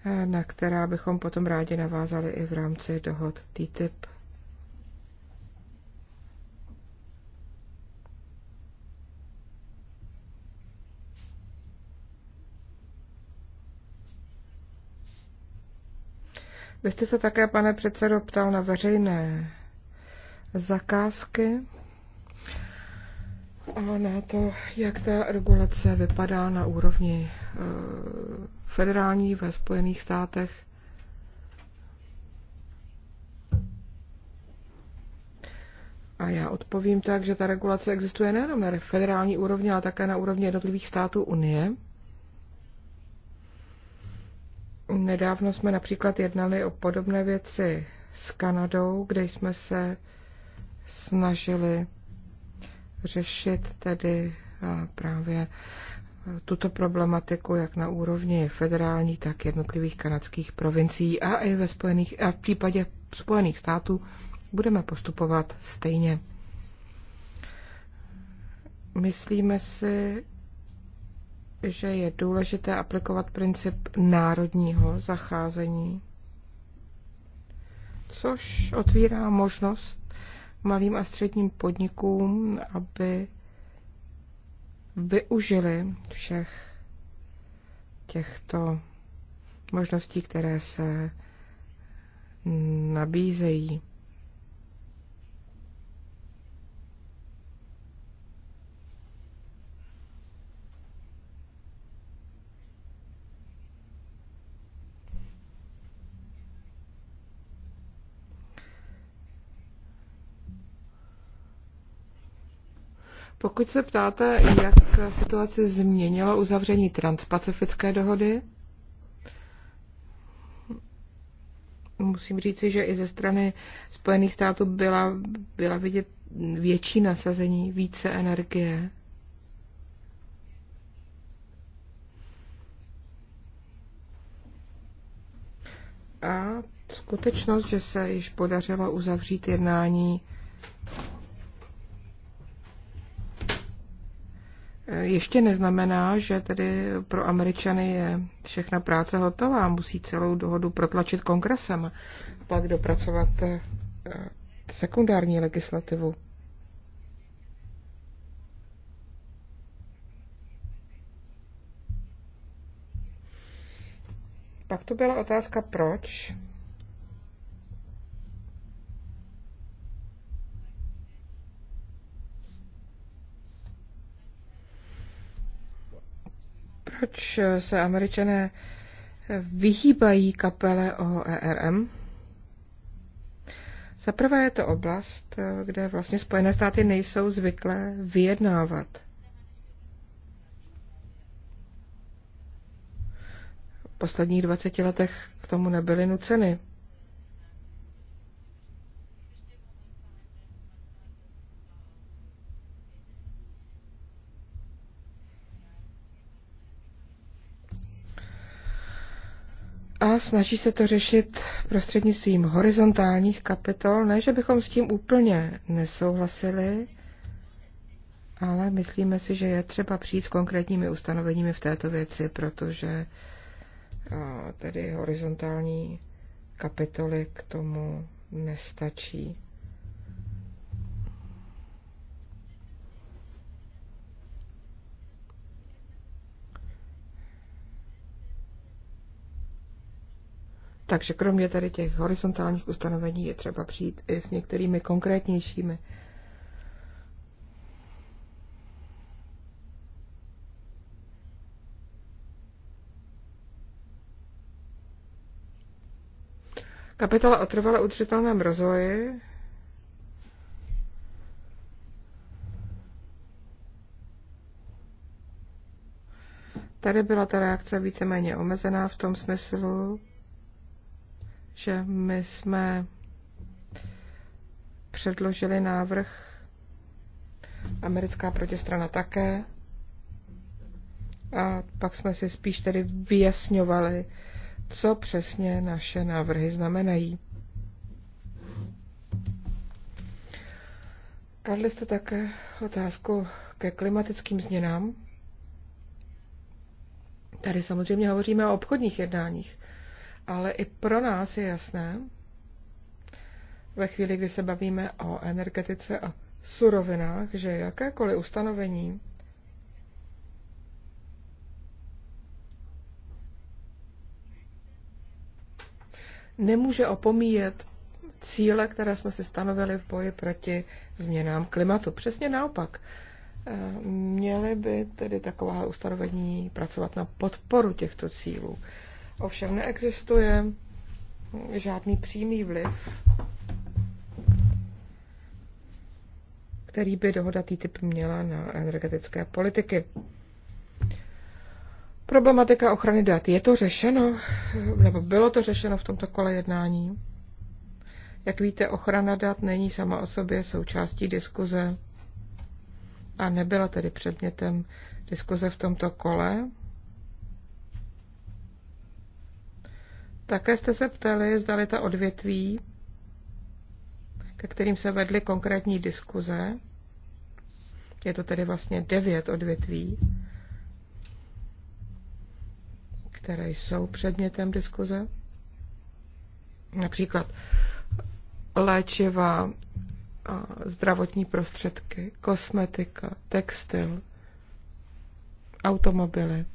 Eh, na která bychom potom rádi navázali i v rámci dohod TTIP. Vy jste se také, pane předsedo, ptal na veřejné zakázky a na to, jak ta regulace vypadá na úrovni eh, federální ve Spojených státech. A já odpovím tak, že ta regulace existuje nejenom na federální úrovni, ale také na úrovni jednotlivých států Unie. Nedávno jsme například jednali o podobné věci s Kanadou, kde jsme se snažili řešit tedy eh, právě tuto problematiku jak na úrovni federální, tak jednotlivých kanadských provincií a i ve spojených, a v případě Spojených států budeme postupovat stejně. Myslíme si, že je důležité aplikovat princip národního zacházení, což otvírá možnost malým a středním podnikům, aby využili všech těchto možností, které se nabízejí. Pokud se ptáte, jak situaci změnilo uzavření transpacifické dohody, musím říci, že i ze strany Spojených států byla, byla vidět větší nasazení, více energie. A skutečnost, že se již podařilo uzavřít jednání ještě neznamená, že tedy pro Američany je všechna práce hotová, musí celou dohodu protlačit kongresem, pak dopracovat eh, sekundární legislativu. Pak to byla otázka proč. Proč se američané vyhýbají kapele o ERM? Za prvé je to oblast, kde vlastně Spojené státy nejsou zvyklé vyjednávat. V posledních 20 letech k tomu nebyly nuceny. snaží se to řešit prostřednictvím horizontálních kapitol. Ne, že bychom s tím úplně nesouhlasili, ale myslíme si, že je třeba přijít s konkrétními ustanoveními v této věci, protože tedy horizontální kapitoly k tomu nestačí. Takže kromě tady těch horizontálních ustanovení je třeba přijít i s některými konkrétnějšími. Kapitola o trvale udržitelném rozvoji Tady byla ta reakce víceméně omezená v tom smyslu, že my jsme předložili návrh, americká protistrana také, a pak jsme si spíš tedy vyjasňovali, co přesně naše návrhy znamenají. Kladli jste také otázku ke klimatickým změnám. Tady samozřejmě hovoříme o obchodních jednáních ale i pro nás je jasné, ve chvíli, kdy se bavíme o energetice a surovinách, že jakékoliv ustanovení nemůže opomíjet cíle, které jsme si stanovili v boji proti změnám klimatu. Přesně naopak. Eh, měly by tedy taková ustanovení pracovat na podporu těchto cílů. Ovšem neexistuje žádný přímý vliv, který by dohoda TTIP měla na energetické politiky. Problematika ochrany dat. Je to řešeno? Nebo bylo to řešeno v tomto kole jednání? Jak víte, ochrana dat není sama o sobě součástí diskuze a nebyla tedy předmětem diskuze v tomto kole. Také jste se ptali, zdali ta odvětví, ke kterým se vedly konkrétní diskuze, je to tedy vlastně devět odvětví, které jsou předmětem diskuze. Například léčiva, zdravotní prostředky, kosmetika, textil, automobily,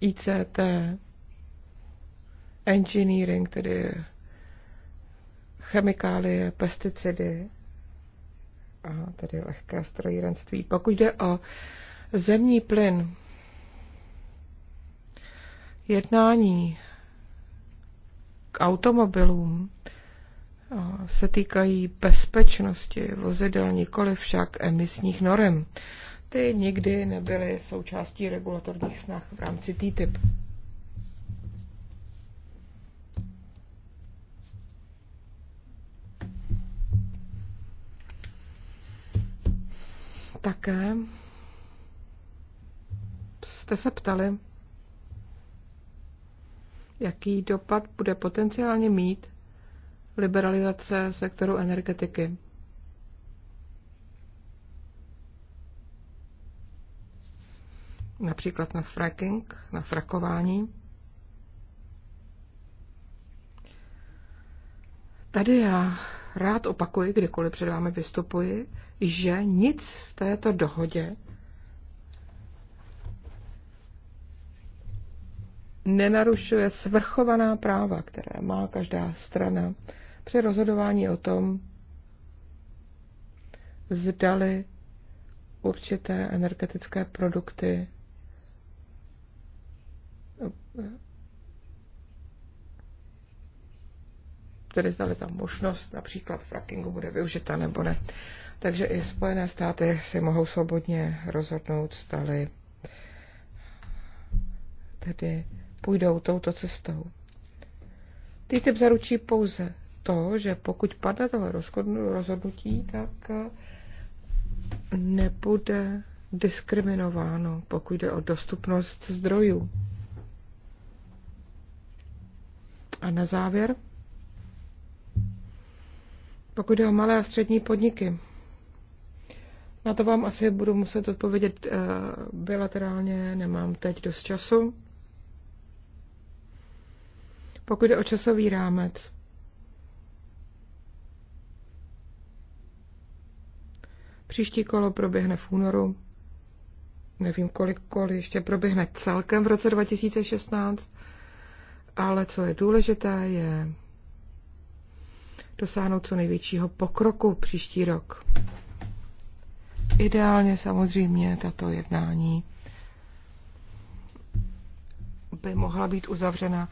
ICT, engineering, tedy chemikálie, pesticidy a tedy lehké strojírenství. Pokud jde o zemní plyn, jednání k automobilům se týkají bezpečnosti vozidel, nikoli však emisních norem. Ty nikdy nebyly součástí regulatorních snah v rámci TTIP. Také jste se ptali, jaký dopad bude potenciálně mít liberalizace sektoru energetiky. Například na fracking, na frakování. Tady já rád opakuji, kdykoliv před vámi vystupuji, že nic v této dohodě nenarušuje svrchovaná práva, které má každá strana při rozhodování o tom, zdali určité energetické produkty tedy zdali ta možnost například frackingu bude využita nebo ne takže i Spojené státy si mohou svobodně rozhodnout, stali tedy půjdou touto cestou. TTIP zaručí pouze to, že pokud padne tohle rozhodnutí, tak eh, nebude diskriminováno, pokud jde o dostupnost zdrojů. A na závěr, pokud jde o malé a střední podniky, na to vám asi budu muset odpovědět eh, bilaterálně, nemám teď dost času. Pokud jde o časový rámec, příští kolo proběhne v únoru, nevím kolik kol ještě proběhne celkem v roce 2016, ale co je důležité, je dosáhnout co největšího pokroku příští rok. Ideálně samozřejmě tato jednání by mohla být uzavřena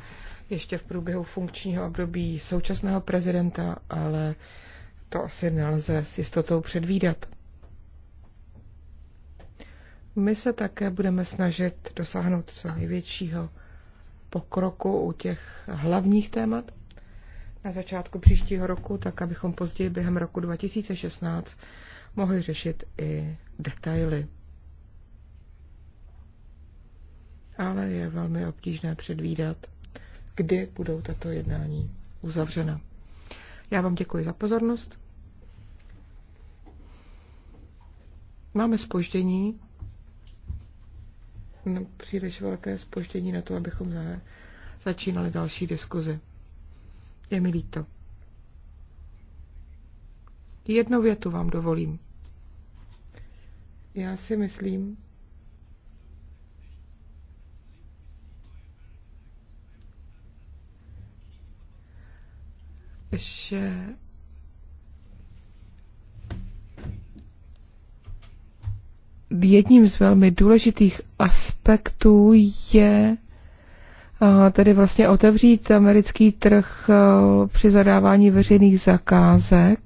ještě v průběhu funkčního období současného prezidenta, ale to asi nelze s jistotou předvídat. My se také budeme snažit dosáhnout co největšího pokroku u těch hlavních témat na začátku příštího roku, tak abychom později během roku 2016 mohli řešit i detaily. Ale je velmi obtížné předvídat, kdy budou tato jednání uzavřena. Já vám děkuji za pozornost. Máme spoždění, no, příliš velké spoždění na to, abychom začínali další diskuzi. Je mi líto. Jednu větu vám dovolím. Já si myslím, že jedním z velmi důležitých aspektů je tedy vlastně otevřít americký trh při zadávání veřejných zakázek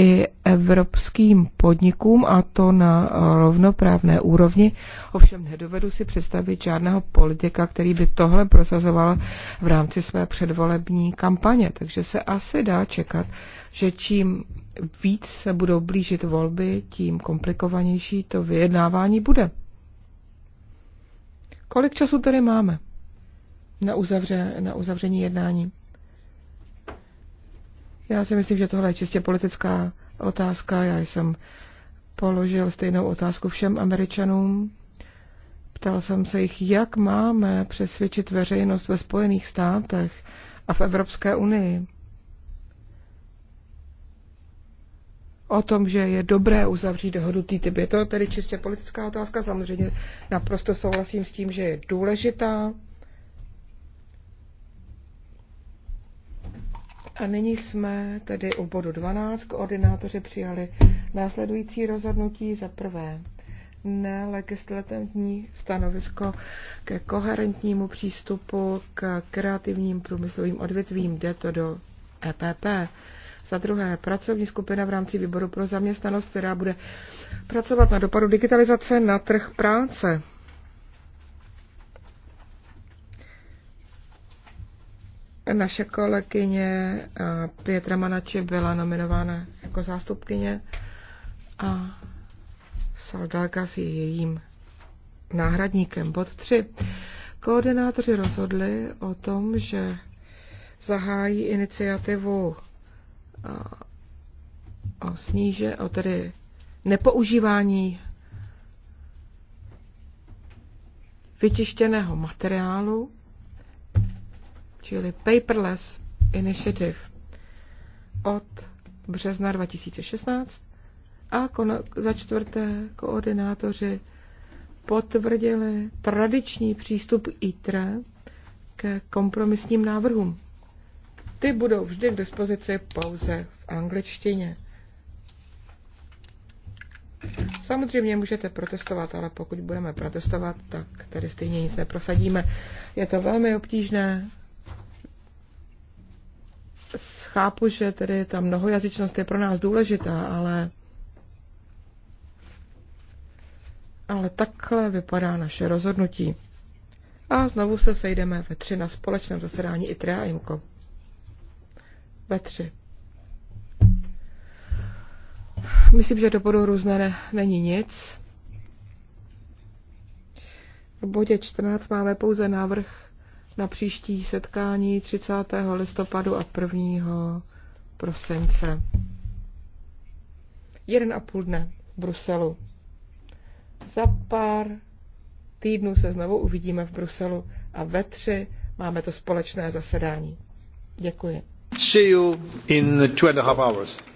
i evropským podnikům a to na eh, rovnoprávné úrovni. Ovšem nedovedu si představit žádného politika, který by tohle prosazoval v rámci své předvolební kampaně. Takže se asi dá čekat, že čím víc se budou blížit volby, tím komplikovanější to vyjednávání bude. Kolik času tady máme na, uzavře, na uzavření jednání? Já si myslím, že tohle je čistě politická otázka. Já jsem položil stejnou otázku všem Američanům. Ptal jsem se jich, jak máme přesvědčit veřejnost ve Spojených státech a v Evropské unii o tom, že je dobré uzavřít dohodu TTIP. Je to tedy čistě politická otázka. Samozřejmě naprosto souhlasím s tím, že je důležitá. A nyní jsme tedy u bodu 12. Koordinátoři přijali následující rozhodnutí za prvé nelegislativní stanovisko ke koherentnímu přístupu k kreativním průmyslovým odvětvím. Jde to do EPP. Za druhé, pracovní skupina v rámci výboru pro zaměstnanost, která bude pracovat na dopadu digitalizace na trh práce. Naše kolegyně eh, Pětra Manači byla nominována jako zástupkyně a Saldagas je jejím náhradníkem. Bod 3. Koordinátoři rozhodli o tom, že zahájí iniciativu eh, o sníže, o tedy nepoužívání vytištěného materiálu čili Paperless Initiative od března 2016 a za čtvrté koordinátoři potvrdili tradiční přístup ITRE ke kompromisním návrhům. Ty budou vždy k dispozici pouze v angličtině. Samozřejmě můžete protestovat, ale pokud budeme protestovat, tak tady stejně nic neprosadíme. Je to velmi obtížné Chápu, že tedy ta mnohojazyčnost je pro nás důležitá, ale ale takhle vypadá naše rozhodnutí. A znovu se sejdeme ve tři na společném zasedání ITRE a IMCO. Ve tři. Myslím, že do bodu různé ne, není nic. V bodě 14 máme pouze návrh na příští setkání 30. listopadu a 1. prosince. Jeden a půl dne v Bruselu. Za pár týdnů se znovu uvidíme v Bruselu a ve tři máme to společné zasedání. Děkuji. See you in two and a half hours.